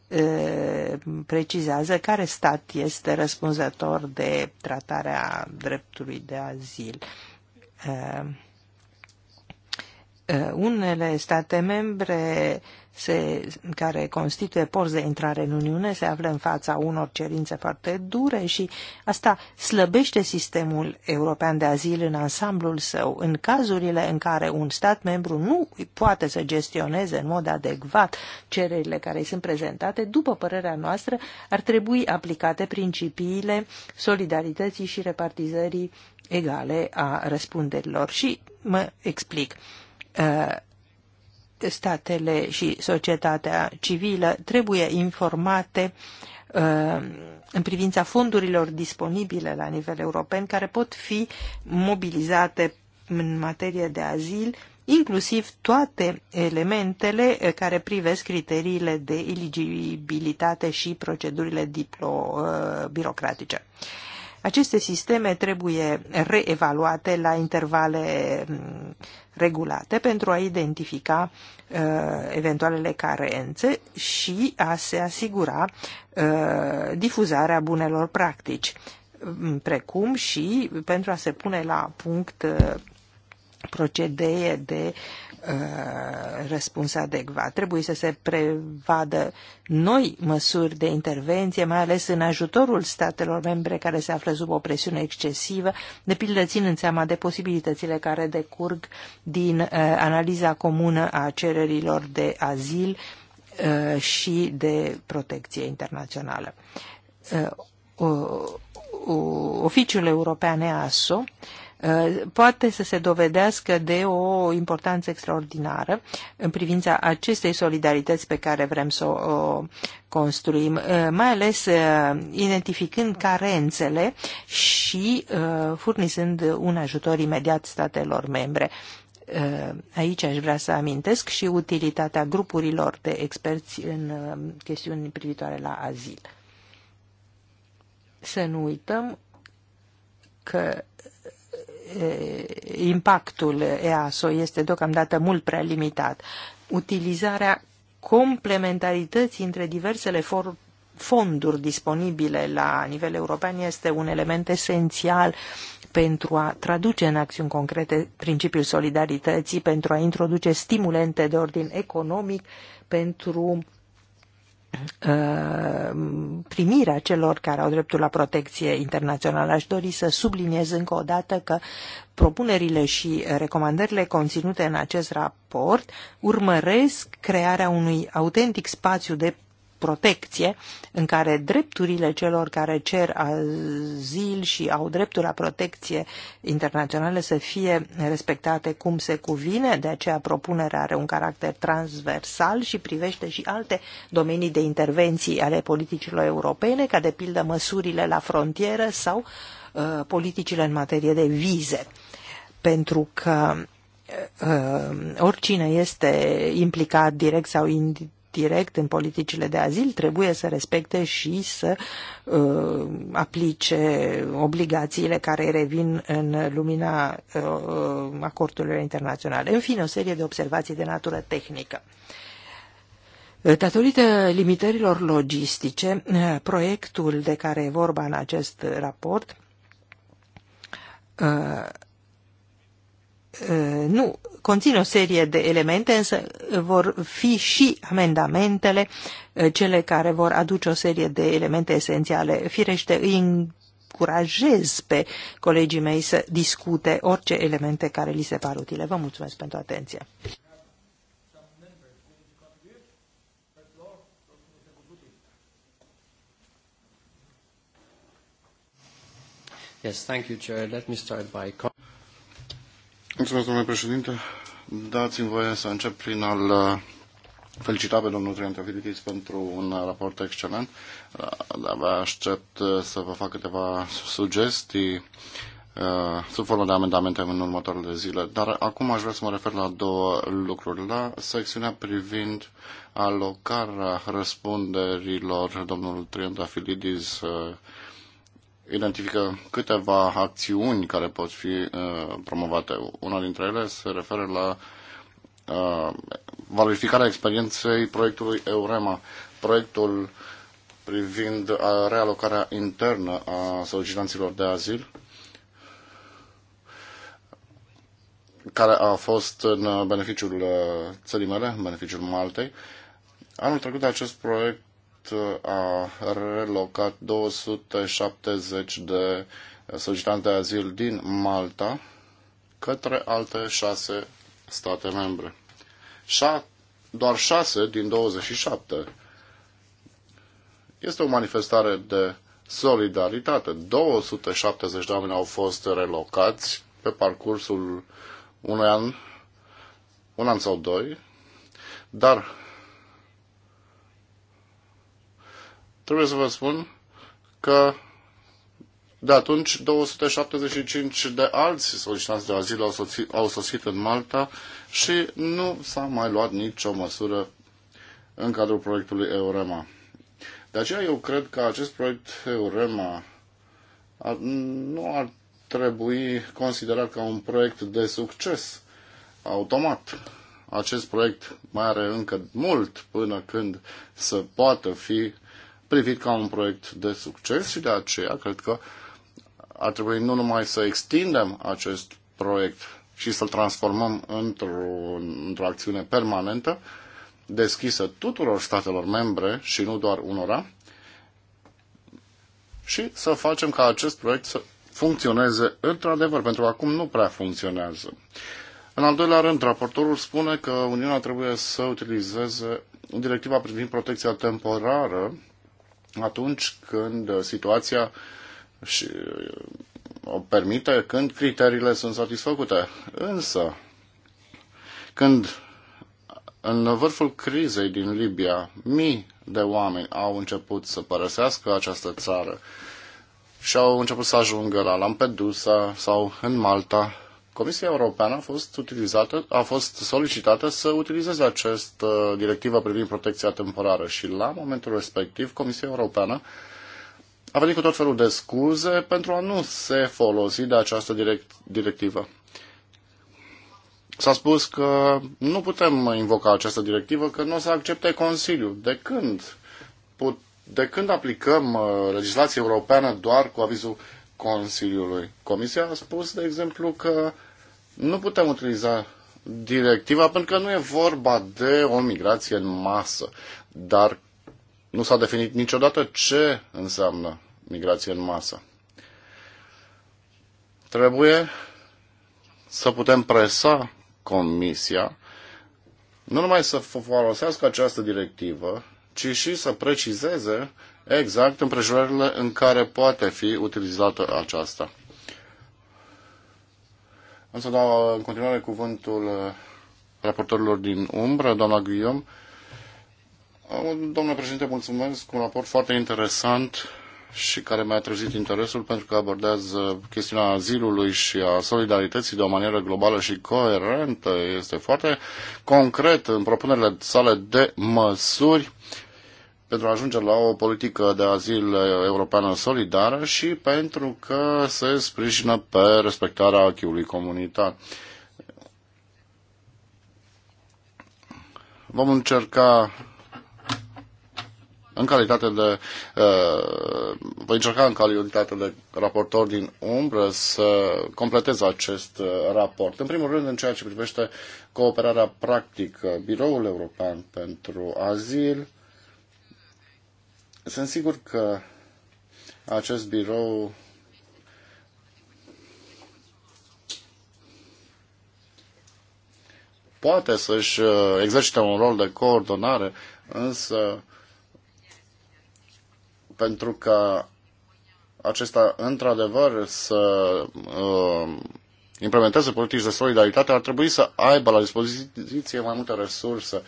eh, precizează care stat este răspunzător de tratarea dreptului de azil. Uh, unele state membre se, care constituie porți de intrare în Uniune se află în fața unor cerințe foarte dure și asta slăbește sistemul european de azil în ansamblul său. În cazurile în care un stat membru nu poate să gestioneze în mod adecvat cererile care îi sunt prezentate, după părerea noastră, ar trebui aplicate principiile solidarității și repartizării egale a răspunderilor. Și mă explic. Uh, statele și societatea civilă trebuie informate uh, în privința fondurilor disponibile la nivel european care pot fi mobilizate în materie de azil, inclusiv toate elementele uh, care privesc criteriile de eligibilitate și procedurile diplo-birocratice. Uh, aceste sisteme trebuie reevaluate la intervale mm, regulate pentru a identifica uh, eventualele carențe și a se asigura uh, difuzarea bunelor practici, mm, precum și pentru a se pune la punct uh, procedee de Uh, răspuns adecvat. Trebuie să se prevadă noi măsuri de intervenție, mai ales în ajutorul statelor membre care se află sub o presiune excesivă, de pildă ținând seama de posibilitățile care decurg din uh, analiza comună a cererilor de azil uh, și de protecție internațională. Uh, Oficiul European EASO uh, Eh, poate să se dovedească de o importanță extraordinară în privința acestei solidarități pe care vrem să o construim, eh, mai ales eh, identificând carențele și furnizând un ajutor imediat statelor membre. Aici aș vrea să amintesc și utilitatea grupurilor de experți în chestiuni privitoare la azil. Să nu uităm că impactul EASO este deocamdată mult prea limitat. Utilizarea complementarității între diversele for fonduri disponibile la nivel european este un element esențial pentru a traduce în acțiuni concrete principiul solidarității, pentru a introduce stimulente de ordin economic, pentru Uh, primirea celor care au dreptul la protecție internațională. Aș dori să subliniez încă o dată că propunerile și recomandările conținute în acest raport urmăresc crearea unui autentic spațiu de protecție, în care drepturile celor care cer azil și au dreptul la protecție internațională să fie respectate cum se cuvine, de aceea propunerea are un caracter transversal și privește și alte domenii de intervenții ale politicilor europene, ca de pildă măsurile la frontieră sau uh, politicile în materie de vize. Pentru că uh, uh, oricine este implicat direct sau indirect direct în politicile de azil trebuie să respecte și să uh, aplice obligațiile care revin în lumina uh, acordurilor internaționale. În fine, o serie de observații de natură tehnică. Datorită limitărilor logistice, proiectul de care e vorba în acest raport uh, uh nu conține o serie de elemente, însă vor fi și amendamentele, eh, cele care vor aduce o serie de elemente esențiale. Firește, îi încurajez pe colegii mei să discute orice elemente care li se par utile. Vă mulțumesc pentru atenție. Yes, thank you, Chair. Let me start by... Mulțumesc, domnule președinte. Dați-mi voie să încep prin al uh, felicita pe domnul Triantafidis pentru un raport excelent. De-abia uh, aștept uh, să vă fac câteva sugestii sub formă de amendamente în următoarele zile. Dar acum aș vrea să mă refer la două lucruri. La secțiunea privind alocarea răspunderilor domnul Triantafilidis identifică câteva acțiuni care pot fi uh, promovate. Una dintre ele se referă la uh, valorificarea experienței proiectului EUREMA, proiectul privind uh, realocarea internă a solicitanților de azil, care a fost în beneficiul uh, țării mele, în beneficiul Maltei. Anul trecut acest proiect a relocat 270 de solicitanți de azil din Malta către alte șase state membre. Șa- doar șase din 27. Este o manifestare de solidaritate. 270 de oameni au fost relocați pe parcursul unui an, un an sau doi, dar Trebuie să vă spun că de atunci 275 de alți solicitanți de azil au sosit, au sosit în Malta și nu s-a mai luat nicio măsură în cadrul proiectului EUREMA. De aceea eu cred că acest proiect EUREMA ar, nu ar trebui considerat ca un proiect de succes automat. Acest proiect mai are încă mult până când să poată fi privit ca un proiect de succes și de aceea cred că ar trebui nu numai să extindem acest proiect și să-l transformăm într-o, într acțiune permanentă, deschisă tuturor statelor membre și nu doar unora, și să facem ca acest proiect să funcționeze într-adevăr, pentru că acum nu prea funcționează. În al doilea rând, raportorul spune că Uniunea trebuie să utilizeze directiva privind protecția temporară atunci când uh, situația și uh, o permite, când criteriile sunt satisfăcute. Însă, când în vârful crizei din Libia, mii de oameni au început să părăsească această țară și au început să ajungă la Lampedusa sau în Malta Comisia Europeană a fost, utilizată, a fost solicitată să utilizeze această directivă privind protecția temporară și la momentul respectiv Comisia Europeană a venit cu tot felul de scuze pentru a nu se folosi de această direct, directivă. S-a spus că nu putem invoca această directivă, că nu o să accepte Consiliul. De când? Put, de când aplicăm uh, legislația europeană doar cu avizul Consiliului. Comisia a spus, de exemplu, că nu putem utiliza directiva pentru că nu e vorba de o migrație în masă, dar nu s-a definit niciodată ce înseamnă migrație în masă. Trebuie să putem presa Comisia nu numai să folosească această directivă, ci și să precizeze exact împrejurările în care poate fi utilizată aceasta. Am să dau în continuare cuvântul raportorilor din umbră, doamna Guillaume. Domnule președinte, mulțumesc, cu un raport foarte interesant și care mi-a trezit interesul pentru că abordează chestiunea azilului și a solidarității de o manieră globală și coerentă. Este foarte concret în propunerile sale de măsuri pentru a ajunge la o politică de azil europeană solidară și pentru că se sprijină pe respectarea acquis comunitar. Vom încerca în calitate de uh, voi încerca în calitate de raportor din umbră să completez acest uh, raport. În primul rând, în ceea ce privește cooperarea practică, Biroul European pentru Azil sunt sigur că acest birou poate să-și uh, exercite un rol de coordonare, însă pentru că acesta într-adevăr să uh, implementeze politici de solidaritate, ar trebui să aibă la dispoziție mai multe resurse uh,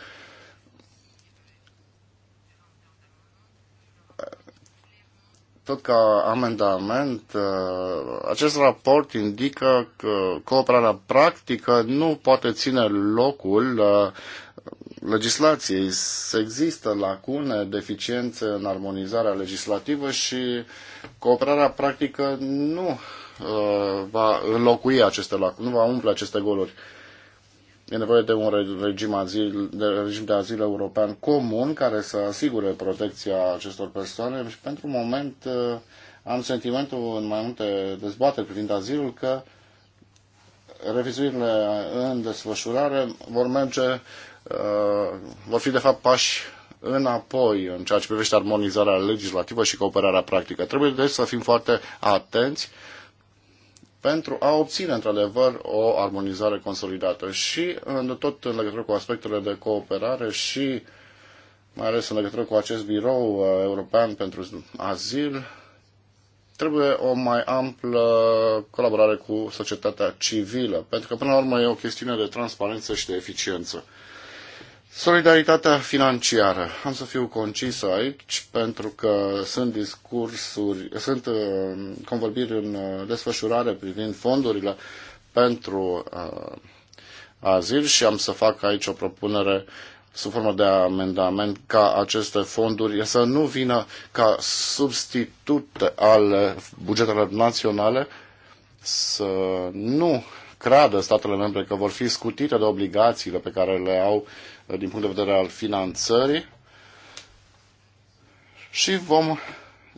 tot ca amendament, uh, acest raport indică că cooperarea practică nu poate ține locul uh, legislației. Există lacune, deficiențe în armonizarea legislativă și cooperarea practică nu uh, va înlocui aceste lacune, nu va umple aceste goluri. E nevoie de un regim, azil, de regim de azil european comun care să asigure protecția acestor persoane și pentru moment uh, am sentimentul în mai multe dezbateri privind azilul că revizuirile în desfășurare vor merge, uh, vor fi de fapt pași înapoi în ceea ce privește armonizarea legislativă și cooperarea practică. Trebuie deci să fim foarte atenți pentru a obține într-adevăr o armonizare consolidată și în tot în legătură cu aspectele de cooperare și mai ales în legătură cu acest birou uh, european pentru azil, trebuie o mai amplă colaborare cu societatea civilă, pentru că până la urmă e o chestiune de transparență și de eficiență. Solidaritatea financiară. Am să fiu concis aici pentru că sunt discursuri, sunt uh, convorbiri în uh, desfășurare privind fondurile pentru uh, azil și am să fac aici o propunere sub formă de amendament ca aceste fonduri să nu vină ca substitut ale bugetelor naționale, să nu creadă statele membre că vor fi scutite de obligațiile pe care le au din punct de vedere al finanțării și vom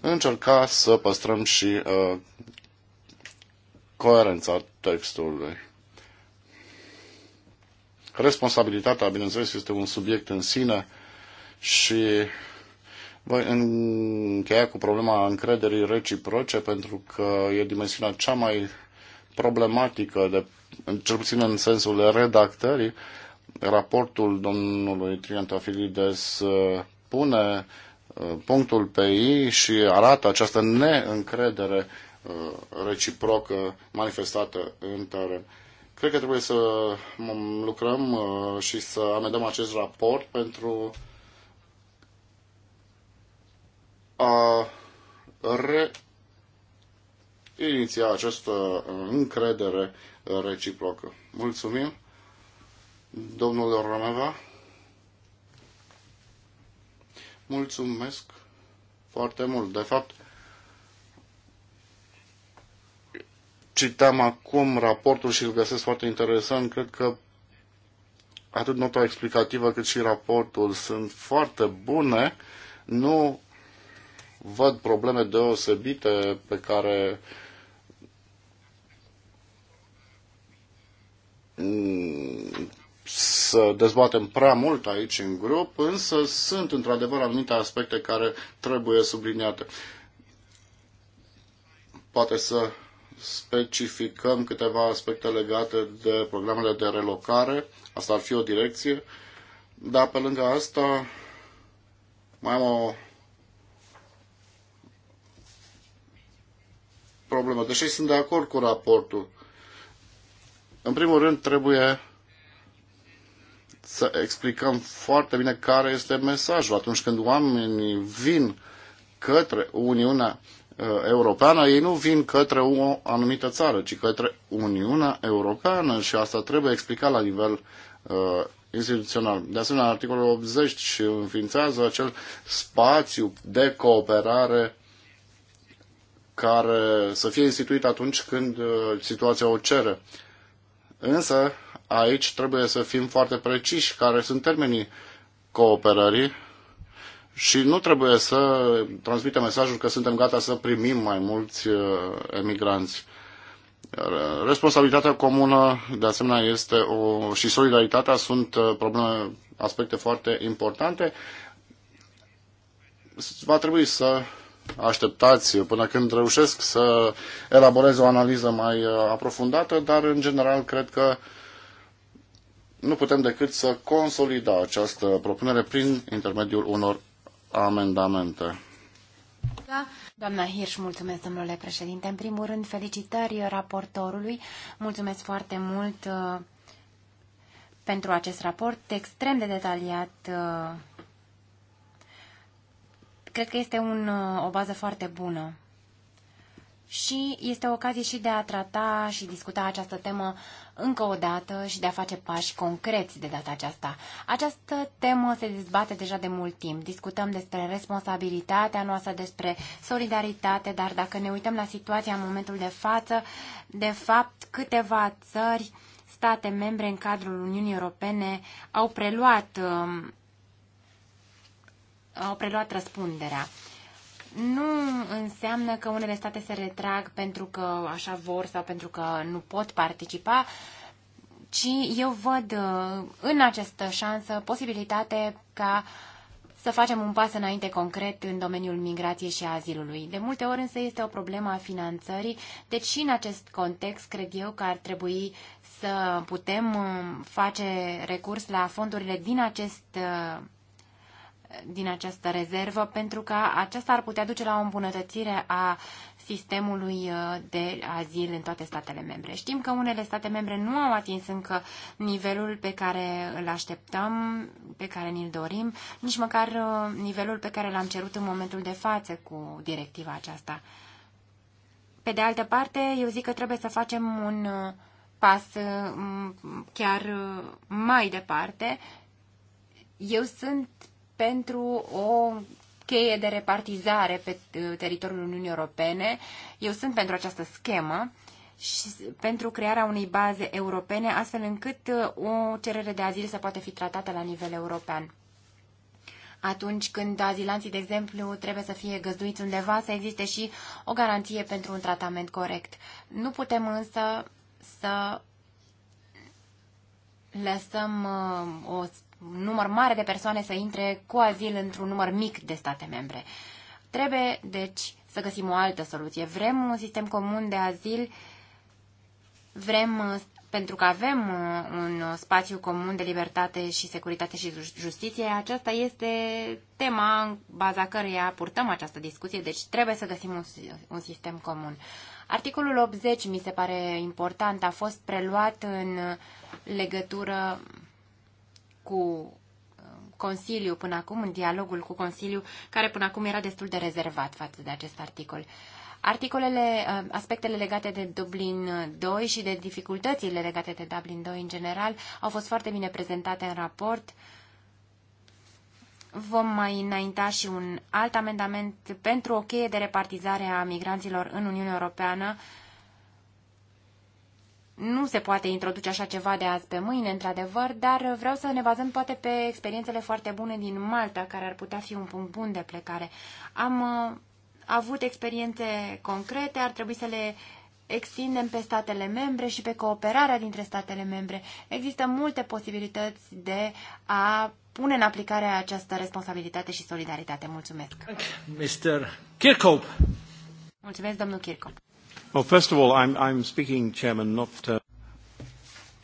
încerca să păstrăm și uh, coerența textului. Responsabilitatea, bineînțeles, este un subiect în sine și voi încheia cu problema încrederii reciproce pentru că e dimensiunea cea mai problematică, de, cel puțin în sensul redactării, raportul domnului Triantafilides uh, pune uh, punctul pe ei și arată această neîncredere uh, reciprocă manifestată în teren. Cred că trebuie să lucrăm și să amendăm acest raport pentru a reiniția această încredere reciprocă. Mulțumim! Domnul Romeva. Mulțumesc foarte mult. De fapt, citam acum raportul și îl găsesc foarte interesant. Cred că atât nota explicativă cât și raportul sunt foarte bune. Nu văd probleme deosebite pe care să dezbatem prea mult aici în grup, însă sunt într-adevăr anumite aspecte care trebuie subliniate. Poate să specificăm câteva aspecte legate de programele de relocare, asta ar fi o direcție, dar pe lângă asta mai am o problemă, deși sunt de acord cu raportul. În primul rând trebuie să explicăm foarte bine care este mesajul. Atunci când oamenii vin către Uniunea uh, Europeană, ei nu vin către o anumită țară, ci către Uniunea Europeană și asta trebuie explicat la nivel uh, instituțional. De asemenea, articolul 80 înființează acel spațiu de cooperare care să fie instituit atunci când uh, situația o cere. Însă, aici trebuie să fim foarte preciși care sunt termenii cooperării și nu trebuie să transmitem mesajul că suntem gata să primim mai mulți uh, emigranți. Responsabilitatea comună, de asemenea, este o, și solidaritatea sunt uh, probleme, aspecte foarte importante. Va trebui să așteptați până când reușesc să elaborez o analiză mai uh, aprofundată, dar în general cred că uh, nu putem decât să consolida această propunere prin intermediul unor amendamente. Da. Doamna Hirsch, mulțumesc, domnule președinte. În primul rând, felicitări raportorului. Mulțumesc foarte mult uh, pentru acest raport extrem de detaliat. Uh, cred că este un, uh, o bază foarte bună și este o ocazie și de a trata și discuta această temă încă o dată și de a face pași concreți de data aceasta. Această temă se dezbate deja de mult timp. Discutăm despre responsabilitatea noastră, despre solidaritate, dar dacă ne uităm la situația în momentul de față, de fapt câteva țări, state membre în cadrul Uniunii Europene au preluat, um, au preluat răspunderea nu înseamnă că unele state se retrag pentru că așa vor sau pentru că nu pot participa, ci eu văd uh, în această șansă posibilitate ca să facem un pas înainte concret în domeniul migrației și azilului. De multe ori însă este o problemă a finanțării, deci și în acest context cred eu că ar trebui să putem uh, face recurs la fondurile din acest uh, din această rezervă, pentru că aceasta ar putea duce la o îmbunătățire a sistemului uh, de azil în toate statele membre. Știm că unele state membre nu au atins încă nivelul pe care îl așteptăm, pe care ni-l dorim, nici măcar uh, nivelul pe care l-am cerut în momentul de față cu directiva aceasta. Pe de altă parte, eu zic că trebuie să facem un uh, pas chiar mai departe. Eu sunt pentru o cheie de repartizare pe uh, teritoriul Uniunii Europene. Eu sunt pentru această schemă și pentru crearea unei baze europene, astfel încât uh, o cerere de azil să poate fi tratată la nivel european. Atunci când azilanții, de exemplu, trebuie să fie găzduiți undeva, să existe și o garanție pentru un tratament corect. Nu putem însă să lăsăm uh, o număr mare de persoane să intre cu azil într-un număr mic de state membre. Trebuie, deci, să găsim o altă soluție. Vrem un sistem comun de azil, vrem, pentru că avem uh, un spațiu comun de libertate și securitate și justiție, aceasta este tema în baza căreia purtăm această discuție, deci trebuie să găsim un, un sistem comun. Articolul 80 mi se pare important, a fost preluat în legătură cu uh, Consiliu până acum, în dialogul cu Consiliu, care până acum era destul de rezervat față de acest articol. Articolele, uh, aspectele legate de Dublin 2 uh, și de dificultățile legate de Dublin 2 în general au fost foarte bine prezentate în raport. Vom mai înainta și un alt amendament pentru o cheie de repartizare a migranților în Uniunea Europeană, uh, nu se poate introduce așa ceva de azi pe mâine, într-adevăr, dar vreau să ne bazăm poate pe experiențele foarte bune din Malta, care ar putea fi un punct bun de plecare. Am uh, avut experiențe concrete, ar trebui să le extindem pe statele membre și pe cooperarea dintre statele membre. Există multe posibilități de a pune în aplicare această responsabilitate și solidaritate. Mulțumesc. Mr. Kirkhope. Mulțumesc, domnul Kirkhope.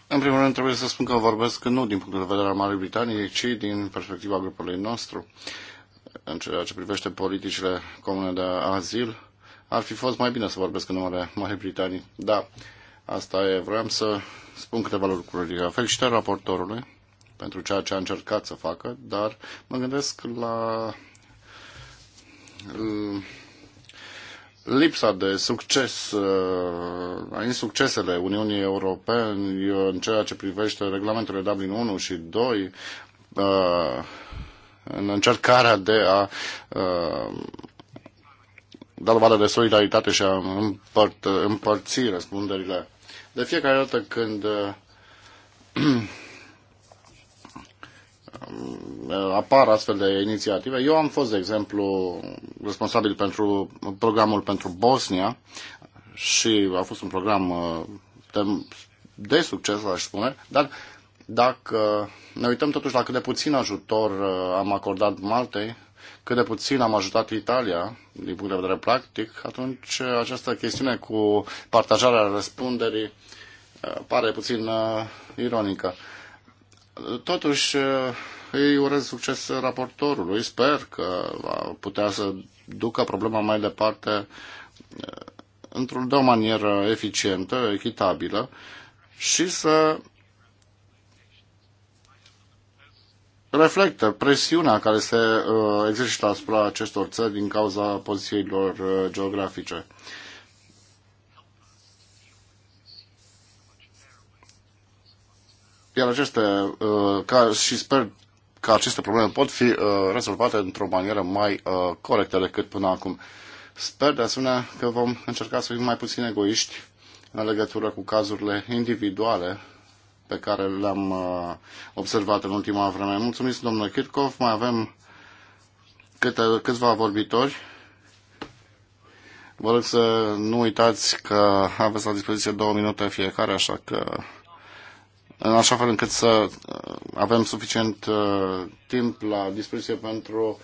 În primul rând, trebuie să spun că vorbesc nu din punctul de vedere al Marii Britanii, ci din perspectiva grupului nostru. În ceea ce privește politicile comune de azil, ar fi fost mai bine să vorbesc în numele Marii Britanii. Da, asta e. Vreau să spun câteva lucruri. Felicitări raportorului pentru ceea ce a încercat să facă, dar mă gândesc la lipsa de succes, uh, a insuccesele Uniunii Europene în ceea ce privește regulamentele Dublin 1 și 2, uh, în încercarea de a uh, da dovadă de solidaritate și a împărți răspunderile. De fiecare dată când Uh, apar astfel de inițiative. Eu am fost, de exemplu, responsabil pentru programul pentru Bosnia și a fost un program uh, de, de succes, aș spune, dar dacă ne uităm totuși la cât de puțin ajutor uh, am acordat Maltei, cât de puțin am ajutat Italia din punct de vedere practic, atunci această chestiune cu partajarea răspunderii pare puțin ironică. Totuși, îi urez succes raportorului. Sper că va putea să ducă problema mai departe eh, într-o de o manieră eficientă, echitabilă și să reflectă presiunea care se uh, exercită asupra acestor țări din cauza pozițiilor uh, geografice. Iar aceste, uh, ca, și sper că aceste probleme pot fi uh, rezolvate într-o manieră mai uh, corectă decât până acum. Sper de asemenea că vom încerca să fim mai puțin egoiști în legătură cu cazurile individuale pe care le-am uh, observat în ultima vreme. Mulțumesc, domnule Kirchhoff. Mai avem câte, câțiva vorbitori. Vă rog să nu uitați că aveți la dispoziție două minute fiecare, așa că în așa fel încât să uh, avem suficient uh, timp la dispoziție pentru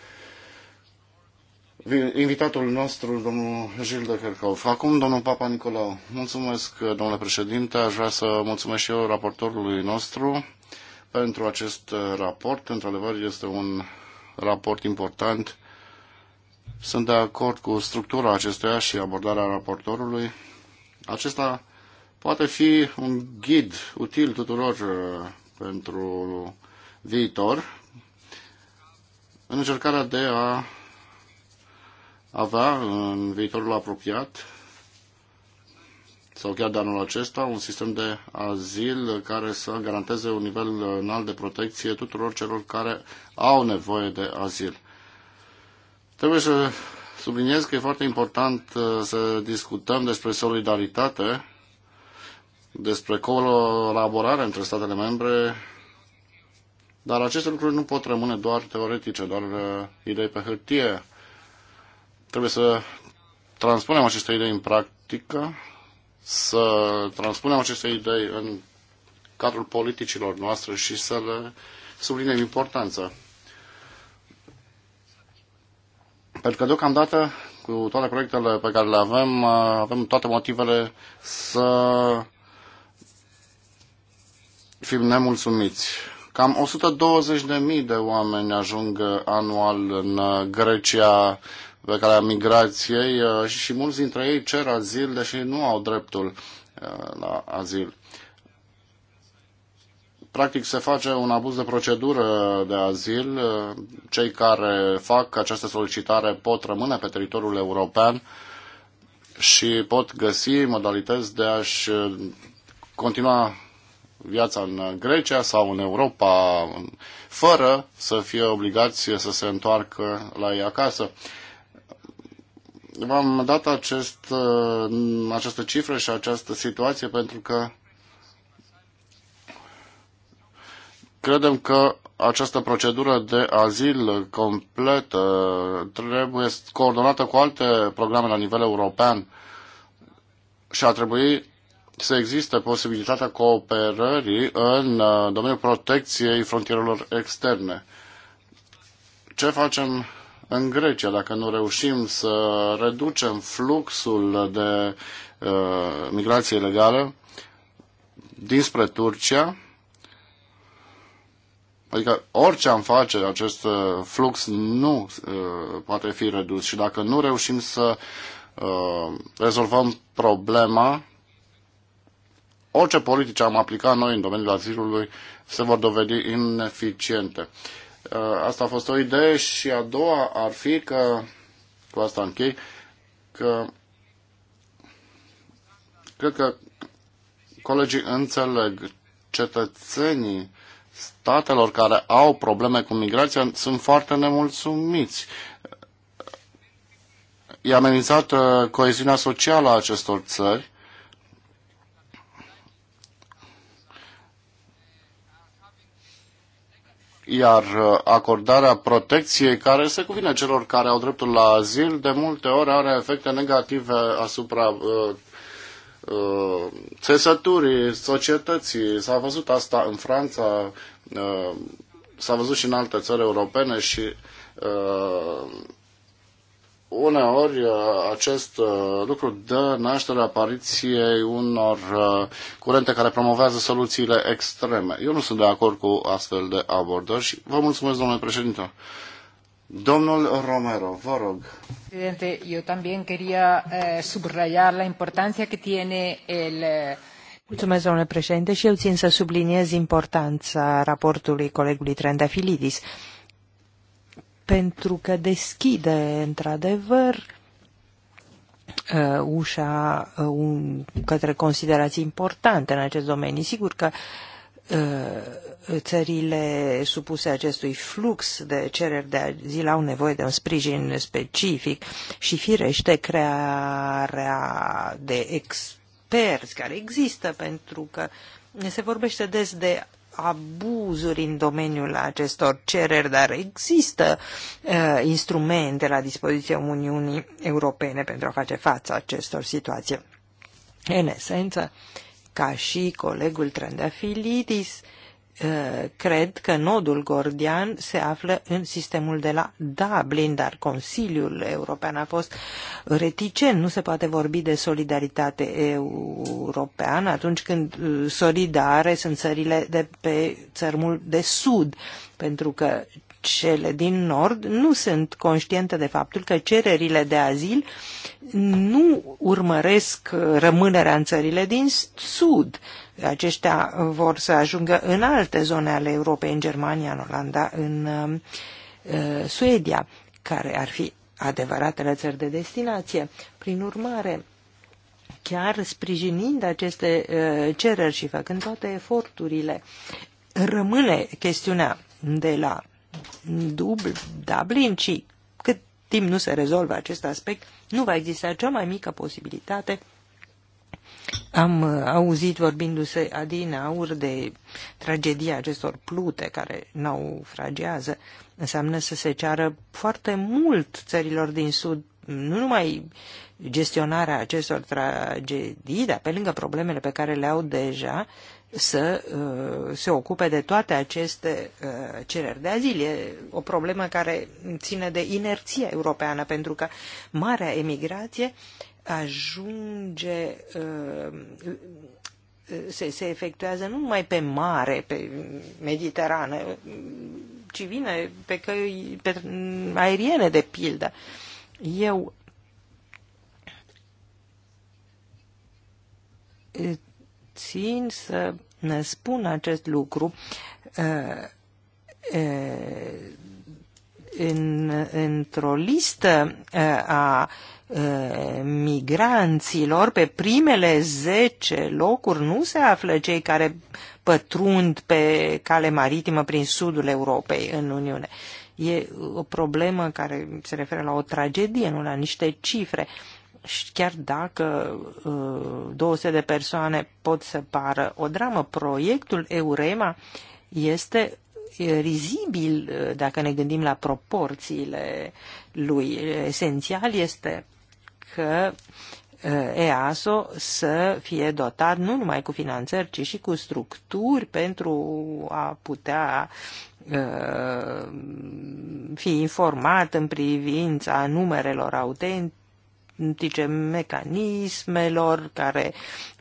invitatul nostru, domnul Gilles de Kerkhoff. Acum, domnul Papa Nicolau. Mulțumesc, domnule președinte. Aș vrea să mulțumesc și eu raportorului nostru pentru acest uh, raport. Într-adevăr, este un raport important. Sunt de acord cu structura acestuia și abordarea raportorului. Acesta poate fi un ghid util tuturor uh, pentru viitor în încercarea de a avea în viitorul apropiat sau chiar de anul acesta un sistem de azil care să garanteze un nivel înalt de protecție tuturor celor care au nevoie de azil. Trebuie să subliniez că e foarte important uh, să discutăm despre solidaritate despre colaborare între statele membre, dar aceste lucruri nu pot rămâne doar teoretice, doar uh, idei pe hârtie. Trebuie să transpunem aceste idei în practică, să transpunem aceste idei în cadrul politicilor noastre și să le subliniem importanța. Pentru că deocamdată, cu toate proiectele pe care le avem, uh, avem toate motivele să fim nemulțumiți. Cam 120.000 de oameni ajung anual în uh, Grecia pe calea migrației uh, și mulți dintre ei cer azil, deși nu au dreptul uh, la azil. Practic se face un abuz de procedură de azil. Cei care fac această solicitare pot rămâne pe teritoriul european și pot găsi modalități de a-și continua viața în Grecia sau în Europa fără să fie obligați să se întoarcă la ei acasă. V-am dat acest, uh, această cifră și această situație pentru că credem că această procedură de azil completă trebuie coordonată cu alte programe la nivel european și a trebui să existe posibilitatea cooperării în uh, domeniul protecției frontierelor externe. Ce facem în Grecia dacă nu reușim să reducem fluxul de uh, migrație ilegală dinspre Turcia? Adică orice am face, acest uh, flux nu uh, poate fi redus și dacă nu reușim să uh, rezolvăm problema orice politice am aplicat noi în domeniul azilului se vor dovedi ineficiente. Uh, asta a fost o idee și a doua ar fi că, cu asta închei, că cred că colegii înțeleg cetățenii statelor care au probleme cu migrația sunt foarte nemulțumiți. E amenințată coeziunea socială a acestor țări iar uh, acordarea protecției care se cuvine celor care au dreptul la azil de multe ori are efecte negative asupra uh, uh, societății. S-a văzut asta în Franța, uh, s-a văzut și în alte țări europene și uh, uneori uh, acest uh, lucru dă naștere apariției unor uh, curente care promovează soluțiile extreme. Eu nu sunt de acord cu astfel de abordări și vă mulțumesc, domnule președinte. Domnul Romero, vă rog. Presidente, eu también quería eh, subrayar la importancia que tiene el eh, Mulțumesc, domnule președinte, și eu țin să subliniez importanța raportului colegului Trendafilidis. Filidis pentru că deschide, într-adevăr, uh, ușa uh, un, către considerații importante în acest domeniu. Sigur că uh, țările supuse acestui flux de cereri de azil au nevoie de un sprijin specific și firește crearea de experți care există pentru că se vorbește des de abuzuri în domeniul acestor cereri, dar există uh, instrumente la dispoziția Uniunii Europene pentru a face față acestor situații. În esență, ca și colegul Trandafilidis, uh, Eh, cred că nodul gordian se află în sistemul de la Dublin, dar Consiliul European a fost reticent. Nu se poate vorbi de solidaritate europeană atunci când eh, solidare sunt țările de pe țărmul de sud, pentru că cele din Nord nu sunt conștiente de faptul că cererile de azil nu urmăresc rămânerea în țările din Sud. Aceștia vor să ajungă în alte zone ale Europei, în Germania, în Olanda, în um, uh, Suedia, care ar fi adevăratele țări de destinație. Prin urmare, chiar sprijinind aceste uh, cereri și făcând toate eforturile, rămâne chestiunea de la dubl, Dublin, ci cât timp nu se rezolvă acest aspect, nu va exista cea mai mică posibilitate am uh, auzit vorbindu-se adinaur de tragedia acestor plute care naufragează. Înseamnă să se ceară foarte mult țărilor din Sud, nu numai gestionarea acestor tragedii, dar pe lângă problemele pe care le au deja, să uh, se ocupe de toate aceste uh, cereri de azil. E o problemă care ține de inerția europeană, pentru că marea emigrație ajunge, uh, se, se efectuează nu numai pe mare, pe Mediterană, ci vine pe căi pe aeriene, de pildă. Eu uh, țin să spun acest lucru uh, în, într-o listă a migranților, pe primele 10 locuri nu se află cei care pătrund pe cale maritimă prin sudul Europei în Uniune. E o problemă care se referă la o tragedie, nu la niște cifre. Și chiar dacă uh, 200 de persoane pot să pară o dramă, proiectul Eurema este rizibil dacă ne gândim la proporțiile lui. Esențial este că EASO să fie dotat nu numai cu finanțări, ci și cu structuri pentru a putea fi informat în privința numerelor autentice, mecanismelor care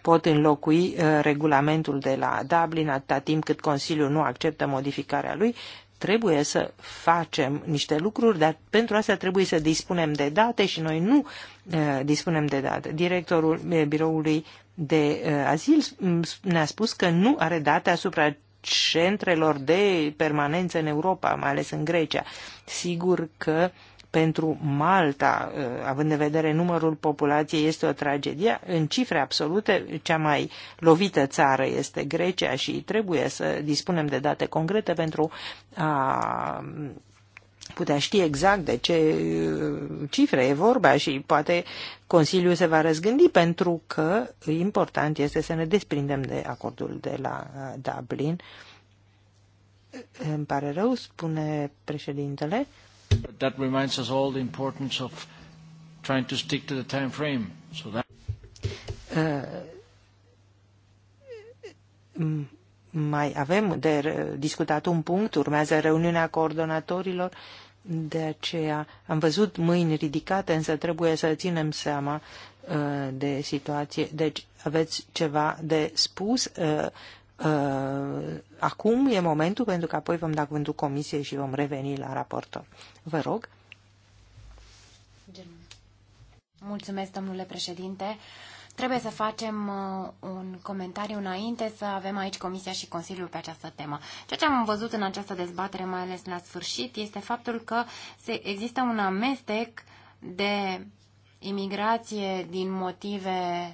pot înlocui regulamentul de la Dublin atâta timp cât Consiliul nu acceptă modificarea lui trebuie să facem niște lucruri, dar pentru asta trebuie să dispunem de date și noi nu uh, dispunem de date. Directorul eh, biroului de uh, azil mm, ne-a spus că nu are date asupra centrelor de permanență în Europa, mai ales în Grecia. Sigur că uh, pentru Malta, uh, având în vedere numărul populației, este o tragedie. În cifre absolute, cea mai lovită țară este Grecia și trebuie să dispunem de date concrete pentru a putea ști exact de ce uh, cifre e vorba și poate Consiliul se va răzgândi pentru că important este să ne desprindem de acordul de la uh, Dublin. Îmi pare rău, spune președintele. That reminds us all the importance of trying to stick to the time frame. So that... Uh, mai avem de discutat un punct, urmează reuniunea coordonatorilor, de aceea am văzut mâini ridicate, însă trebuie să ținem seama uh, de situație. Deci aveți ceva de spus uh, Uh, acum e momentul pentru că apoi vom da cuvântul comisiei și vom reveni la raportor. Vă rog. Mulțumesc, domnule președinte. Trebuie să facem uh, un comentariu înainte să avem aici Comisia și Consiliul pe această temă. Ceea ce am văzut în această dezbatere, mai ales la sfârșit, este faptul că există un amestec de imigrație din motive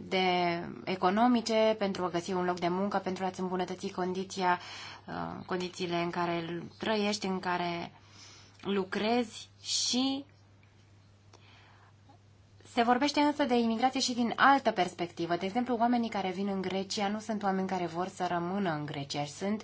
de economice pentru a găsi un loc de muncă, pentru a-ți îmbunătăți condiția, uh, condițiile în care trăiești, în care lucrezi și se vorbește însă de imigrație și din altă perspectivă. De exemplu, oamenii care vin în Grecia nu sunt oameni care vor să rămână în Grecia, sunt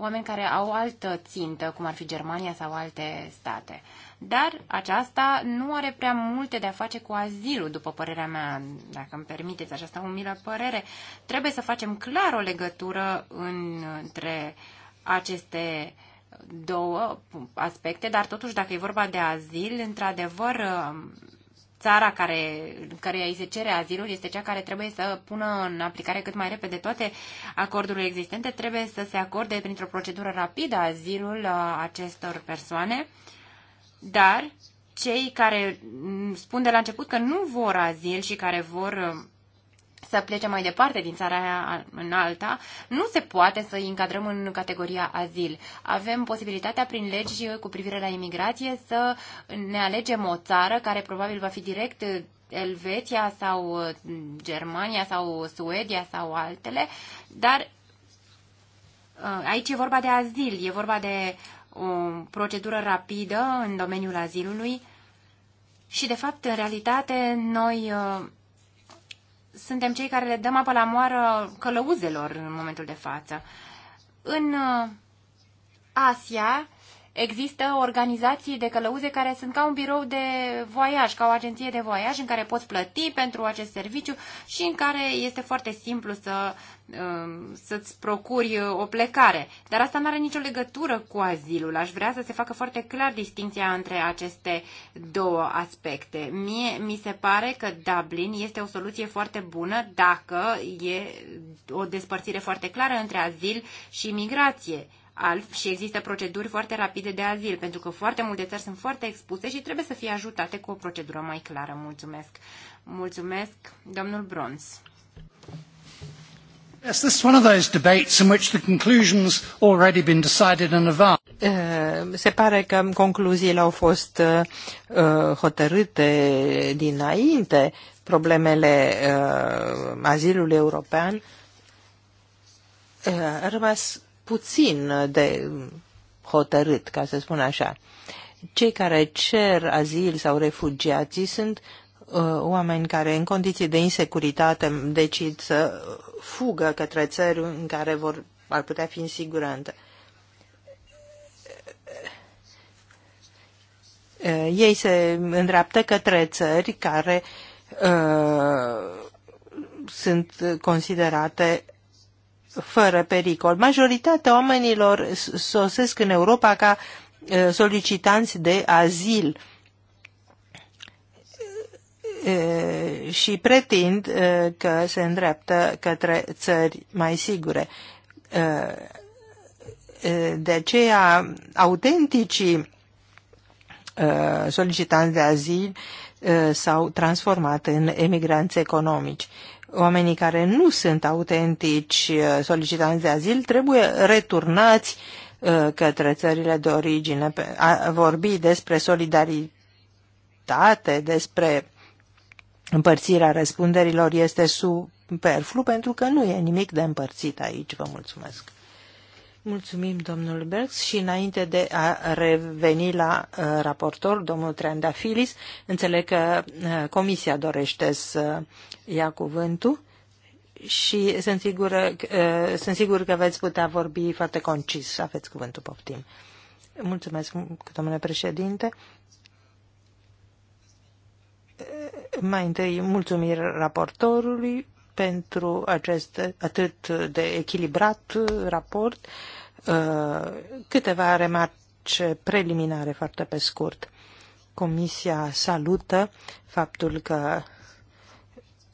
oameni care au altă țintă, cum ar fi Germania sau alte state. Dar aceasta nu are prea multe de a face cu azilul, după părerea mea, dacă îmi permiteți această umilă părere. Trebuie să facem clar o legătură între aceste două aspecte, dar totuși dacă e vorba de azil, într-adevăr țara care, care îi se cere azilul este cea care trebuie să pună în aplicare cât mai repede toate acordurile existente, trebuie să se acorde printr-o procedură rapidă azilul uh, acestor persoane, dar cei care mm, spun de la început că nu vor azil și care vor uh, să plece mai departe din țara aia în alta, nu se poate să îi încadrăm în categoria azil. Avem posibilitatea prin legi cu privire la imigrație să ne alegem o țară care probabil va fi direct uh, Elveția sau uh, Germania sau Suedia sau altele, dar uh, aici e vorba de azil, e vorba de o procedură rapidă în domeniul azilului și, de fapt, în realitate, noi suntem cei care le dăm apă la moară călăuzelor în momentul de față. În uh, Asia există organizații de călăuze care sunt ca un birou de voiaj, ca o agenție de voiaj în care poți plăti pentru acest serviciu și în care este foarte simplu să Um, să-ți procuri uh, o plecare. Dar asta nu are nicio legătură cu azilul. Aș vrea să se facă foarte clar distinția între aceste două aspecte. Mie mi se pare că Dublin este o soluție foarte bună dacă e o despărțire foarte clară între azil și migrație. Alf, și există proceduri foarte rapide de azil, pentru că foarte multe țări sunt foarte expuse și trebuie să fie ajutate cu o procedură mai clară. Mulțumesc. Mulțumesc, domnul Brons. Yes, this is one of those debates in which the conclusions already been decided in advance. Eh, se pare că concluziile au fost eh, hotărâte dinainte problemele eh, azilului european. A rămas puțin de hotărât, ca să spun așa. Cei care cer azil sau refugiații sunt uh, Uh, oameni care în condiții de insecuritate decid să fugă către țări în care vor, ar putea fi în siguranță. Uh, ei se îndreaptă către țări care uh, sunt considerate fără pericol. Majoritatea oamenilor sosesc în Europa ca uh, solicitanți de azil și pretind că se îndreaptă către țări mai sigure. De aceea, autenticii solicitanți de azil s-au transformat în emigranți economici. Oamenii care nu sunt autentici solicitanți de azil trebuie returnați către țările de origine. A vorbi despre solidaritate, despre împărțirea răspunderilor este superflu pentru că nu e nimic de împărțit aici. Vă mulțumesc. Mulțumim, domnul Berks. și înainte de a reveni la uh, raportor, domnul Filis, înțeleg că uh, comisia dorește să ia cuvântul și sunt, sigură, uh, sunt sigur că veți putea vorbi foarte concis. Aveți cuvântul, poftim. Mulțumesc, domnule președinte mai întâi mulțumiri raportorului pentru acest atât de echilibrat raport, uh, câteva remarce preliminare foarte pe scurt. Comisia salută faptul că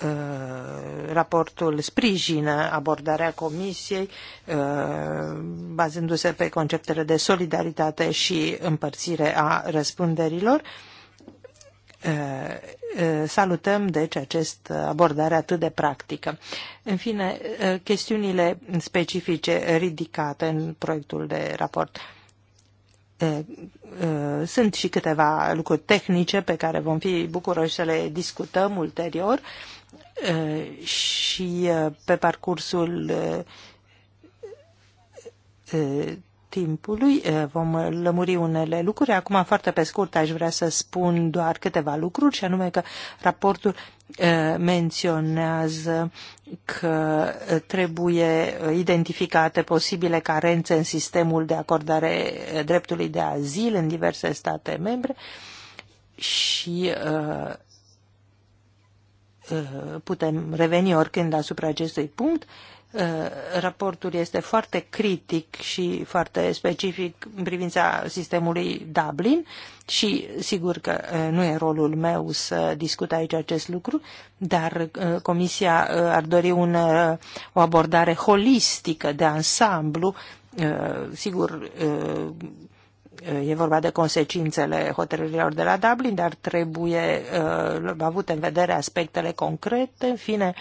uh, raportul sprijină abordarea Comisiei uh, bazându-se pe conceptele de solidaritate și împărțire a răspunderilor Eh, eh, salutăm, deci, această abordare atât de practică. În fine, eh, chestiunile specifice ridicate în proiectul de raport. Sunt și câteva lucruri tehnice pe care vom fi bucuroși să le discutăm ulterior și pe parcursul timpului. Vom lămuri unele lucruri. Acum, foarte pe scurt, aș vrea să spun doar câteva lucruri, și anume că raportul menționează că trebuie identificate posibile carențe în sistemul de acordare dreptului de azil în diverse state membre și putem reveni oricând asupra acestui punct. Eh, raportul este foarte critic și foarte specific în privința sistemului Dublin și sigur că eh, nu e rolul meu să discut aici acest lucru, dar eh, Comisia ar dori un, o abordare holistică de ansamblu, sigur e vorba de consecințele hotărârilor de la Dublin, dar trebuie avut în vedere aspectele concrete, în fine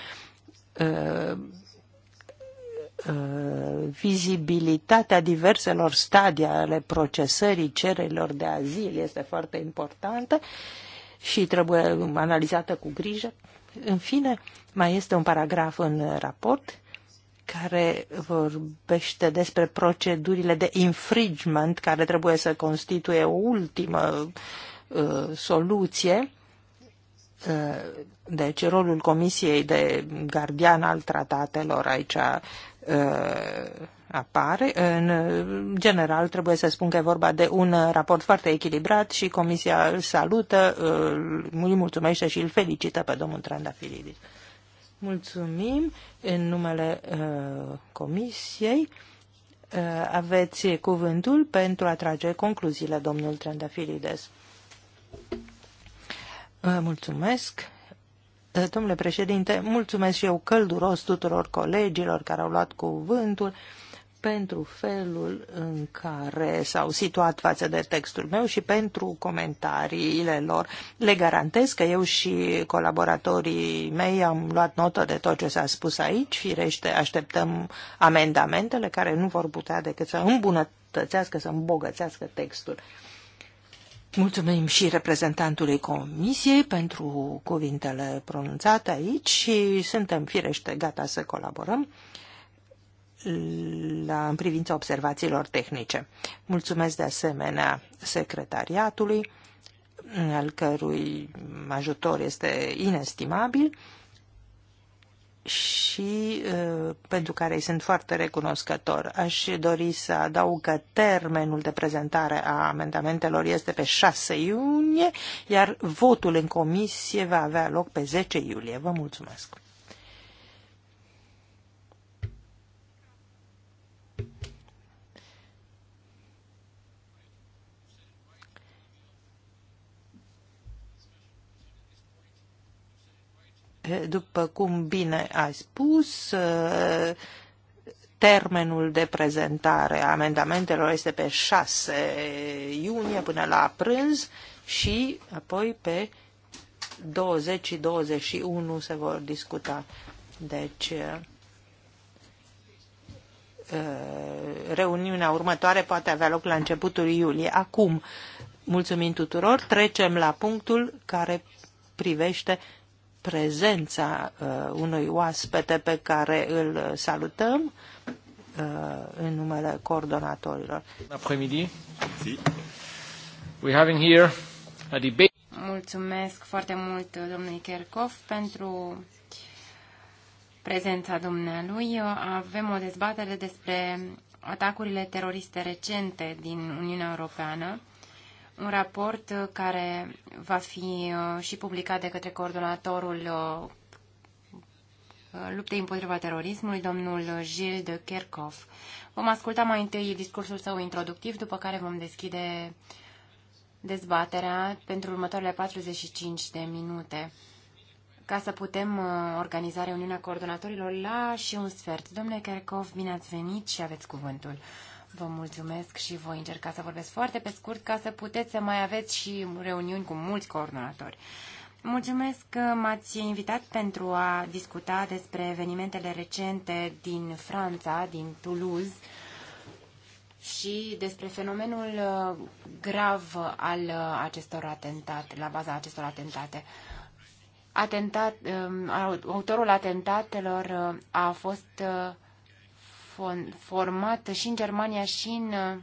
Uh, vizibilitatea diverselor stadii ale procesării cererilor de azil este foarte importantă și trebuie analizată cu grijă. În fine, mai este un paragraf în raport care vorbește despre procedurile de infringement care trebuie să constituie o ultimă uh, soluție. Uh, deci rolul Comisiei de Gardian al Tratatelor aici Uh, apare. În general, trebuie să spun că e vorba de un raport foarte echilibrat și Comisia îl salută, îi mulțumește și îl felicită pe domnul Trandafiridis. Mulțumim în numele uh, Comisiei. Uh, aveți cuvântul pentru a trage concluziile, domnul Trandafilides. mulțumesc. Domnule președinte, mulțumesc și eu călduros tuturor colegilor care au luat cuvântul pentru felul în care s-au situat față de textul meu și pentru comentariile lor. Le garantez că eu și colaboratorii mei am luat notă de tot ce s-a spus aici. Firește, așteptăm amendamentele care nu vor putea decât să îmbunătățească, să îmbogățească textul. Mulțumim și reprezentantului Comisiei pentru cuvintele pronunțate aici și suntem firește gata să colaborăm la, în privința observațiilor tehnice. Mulțumesc de asemenea secretariatului, al cărui ajutor este inestimabil și uh, pentru care îi sunt foarte recunoscător. Aș dori să adaug că termenul de prezentare a amendamentelor este pe 6 iunie, iar votul în comisie va avea loc pe 10 iulie. Vă mulțumesc! După cum bine ai spus, uh, termenul de prezentare a amendamentelor este pe 6 iunie până la prânz și apoi pe 20 și 21 se vor discuta. Deci, uh, reuniunea următoare poate avea loc la începutul iulie. Acum, mulțumim tuturor, trecem la punctul care privește prezența uh, unui oaspete pe care îl salutăm uh, în numele coordonatorilor. We having here a debate. Mulțumesc foarte mult domnului Kerkov pentru prezența dumnealui. Avem o dezbatere despre atacurile teroriste recente din Uniunea Europeană un raport uh, care va fi uh, și publicat de către coordonatorul uh, luptei împotriva terorismului, domnul Gilles de Kerkhoff. Vom asculta mai întâi discursul său introductiv, după care vom deschide dezbaterea pentru următoarele 45 de minute ca să putem organiza reuniunea coordonatorilor la și un sfert. Domnule Kerkov, bine ați venit și aveți cuvântul. Vă mulțumesc și voi încerca să vorbesc foarte pe scurt ca să puteți să mai aveți și reuniuni cu mulți coordonatori. Mulțumesc că m-ați invitat pentru a discuta despre evenimentele recente din Franța, din Toulouse, și despre fenomenul uh, grav al uh, acestor atentate, la baza acestor atentate. Atentat, um, autorul atentatelor uh, a fost format și în Germania și în uh,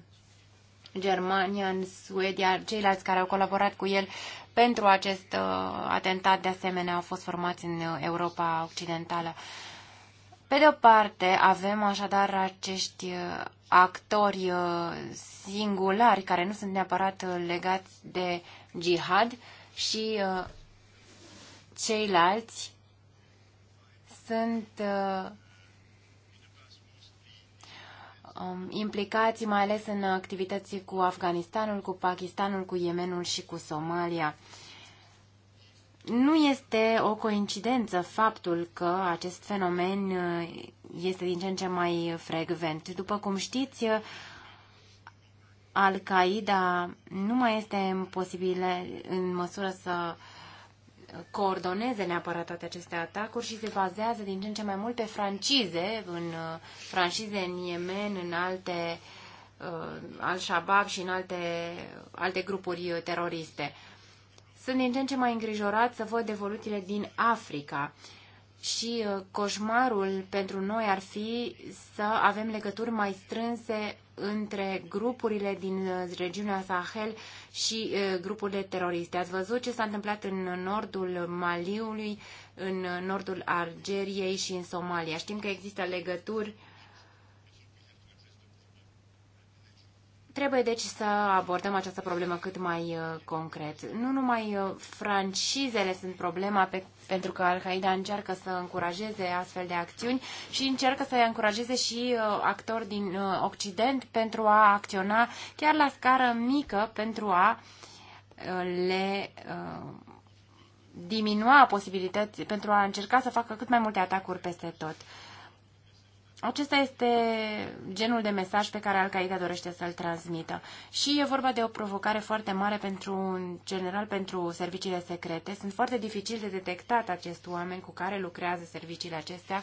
Germania, în Suedia, ceilalți care au colaborat cu el pentru acest uh, atentat, de asemenea, au fost formați în uh, Europa Occidentală. Pe de o parte, avem așadar acești actori singulari care nu sunt neapărat legați de jihad și ceilalți sunt um, implicați mai ales în activități cu Afganistanul, cu Pakistanul, cu Yemenul și cu Somalia. Nu este o coincidență faptul că acest fenomen uh, este din ce în ce mai frecvent. După cum știți, al-Qaeda nu mai este posibil în măsură să coordoneze neapărat toate aceste atacuri și se bazează din ce în ce mai mult pe francize, în uh, francize în Yemen, în alte uh, al-Shabaab și în alte, alte grupuri uh, teroriste. Sunt din ce în ce mai îngrijorat să văd evoluțiile din Africa și coșmarul pentru noi ar fi să avem legături mai strânse între grupurile din uh, regiunea Sahel și uh, grupurile teroriste. Ați văzut ce s-a întâmplat în nordul Maliului, în uh, nordul Algeriei și în Somalia. Știm că există legături uh, Trebuie deci să abordăm această problemă cât mai uh, concret. Nu numai uh, francizele sunt problema pe, pentru că Al-Qaeda încearcă să încurajeze astfel de acțiuni și încearcă să încurajeze și uh, actori din Occident pentru a acționa chiar la scară mică pentru a le diminua posibilități, pentru a încerca să facă cât mai multe atacuri peste tot. Acesta este genul de mesaj pe care Al-Qaeda dorește să-l transmită. Și e vorba de o provocare foarte mare pentru, în general, pentru serviciile secrete. Sunt foarte dificil de detectat acest oameni cu care lucrează serviciile acestea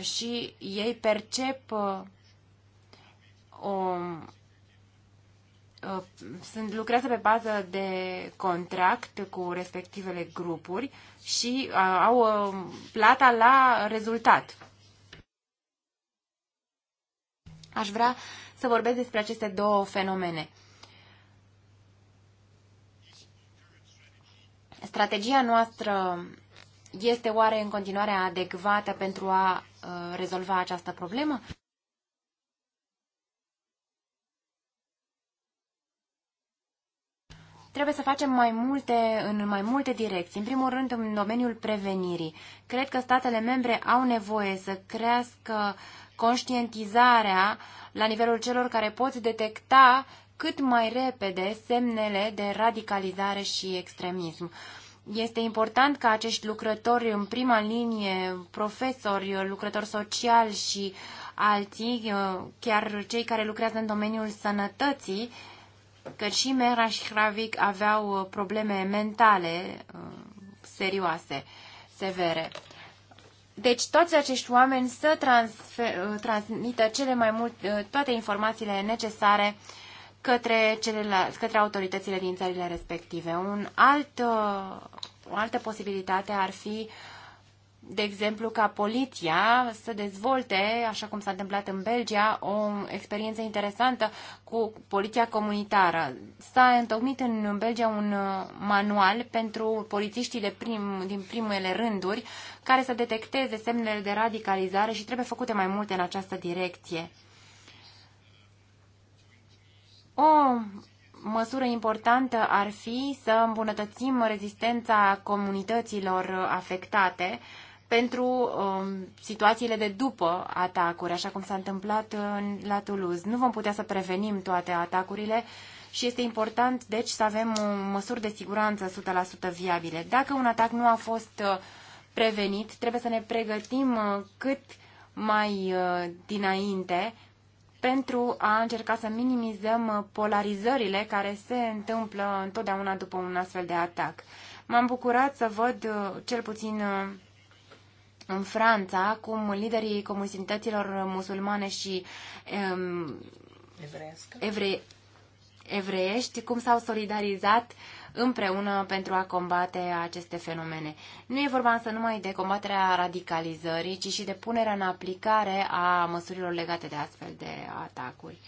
și ei percep uh, o, uh, sunt, lucrează pe bază de contract cu respectivele grupuri și uh, au plata la rezultat Aș vrea să vorbesc despre aceste două fenomene. Strategia noastră este oare în continuare adecvată pentru a uh, rezolva această problemă? Trebuie să facem mai multe în mai multe direcții. În primul rând, în domeniul prevenirii. Cred că statele membre au nevoie să crească conștientizarea la nivelul celor care pot detecta cât mai repede semnele de radicalizare și extremism. Este important ca acești lucrători în prima linie, profesori, lucrători sociali și alții, chiar cei care lucrează în domeniul sănătății, că și Mera și Hravic aveau probleme mentale uh, serioase, severe. Deci toți acești oameni să transfer, uh, transmită cele mai mult, uh, toate informațiile necesare către, celelalte, către autoritățile din țările respective. Un alt, uh, o altă posibilitate ar fi uh, de exemplu, ca poliția să dezvolte, așa cum s-a întâmplat în Belgia, o experiență interesantă cu poliția comunitară. S-a întocmit în Belgia un uh, manual pentru polițiștii de prim, din primele rânduri care să detecteze semnele de radicalizare și trebuie făcute mai multe în această direcție. O măsură importantă ar fi să îmbunătățim rezistența comunităților afectate, pentru um, situațiile de după atacuri, așa cum s-a întâmplat în, la Toulouse. Nu vom putea să prevenim toate atacurile și este important, deci, să avem uh, măsuri de siguranță 100% viabile. Dacă un atac nu a fost uh, prevenit, trebuie să ne pregătim uh, cât mai dinainte pentru a încerca să minimizăm polarizările care se întâmplă întotdeauna după un astfel de atac. M-am bucurat să văd cel puțin în Franța, cum liderii comunităților musulmane și um, evre, evreiești, cum s-au solidarizat împreună pentru a combate aceste fenomene. Nu e vorba însă numai de combaterea radicalizării, ci și de punerea în aplicare a măsurilor legate de astfel de atacuri.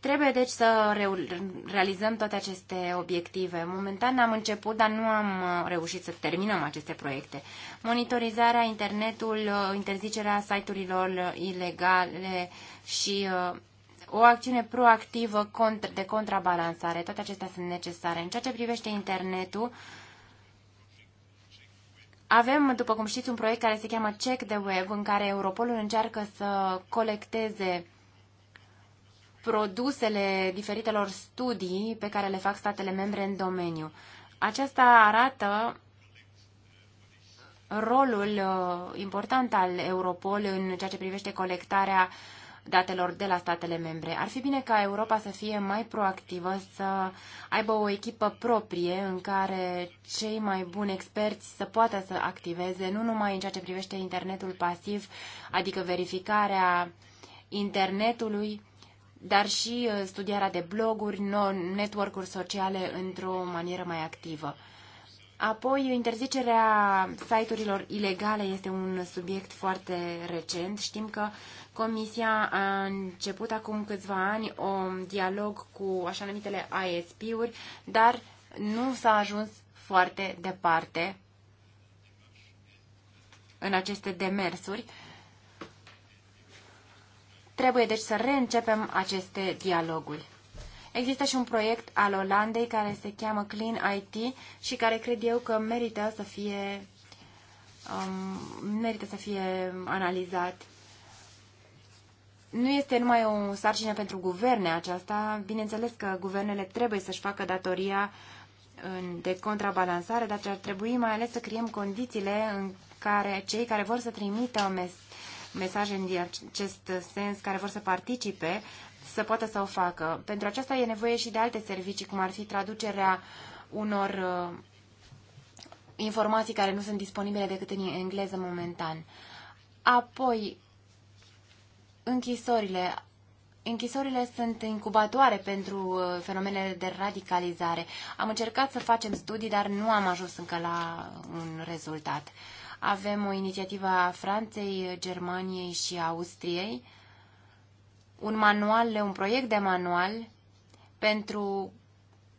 Trebuie deci să realizăm toate aceste obiective. Momentan am început, dar nu am uh, reușit să terminăm aceste proiecte. Monitorizarea internetul, uh, interzicerea site-urilor uh, ilegale și o acțiune proactivă de contrabalansare, toate acestea sunt necesare. În ceea ce privește internetul, avem, după cum știți, un proiect care se cheamă Check the Web, în care Europolul încearcă să colecteze produsele diferitelor studii pe care le fac statele membre în domeniu. Aceasta arată rolul uh, important al Europol în ceea ce privește colectarea datelor de la statele membre. Ar fi bine ca Europa să fie mai proactivă, să aibă o echipă proprie în care cei mai buni experți să poată să activeze, nu numai în ceea ce privește internetul pasiv, adică verificarea internetului, dar și uh, studierea de bloguri, network-uri sociale într-o manieră mai activă. Apoi, interzicerea site-urilor ilegale este un subiect foarte recent. Știm că Comisia a început acum câțiva ani un dialog cu așa numitele ISP-uri, dar nu s-a ajuns foarte departe în aceste demersuri Trebuie deci să reîncepem aceste dialoguri. Există și un proiect al Olandei care se cheamă Clean IT și care cred eu că merită să fie, um, merită să fie analizat. Nu este numai o sarcină pentru guverne aceasta. Bineînțeles că guvernele trebuie să-și facă datoria de contrabalansare, dar ar trebui mai ales să creăm condițiile în care cei care vor să trimită mesaje în acest sens care vor să participe să poată să o facă. Pentru aceasta e nevoie și de alte servicii, cum ar fi traducerea unor uh, informații care nu sunt disponibile decât în engleză momentan. Apoi, închisorile. Închisorile sunt incubatoare pentru uh, fenomenele de radicalizare. Am încercat să facem studii, dar nu am ajuns încă la un rezultat. Avem o inițiativă a Franței, Germaniei și Austriei, un manual, un proiect de manual pentru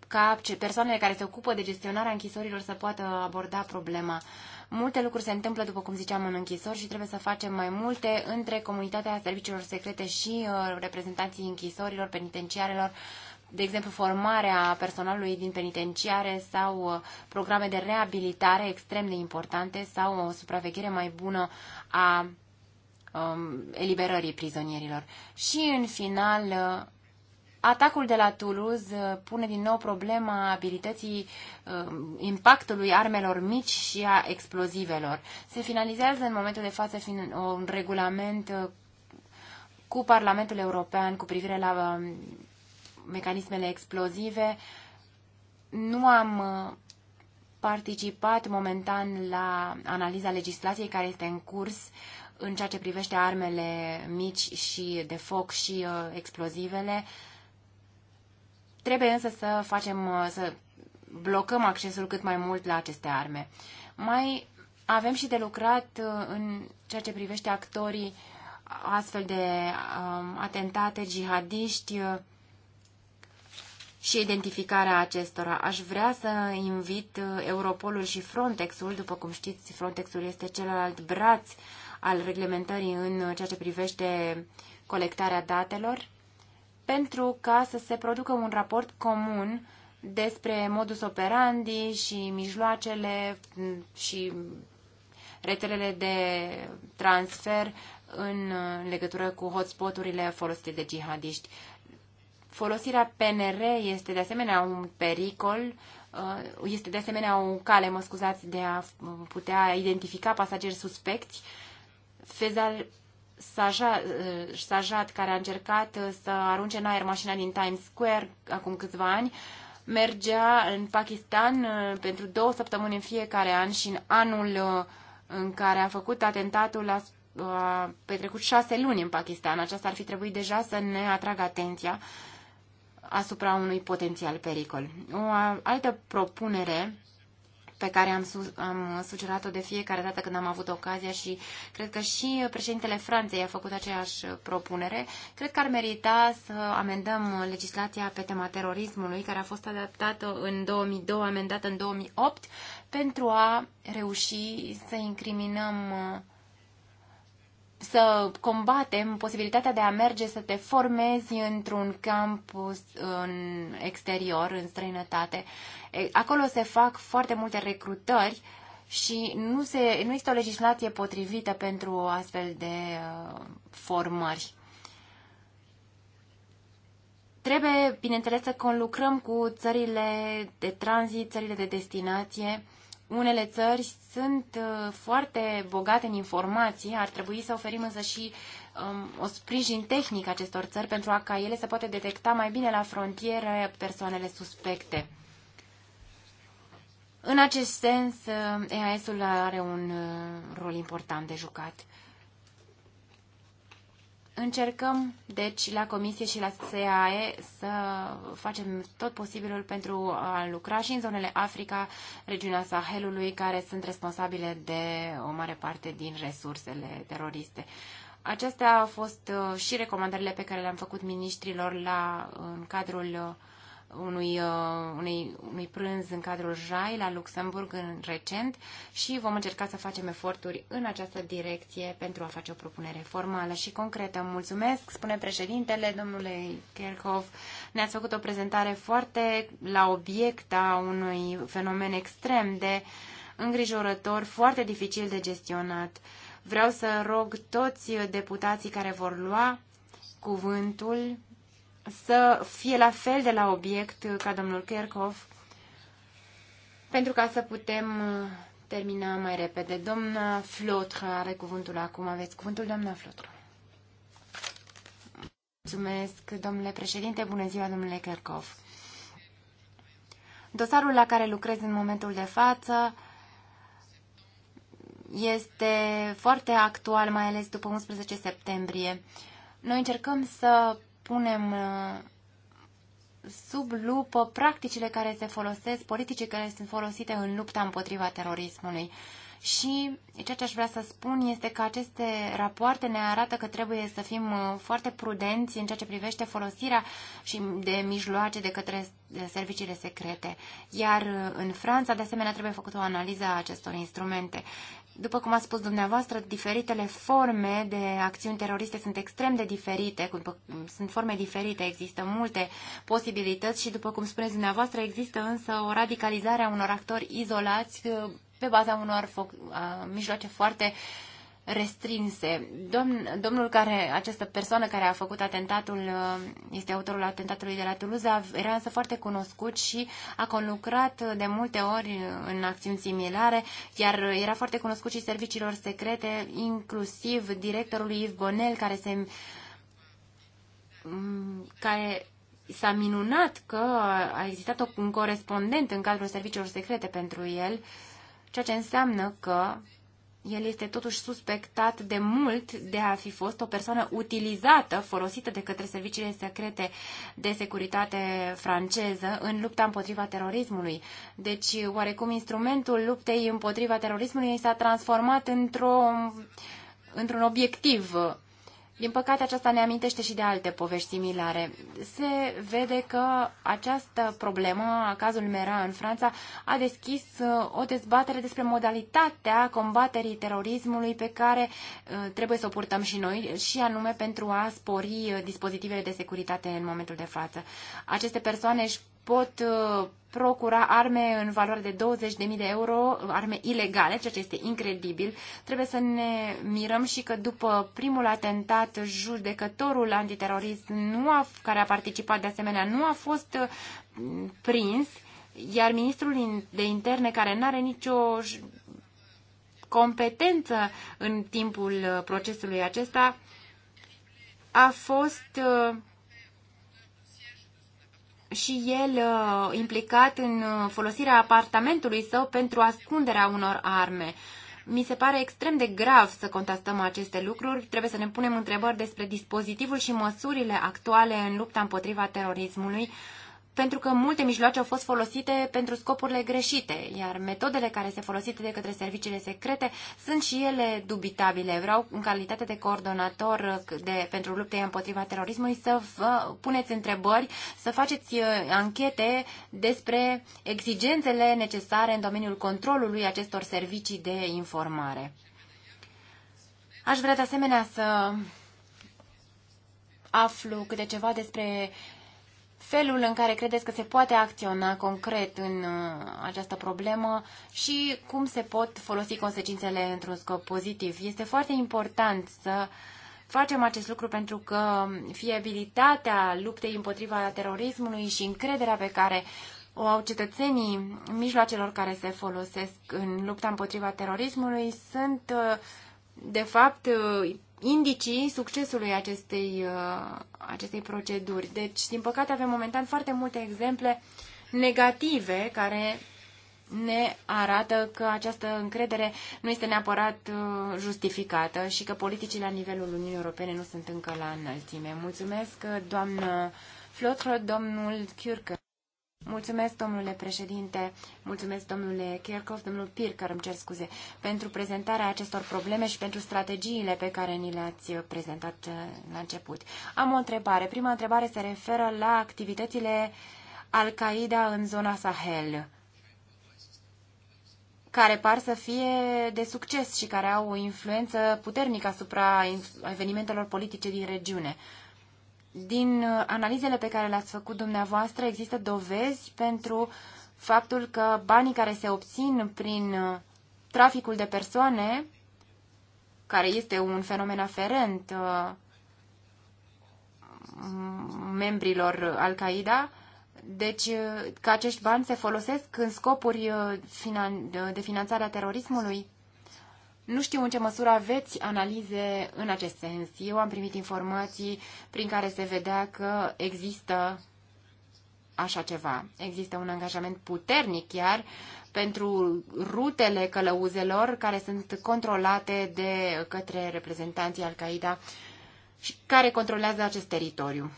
ca persoanele care se ocupă de gestionarea închisorilor să poată aborda problema. Multe lucruri se întâmplă, după cum ziceam, în închisori și trebuie să facem mai multe între comunitatea serviciilor secrete și uh, reprezentanții închisorilor, penitenciarelor, uh, de exemplu, formarea personalului din penitenciare sau uh, programe de reabilitare extrem de importante sau o supraveghere mai bună a um, eliberării prizonierilor. Și, în final, uh, atacul de la Toulouse uh, pune din nou problema abilității um, impactului armelor mici și a explozivelor. Se finalizează în momentul de față un regulament cu Parlamentul European cu privire la um, mecanismele explozive. Nu am uh, participat momentan la analiza legislației care este în curs în ceea ce privește armele mici și de foc și uh, explozivele. Trebuie însă să facem, uh, să blocăm accesul cât mai mult la aceste arme. Mai avem și de lucrat uh, în ceea ce privește actorii astfel de uh, atentate, jihadiști, uh, și identificarea acestora. Aș vrea să invit uh, Europolul și Frontexul, după cum știți, Frontexul este celălalt braț al reglementării în ceea ce privește colectarea datelor, pentru ca să se producă un raport comun despre modus operandi și mijloacele mm, și rețelele de transfer în uh, legătură cu hotspoturile folosite de jihadiști. Folosirea PNR este de asemenea un pericol, uh, este de asemenea o cale, mă scuzați, de a putea identifica pasageri suspecti. Fezal Sajat, uh, care a încercat uh, să arunce în aer mașina din Times Square acum câțiva ani, mergea în Pakistan pentru două săptămâni în fiecare an și în anul în care a făcut atentatul a, a petrecut șase luni în Pakistan. Aceasta ar fi trebuit deja să ne atragă atenția asupra unui potențial pericol. O altă propunere pe care am, su- am sugerat-o de fiecare dată când am avut ocazia și cred că și președintele Franței a făcut aceeași propunere. Cred că ar merita să amendăm legislația pe tema terorismului, care a fost adaptată în 2002, amendată în 2008, pentru a reuși să incriminăm uh, să combatem posibilitatea de a merge să te formezi într-un campus în exterior, în străinătate. Acolo se fac foarte multe recrutări și nu, se, nu există o legislație potrivită pentru astfel de uh, formări. Trebuie, bineînțeles, să conlucrăm cu țările de tranzit, țările de destinație unele țări sunt uh, foarte bogate în informații, ar trebui să oferim însă și um, o sprijin tehnic acestor țări pentru a ca ele să poată detecta mai bine la frontieră persoanele suspecte. În acest sens, uh, EAS-ul are un uh, rol important de jucat. Încercăm, deci, la Comisie și la SEAE să facem tot posibilul pentru a lucra și în zonele Africa, regiunea Sahelului, care sunt responsabile de o mare parte din resursele teroriste. Acestea au fost uh, și recomandările pe care le-am făcut ministrilor la, în cadrul uh, unui, uh, unei, unui prânz în cadrul JAI la Luxemburg în recent și vom încerca să facem eforturi în această direcție pentru a face o propunere formală și concretă. Mulțumesc, spune președintele, domnule Kerkhoff. Ne-ați făcut o prezentare foarte la obiect a unui fenomen extrem de îngrijorător, foarte dificil de gestionat. Vreau să rog toți deputații care vor lua cuvântul să fie la fel de la obiect ca domnul Kerkhoff, pentru ca să putem uh, termina mai repede. Doamna Flotra are cuvântul acum. Aveți cuvântul, doamna Flotra. Mulțumesc, domnule președinte. Bună ziua, domnule Kerkhoff. Dosarul la care lucrez în momentul de față este foarte actual, mai ales după 11 septembrie. Noi încercăm să punem uh, sub lupă practicile care se folosesc, politice care sunt folosite în lupta împotriva terorismului. Și ceea ce aș vrea să spun este că aceste rapoarte ne arată că trebuie să fim uh, foarte prudenți în ceea ce privește folosirea și de mijloace de către serviciile secrete. Iar uh, în Franța, de asemenea, trebuie făcută o analiză a acestor instrumente. După cum a spus dumneavoastră, diferitele forme de acțiuni teroriste sunt extrem de diferite, sunt forme diferite, există multe posibilități și, după cum spuneți dumneavoastră, există însă o radicalizare a unor actori izolați uh, pe baza unor mijloace foarte uh, restrinse. Domn, domnul care, această persoană care a făcut atentatul, uh, este autorul atentatului de la Toulouse, era însă foarte cunoscut și a conlucrat de multe ori în acțiuni similare, iar era foarte cunoscut și serviciilor secrete, inclusiv directorului Yves Bonel, care se mm, care s-a minunat că a existat un corespondent în cadrul serviciilor secrete pentru el, ceea ce înseamnă că el este totuși suspectat de mult de a fi fost o persoană utilizată, folosită de către serviciile secrete de securitate franceză în lupta împotriva terorismului. Deci, oarecum, instrumentul luptei împotriva terorismului s-a transformat într un într-un obiectiv din păcate, aceasta ne amintește și de alte povești similare. Se vede că această problemă, a cazul Mera în Franța, a deschis uh, o dezbatere despre modalitatea combaterii terorismului pe care uh, trebuie să o purtăm și noi, și anume pentru a spori uh, dispozitivele de securitate în momentul de față. Aceste persoane își pot uh, procura arme în valoare de 20.000 de euro, arme ilegale, ceea ce este incredibil. Trebuie să ne mirăm și că după primul atentat, judecătorul antiterorist nu a, care a participat de asemenea nu a fost uh, prins, iar ministrul de interne, care nu are nicio competență în timpul uh, procesului acesta, a fost uh, și el uh, implicat în uh, folosirea apartamentului său pentru ascunderea unor arme. Mi se pare extrem de grav să contestăm aceste lucruri. Trebuie să ne punem întrebări despre dispozitivul și măsurile actuale în lupta împotriva terorismului, pentru că multe mijloace au fost folosite pentru scopurile greșite, iar metodele care se folosite de către serviciile secrete sunt și ele dubitabile. Vreau, în calitate de coordonator de, pentru lupte împotriva terorismului, să vă puneți întrebări, să faceți uh, anchete despre exigențele necesare în domeniul controlului acestor servicii de informare. Aș vrea de asemenea să aflu câte ceva despre felul în care credeți că se poate acționa concret în uh, această problemă și cum se pot folosi consecințele într-un scop pozitiv. Este foarte important să facem acest lucru pentru că fiabilitatea luptei împotriva terorismului și încrederea pe care o au cetățenii mijloacelor care se folosesc în lupta împotriva terorismului sunt, uh, de fapt, uh, indicii succesului acestei, uh, acestei proceduri. Deci, din păcate, avem momentan foarte multe exemple negative care ne arată că această încredere nu este neapărat uh, justificată și că politicii la nivelul Uniunii Europene nu sunt încă la înălțime. Mulțumesc, uh, doamnă Flotră, domnul Chiurcă. Mulțumesc, domnule președinte, mulțumesc, domnule Kirchhoff, domnul Pirker, îmi cer scuze, pentru prezentarea acestor probleme și pentru strategiile pe care ni le-ați prezentat uh, la început. Am o întrebare. Prima întrebare se referă la activitățile Al-Qaeda în zona Sahel care par să fie de succes și care au o influență puternică asupra evenimentelor politice din regiune. Uh, din uh, analizele pe care le-ați făcut dumneavoastră, există dovezi pentru faptul că banii care se obțin prin uh, traficul de persoane, care este un fenomen aferent uh, membrilor Al-Qaeda, deci că acești bani se folosesc în scopuri de finanțare a terorismului? Nu știu în ce măsură aveți analize în acest sens. Eu am primit informații prin care se vedea că există așa ceva. Există un angajament puternic chiar pentru rutele călăuzelor care sunt controlate de către reprezentanții Al-Qaeda și care controlează acest teritoriu.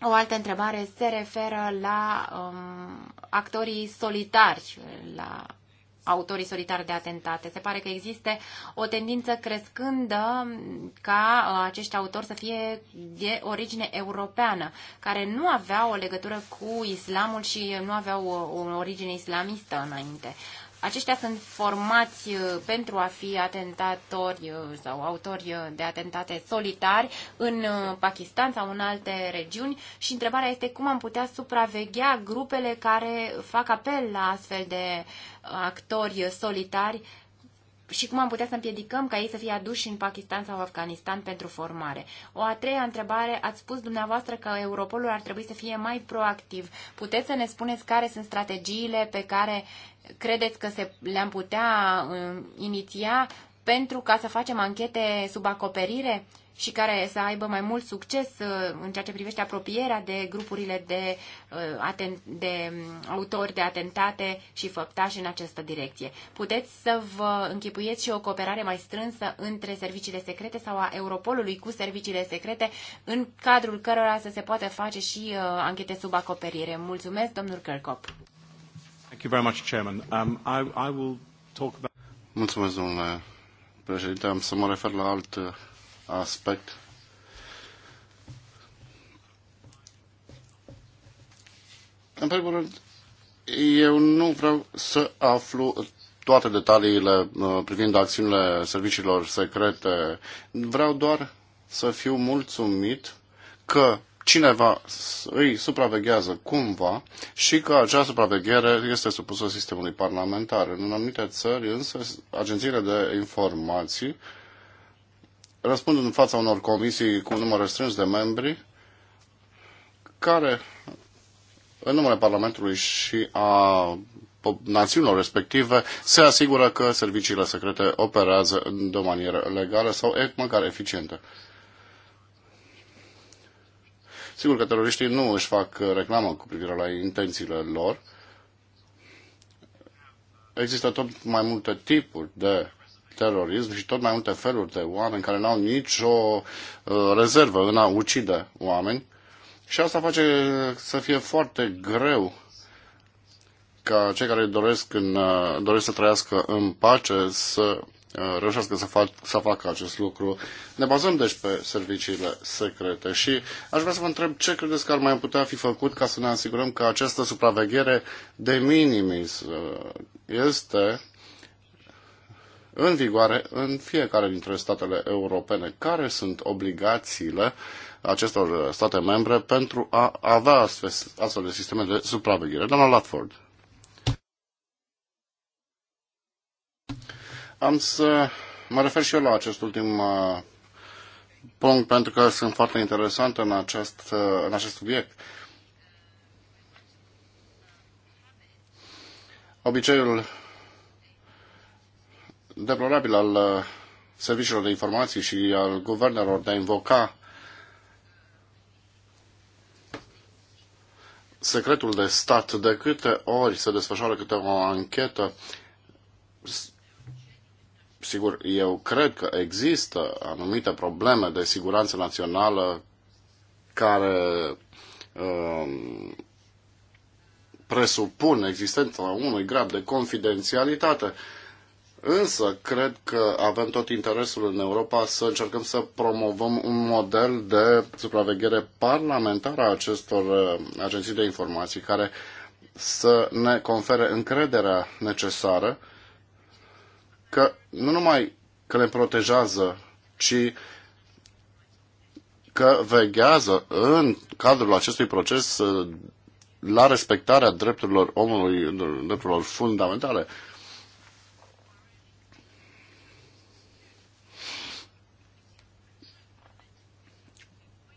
O altă întrebare se referă la um, actorii solitari, la autorii solitari de atentate. Se pare că există o tendință crescândă ca uh, acești autori să fie de origine europeană, care nu aveau o legătură cu islamul și nu aveau uh, o origine islamistă înainte aceștia sunt formați uh, pentru a fi atentatori uh, sau autori uh, de atentate solitari în Pakistan sau în alte regiuni și întrebarea este cum am putea supraveghea grupele care fac apel la astfel de actori solitari și cum am putea să împiedicăm ca ei să fie aduși în Pakistan sau Afganistan pentru formare. O a treia întrebare, ați spus dumneavoastră că Europolul ar trebui să fie mai proactiv. Puteți să ne spuneți care sunt strategiile pe care credeți că se, le-am putea uh, iniția pentru ca să facem anchete sub acoperire și care să aibă mai mult succes uh, în ceea ce privește apropierea de grupurile de, uh, aten- de um, autori de atentate și făptași în această direcție. Puteți să vă închipuieți și o cooperare mai strânsă între serviciile secrete sau a Europolului cu serviciile secrete, în cadrul cărora să se poate face și uh, anchete sub acoperire. Mulțumesc, domnul Kirkop. Thank you very much, Chairman. Um, I, I will talk about... Mulțumesc, domnule președinte. Am să mă refer la alt uh, aspect. În primul rând, eu nu vreau să aflu toate detaliile uh, privind acțiunile serviciilor secrete. Vreau doar să fiu mulțumit că cineva îi supraveghează cumva și că acea supraveghere este supusă sistemului parlamentar. În anumite țări, însă, agențiile de informații răspund în fața unor comisii cu un număr restrâns de membri care, în numele Parlamentului și a națiunilor respective, se asigură că serviciile secrete operează de o manieră legală sau măcar eficientă. Sigur că teroriștii nu își fac uh, reclamă cu privire la intențiile lor. Există tot mai multe tipuri de terorism și tot mai multe feluri de oameni care n-au nicio uh, rezervă în a ucide oameni. Și asta face să fie foarte greu ca cei care doresc, în, uh, doresc să trăiască în pace să Uh, reușească să, fac, să facă acest lucru. Ne bazăm deci pe serviciile secrete și aș vrea să vă întreb ce credeți că ar mai putea fi făcut ca să ne asigurăm că această supraveghere de minimis uh, este în vigoare în fiecare dintre statele europene. Care sunt obligațiile acestor state membre pentru a avea astfel, astfel de sisteme de supraveghere? Doamna Latford. Am să mă refer și eu la acest ultim uh, punct pentru că sunt foarte interesant în acest, uh, în acest subiect. Obiceiul deplorabil al uh, serviciilor de informații și al guvernelor de a invoca secretul de stat de câte ori se desfășoară câte o anchetă Sigur, eu cred că există anumite probleme de siguranță națională care um, presupun existența unui grad de confidențialitate. Însă, cred că avem tot interesul în Europa să încercăm să promovăm un model de supraveghere parlamentară a acestor uh, agenții de informații care să ne confere încrederea necesară că nu numai că le protejează, ci că veghează în cadrul acestui proces uh, la respectarea drepturilor omului, drepturilor fundamentale.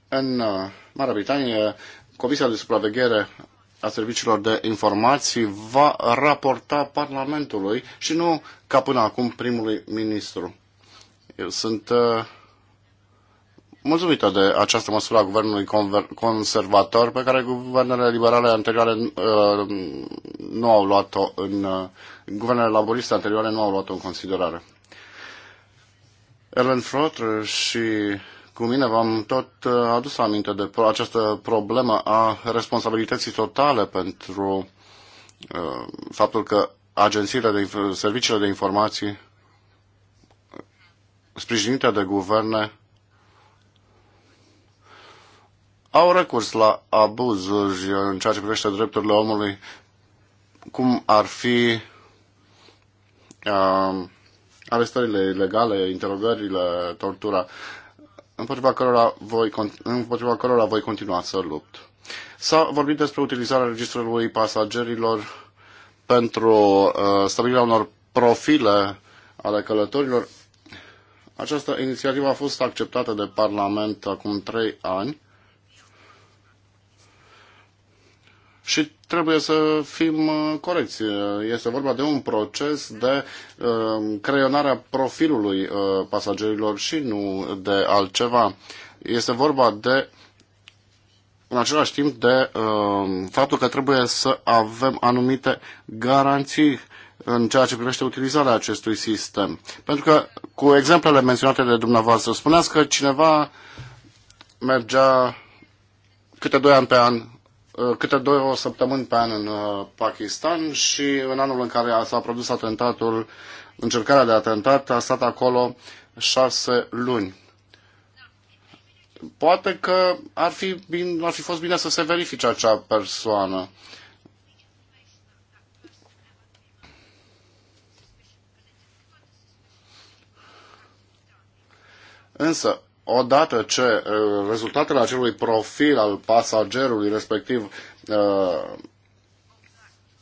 În uh, Marea Britanie, Comisia de Supraveghere a serviciilor de informații va raporta Parlamentului și nu ca până acum primului ministru. Eu sunt uh, mulțumită de această măsură a guvernului conservator pe care guvernele liberale anterioare uh, nu au luat-o în uh, guvernele laboriste anterioare nu au luat-o în considerare. Ellen Frotter și cu mine v-am tot uh, adus aminte de această problemă a responsabilității totale pentru uh, faptul că agențiile de, serviciile de informații sprijinite de guverne au recurs la abuzuri în ceea ce privește drepturile omului, cum ar fi uh, arestările ilegale, interogările, tortura împotriva cărora voi, împotriva cărora voi continua să lupt. S-a vorbit despre utilizarea registrului pasagerilor pentru uh, stabilirea unor profile ale călătorilor. Această inițiativă a fost acceptată de Parlament acum trei ani și trebuie să fim uh, corecți. Uh, este vorba de un proces de uh, creionarea profilului pasagerilor și nu de altceva. Este vorba de în același timp de uh, faptul că trebuie să avem anumite garanții în ceea ce privește utilizarea acestui sistem. Pentru că, cu exemplele menționate de dumneavoastră, spuneați că cineva mergea câte doi ani pe an Uh, câte două săptămâni pe an în uh, Pakistan și în anul în care s-a produs atentatul, încercarea de atentat, a stat acolo șase luni. Poate că ar fi, bine, ar fi fost bine să se verifice acea persoană. Însă, odată ce uh, rezultatele acelui profil al pasagerului respectiv uh,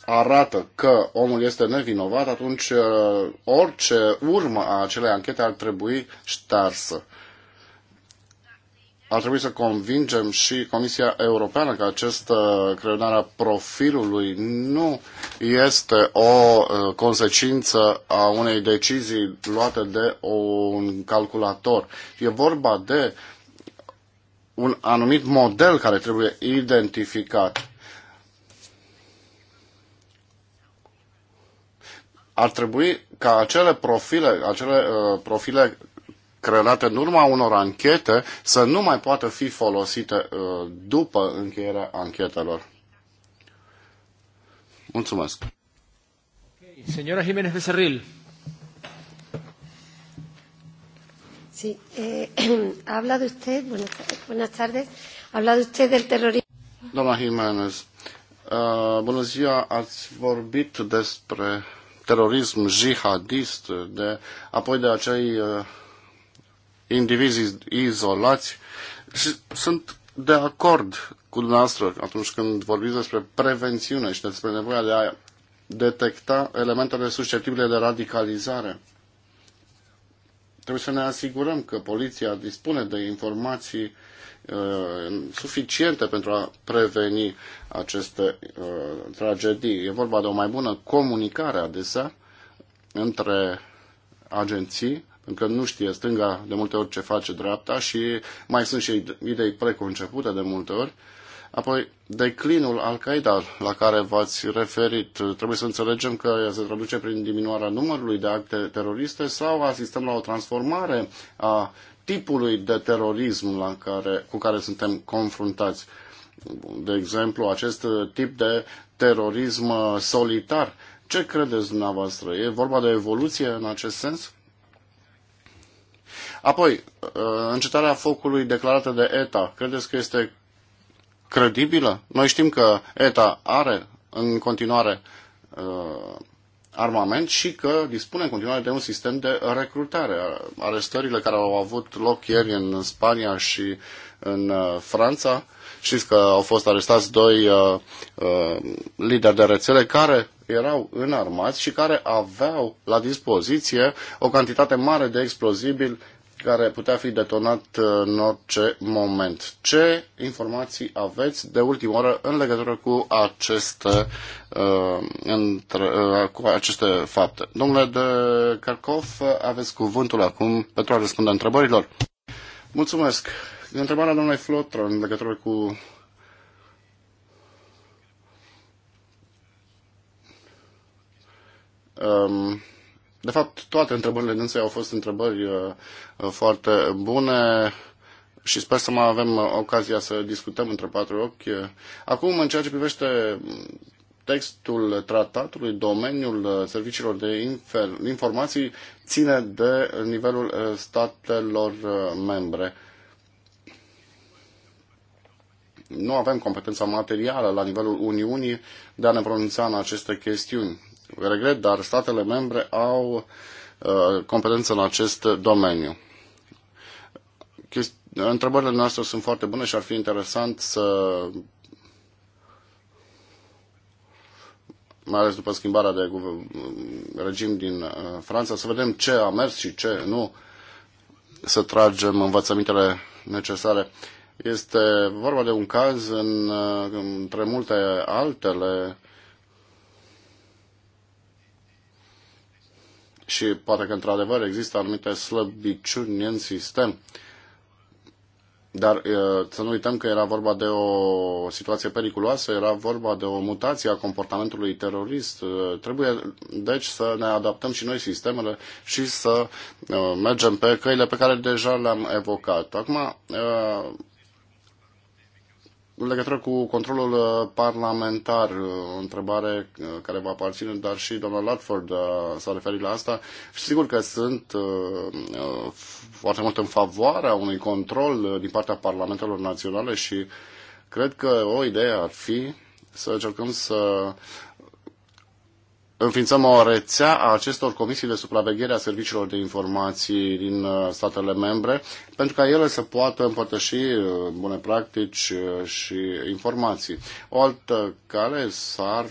arată că omul este nevinovat, atunci uh, orice urmă a acelei anchete ar trebui ștearsă ar trebui să convingem și Comisia Europeană că această uh, creionare a profilului nu este o uh, consecință a unei decizii luate de un calculator. E vorba de un anumit model care trebuie identificat. Ar trebui ca acele profile, acele uh, profile creată în urma unor anchete să nu mai poată fi folosită uh, după încheierea anchetelor. Mulțumesc. Señora Jiménez Becerril. Sí, eh, ha hablado usted, buenas, buenas tardes, ha hablado usted del terrorismo. Doamna Jiménez, uh, bună ziua, ați vorbit despre terorism jihadist, de, apoi de acei uh, indivizii izolați și sunt de acord cu dumneavoastră atunci când vorbiți despre prevențiune și despre nevoia de a detecta elementele susceptibile de radicalizare. Trebuie să ne asigurăm că poliția dispune de informații uh, suficiente pentru a preveni aceste uh, tragedii. E vorba de o mai bună comunicare adesea între agenții încă nu știe stânga de multe ori ce face dreapta și mai sunt și idei preconcepute de multe ori. Apoi, declinul Al-Qaeda la care v-ați referit, trebuie să înțelegem că se traduce prin diminuarea numărului de acte teroriste sau asistăm la o transformare a tipului de terorism la care, cu care suntem confruntați. De exemplu, acest tip de terorism uh, solitar. Ce credeți dumneavoastră? E vorba de evoluție în acest sens? Apoi, uh, încetarea focului declarată de ETA, credeți că este credibilă? Noi știm că ETA are în continuare uh, armament și că dispune în continuare de un sistem de recrutare. Arestările care au avut loc ieri în Spania și în uh, Franța, știți că au fost arestați doi uh, uh, lideri de rețele care erau înarmați și care aveau la dispoziție o cantitate mare de explozibil care putea fi detonat în orice moment. Ce informații aveți de ultimă oră în legătură cu aceste, uh, între, uh, cu aceste fapte? Domnule de Carcov, aveți cuvântul acum pentru a răspunde întrebărilor. Mulțumesc. Întrebarea domnului Flotră în legătură cu Um, de fapt, toate întrebările din au fost întrebări uh, uh, foarte bune și sper să mai avem uh, ocazia să discutăm între patru ochi. Acum, în ceea ce privește mm, textul tratatului, domeniul serviciilor de informații ține de nivelul statelor membre. Nu avem competența materială la nivelul Uniunii de a ne pronunța în aceste chestiuni regret, dar statele membre au uh, competență în acest domeniu. Întrebările noastre sunt foarte bune și ar fi interesant să mai ales după schimbarea de regim din uh, Franța, să vedem ce a mers și ce nu, să tragem învățămintele necesare. Este vorba de un caz în, uh, între multe altele și poate că într-adevăr există anumite slăbiciuni în sistem. Dar să nu uităm că era vorba de o situație periculoasă, era vorba de o mutație a comportamentului terorist. Trebuie, deci, să ne adaptăm și noi sistemele și să mergem pe căile pe care deja le-am evocat. Acum, în legătură cu controlul uh, parlamentar, uh, o întrebare uh, care va aparține, dar și domnul Latford s-a referit la asta. Și sigur că sunt foarte mult în favoarea unui control din partea parlamentelor naționale și cred că o idee ar fi să încercăm să înființăm o rețea a acestor comisii de supraveghere a serviciilor de informații din uh, statele membre, pentru ca ele să poată împărtăși uh, bune practici uh, și informații. O altă care s-ar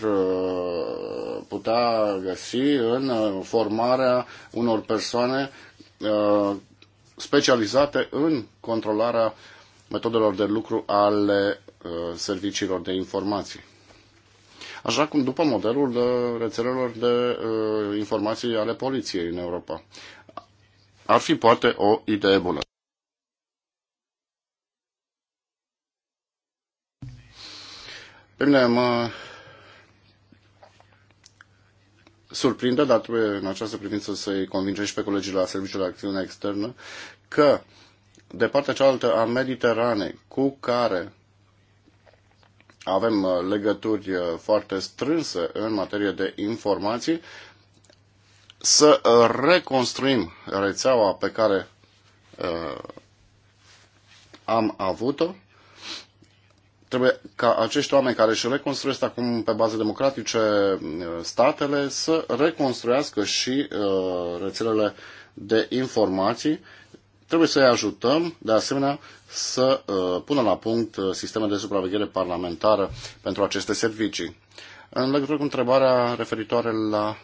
putea găsi în formarea unor persoane specializate în controlarea metodelor de lucru ale serviciilor de informații așa cum după modelul de rețelelor de uh, informații ale poliției în Europa. Ar fi poate o idee bună. Pe mine mă surprinde, dar trebuie în această privință să-i convingem și pe colegii la Serviciul de Acțiune Externă că de partea cealaltă a Mediteranei, cu care avem uh, legături uh, foarte strânse în materie de informații să uh, reconstruim rețeaua pe care uh, am avut-o. Trebuie ca acești oameni care își reconstruiesc acum pe baze democratice statele să reconstruiască și uh, rețelele de informații Trebuie să-i ajutăm, de asemenea, să uh, pună la punct uh, sistemul de supraveghere parlamentară pentru aceste servicii. În legătură cu întrebarea referitoare la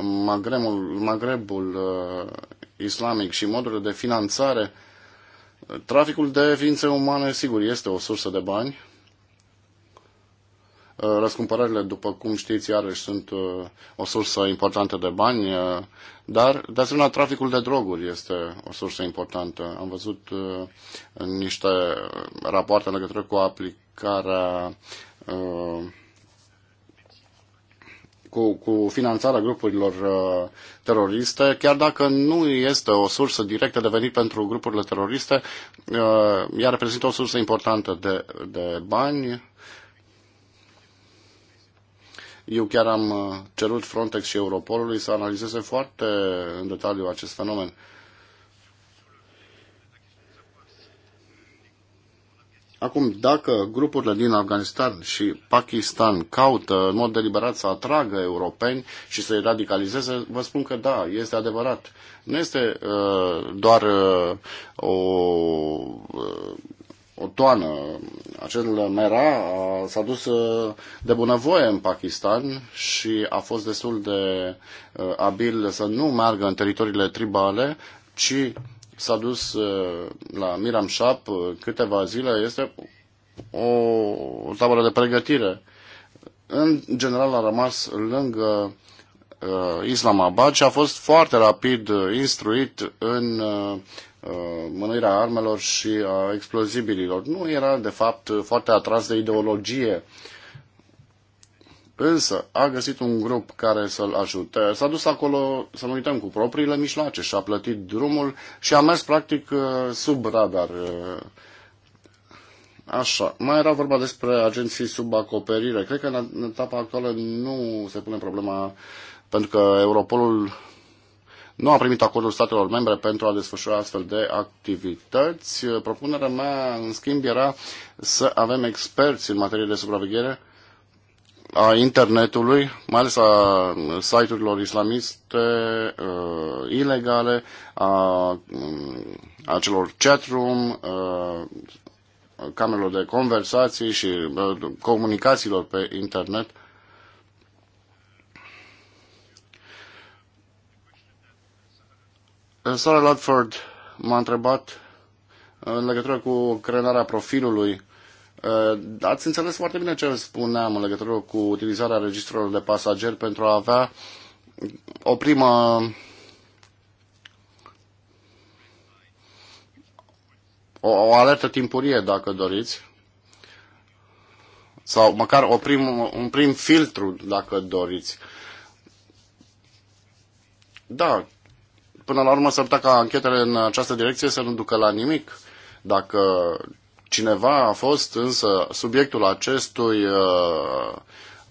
Magrebul, Magrebul uh, islamic și modul de finanțare, traficul de ființe umane, sigur, este o sursă de bani, Uh, răscumpărările, după cum știți, iarăși sunt uh, o sursă importantă de bani, uh, dar, de asemenea, traficul de droguri este o sursă importantă. Am văzut niște rapoarte în legătură cu aplicarea cu, cu finanțarea grupurilor uh, teroriste, chiar dacă nu este o sursă directă de venit pentru grupurile teroriste, uh, ea reprezintă o sursă importantă de, de bani eu chiar am uh, cerut Frontex și Europolului să analizeze foarte uh, în detaliu acest fenomen. Acum, dacă grupurile din Afganistan și Pakistan caută în mod deliberat să atragă europeni și să-i radicalizeze, vă spun că da, este adevărat. Nu este uh, doar uh, o uh, o toană. Acel mera s-a dus uh, de bunăvoie în Pakistan și a fost destul de uh, abil să nu meargă în teritoriile tribale, ci s-a dus uh, la Miram Shap câteva zile. Este o tabără de pregătire. În general a rămas lângă Islamabad și a fost foarte rapid instruit în Uh, mânuirea armelor și a explozibililor. Nu era, de fapt, foarte atras de ideologie, însă a găsit un grup care să-l ajute. S-a dus acolo, să nu uităm, cu propriile mișloace și a plătit drumul și a mers, practic, uh, sub radar. Uh, așa, mai era vorba despre agenții sub acoperire. Cred că în etapa actuală nu se pune problema pentru că Europolul nu a primit acordul statelor membre pentru a desfășura astfel de activități. Propunerea mea, în schimb, era să avem experți în materie de supraveghere a internetului, mai ales a site-urilor islamiste uh, ilegale, a, mm, a celor chatroom, uh, camerelor de conversații și uh, comunicațiilor pe internet Sara Ludford m-a întrebat uh, în legătură cu crenarea profilului. Uh, ați înțeles foarte bine ce spuneam în legătură cu utilizarea registrelor de pasageri pentru a avea o primă o, o alertă timpurie, dacă doriți, sau măcar o prim, un prim filtru, dacă doriți. Da, Până la urmă s-ar putea ca anchetele în această direcție să nu ducă la nimic. Dacă cineva a fost însă subiectul acestui, uh,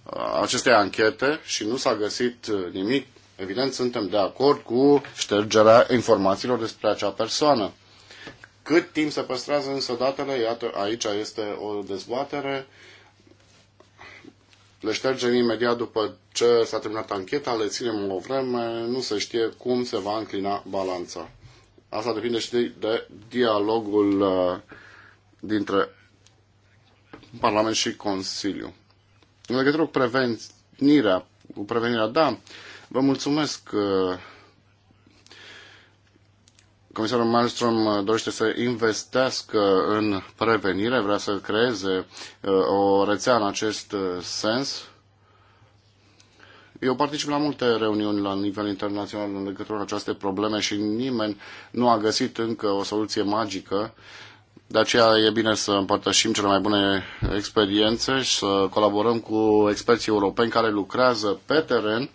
uh, acestei anchete și nu s-a găsit uh, nimic, evident suntem de acord cu ștergerea informațiilor despre acea persoană. Cât timp se păstrează însă datele, iată, aici este o dezbatere le ștergem imediat după ce s-a terminat ancheta, le ținem o vreme, nu se știe cum se va înclina balanța. Asta depinde și de, de dialogul uh, dintre Parlament și Consiliu. În legătură cu prevenirea, cu prevenirea, da, vă mulțumesc uh, Comisarul Malmström uh, dorește să investească în prevenire, vrea să creeze uh, o rețea în acest uh, sens. Eu particip la multe reuniuni la nivel internațional în legătură cu aceste probleme și nimeni nu a găsit încă o soluție magică. De aceea e bine să împărtășim cele mai bune experiențe și să colaborăm cu experții europeni care lucrează pe teren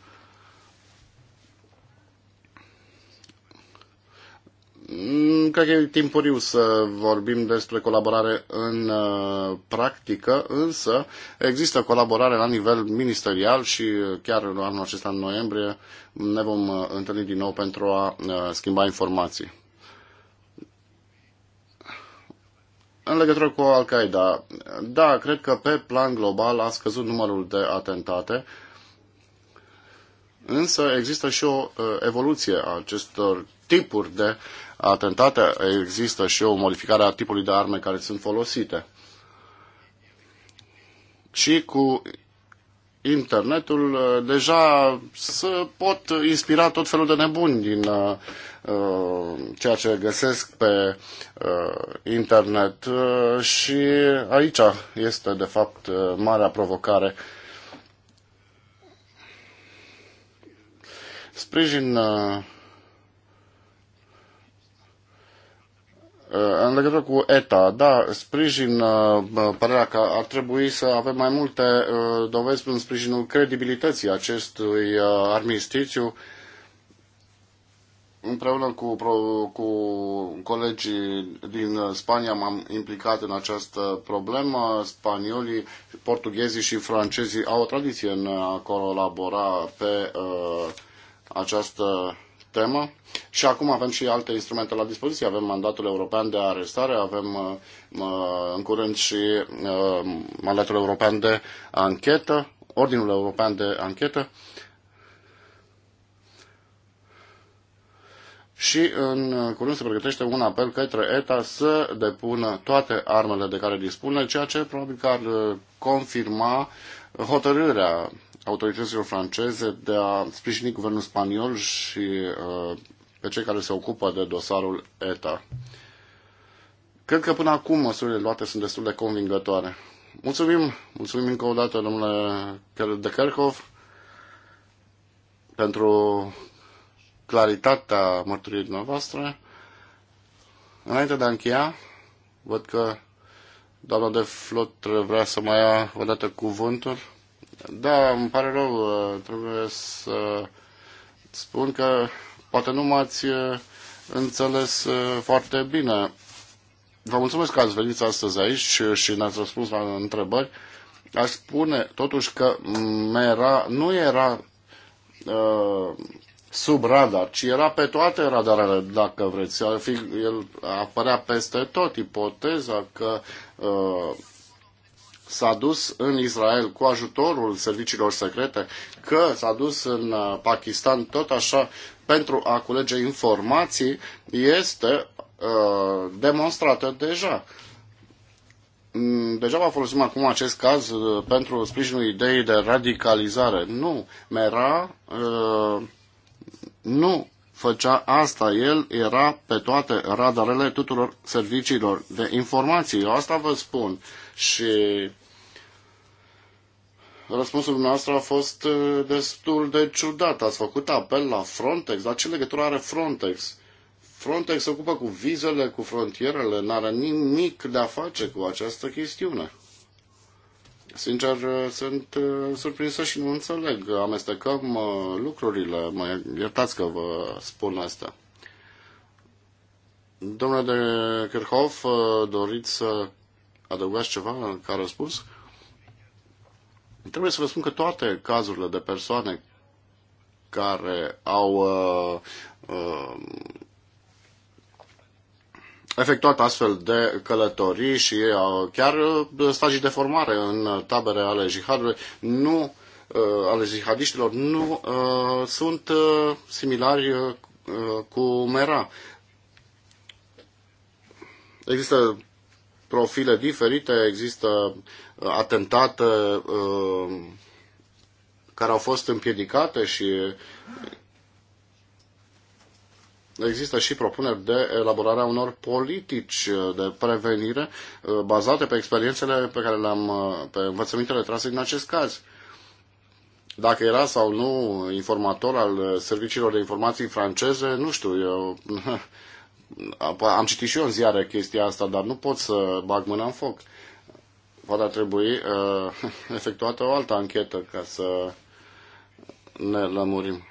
Mm, cred că e timpuriu să vorbim despre colaborare în uh, practică, însă există colaborare la nivel ministerial și uh, chiar în anul acesta, în noiembrie, ne vom uh, întâlni din nou pentru a schimba informații. În legătură cu Al-Qaeda, da, cred că pe plan global a scăzut numărul de atentate, însă există și o evoluție a acestor tipuri de atentate, există și o modificare a tipului de arme care sunt folosite. Și cu internetul uh, deja se pot inspira tot felul de nebuni din uh, uh, ceea ce găsesc pe uh, internet uh, și aici este de fapt marea provocare. Sprijin uh, În legătură cu ETA, da, sprijin uh, părerea că ar trebui să avem mai multe uh, dovezi în sprijinul credibilității acestui uh, armistițiu împreună cu, cu colegii din Spania m-am implicat în această problemă. Spaniolii, portughezii și francezii au o tradiție în a colabora pe uh, această temă și acum avem și alte instrumente la dispoziție. Avem mandatul european de arestare, avem uh, uh, în curând și uh, mandatul european de anchetă, Ordinul European de Anchetă și în curând se pregătește un apel către ETA să depună toate armele de care dispune, ceea ce probabil că ar confirma hotărârea autorităților franceze de a sprijini guvernul spaniol și uh, pe cei care se ocupă de dosarul ETA. Cred că până acum măsurile luate sunt destul de convingătoare. Mulțumim, mulțumim încă o dată, domnule de Kerkhoff, pentru claritatea mărturiei dumneavoastră. Înainte de a încheia, văd că doamna de Flot vrea să mai ia o dată cuvântul. Da, îmi pare rău, uh, trebuie să spun că poate nu m-ați uh, înțeles uh, foarte bine. Vă mulțumesc că ați venit astăzi aici și ne-ați răspuns la întrebări. Aș spune totuși că era, nu era uh, sub radar, ci era pe toate radarele, dacă vreți. Ar fi, el apărea peste tot ipoteza că uh, s-a dus în Israel cu ajutorul serviciilor secrete, că s-a dus în uh, Pakistan tot așa pentru a culege informații, este uh, demonstrată deja. Mm, Degeaba folosim acum acest caz uh, pentru sprijinul ideii de radicalizare. Nu, Mera uh, nu făcea asta. El era pe toate radarele tuturor serviciilor de informații. Eu asta vă spun. Și Răspunsul dumneavoastră a fost uh, destul de ciudat. Ați făcut apel la Frontex. Dar ce legătură are Frontex? Frontex se ocupă cu vizele, cu frontierele, n-are nimic de a face cu această chestiune. Sincer, uh, sunt uh, surprinsă și nu înțeleg. Amestecăm lucrurile. Mă iertați că vă spun asta. Domnule de Kirchhoff, doriți să adăugați ceva ca răspuns? Trebuie să vă spun că toate cazurile de persoane care au uh, uh, efectuat astfel de călătorii și uh, chiar stagii de formare în tabere ale jihadului, nu uh, ale jihadiștilor nu uh, sunt uh, similari uh, cu Mera. Există profile diferite, există atentate uh, care au fost împiedicate și există și propuneri de elaborare a unor politici de prevenire uh, bazate pe experiențele pe care le-am, uh, pe învățămintele trase din acest caz. Dacă era sau nu informator al serviciilor de informații franceze, nu știu, eu am citit și eu în ziare chestia asta, dar nu pot să bag mâna în foc va da trebui uh, efectuată o altă anchetă ca să ne lămurim.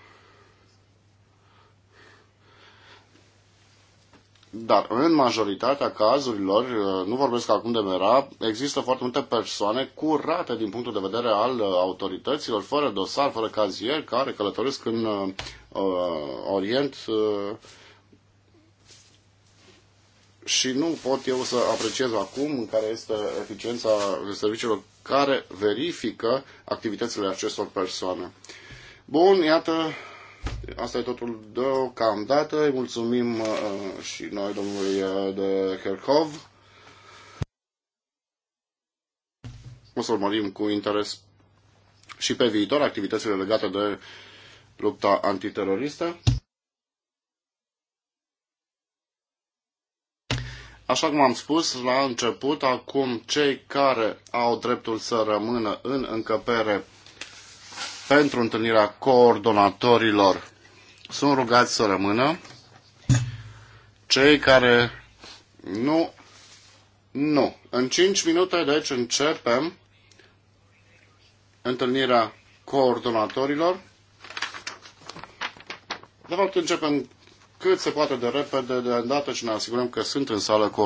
Dar în majoritatea cazurilor, uh, nu vorbesc acum de mera, există foarte multe persoane curate din punctul de vedere al uh, autorităților, fără dosar, fără cazier, care călătoresc în uh, uh Orient uh, și nu pot eu să apreciez acum în care este eficiența serviciilor care verifică activitățile acestor persoane. Bun, iată, asta e totul deocamdată. Îi mulțumim uh, și noi domnului uh, de Herkov. O să urmărim cu interes și pe viitor activitățile legate de lupta antiteroristă. Așa cum am spus la început, acum cei care au dreptul să rămână în încăpere pentru întâlnirea coordonatorilor sunt rugați să rămână. Cei care nu, nu. În 5 minute, deci, începem întâlnirea coordonatorilor. De fapt, începem cât se poate de repede, de îndată și ne asigurăm că sunt în sală cu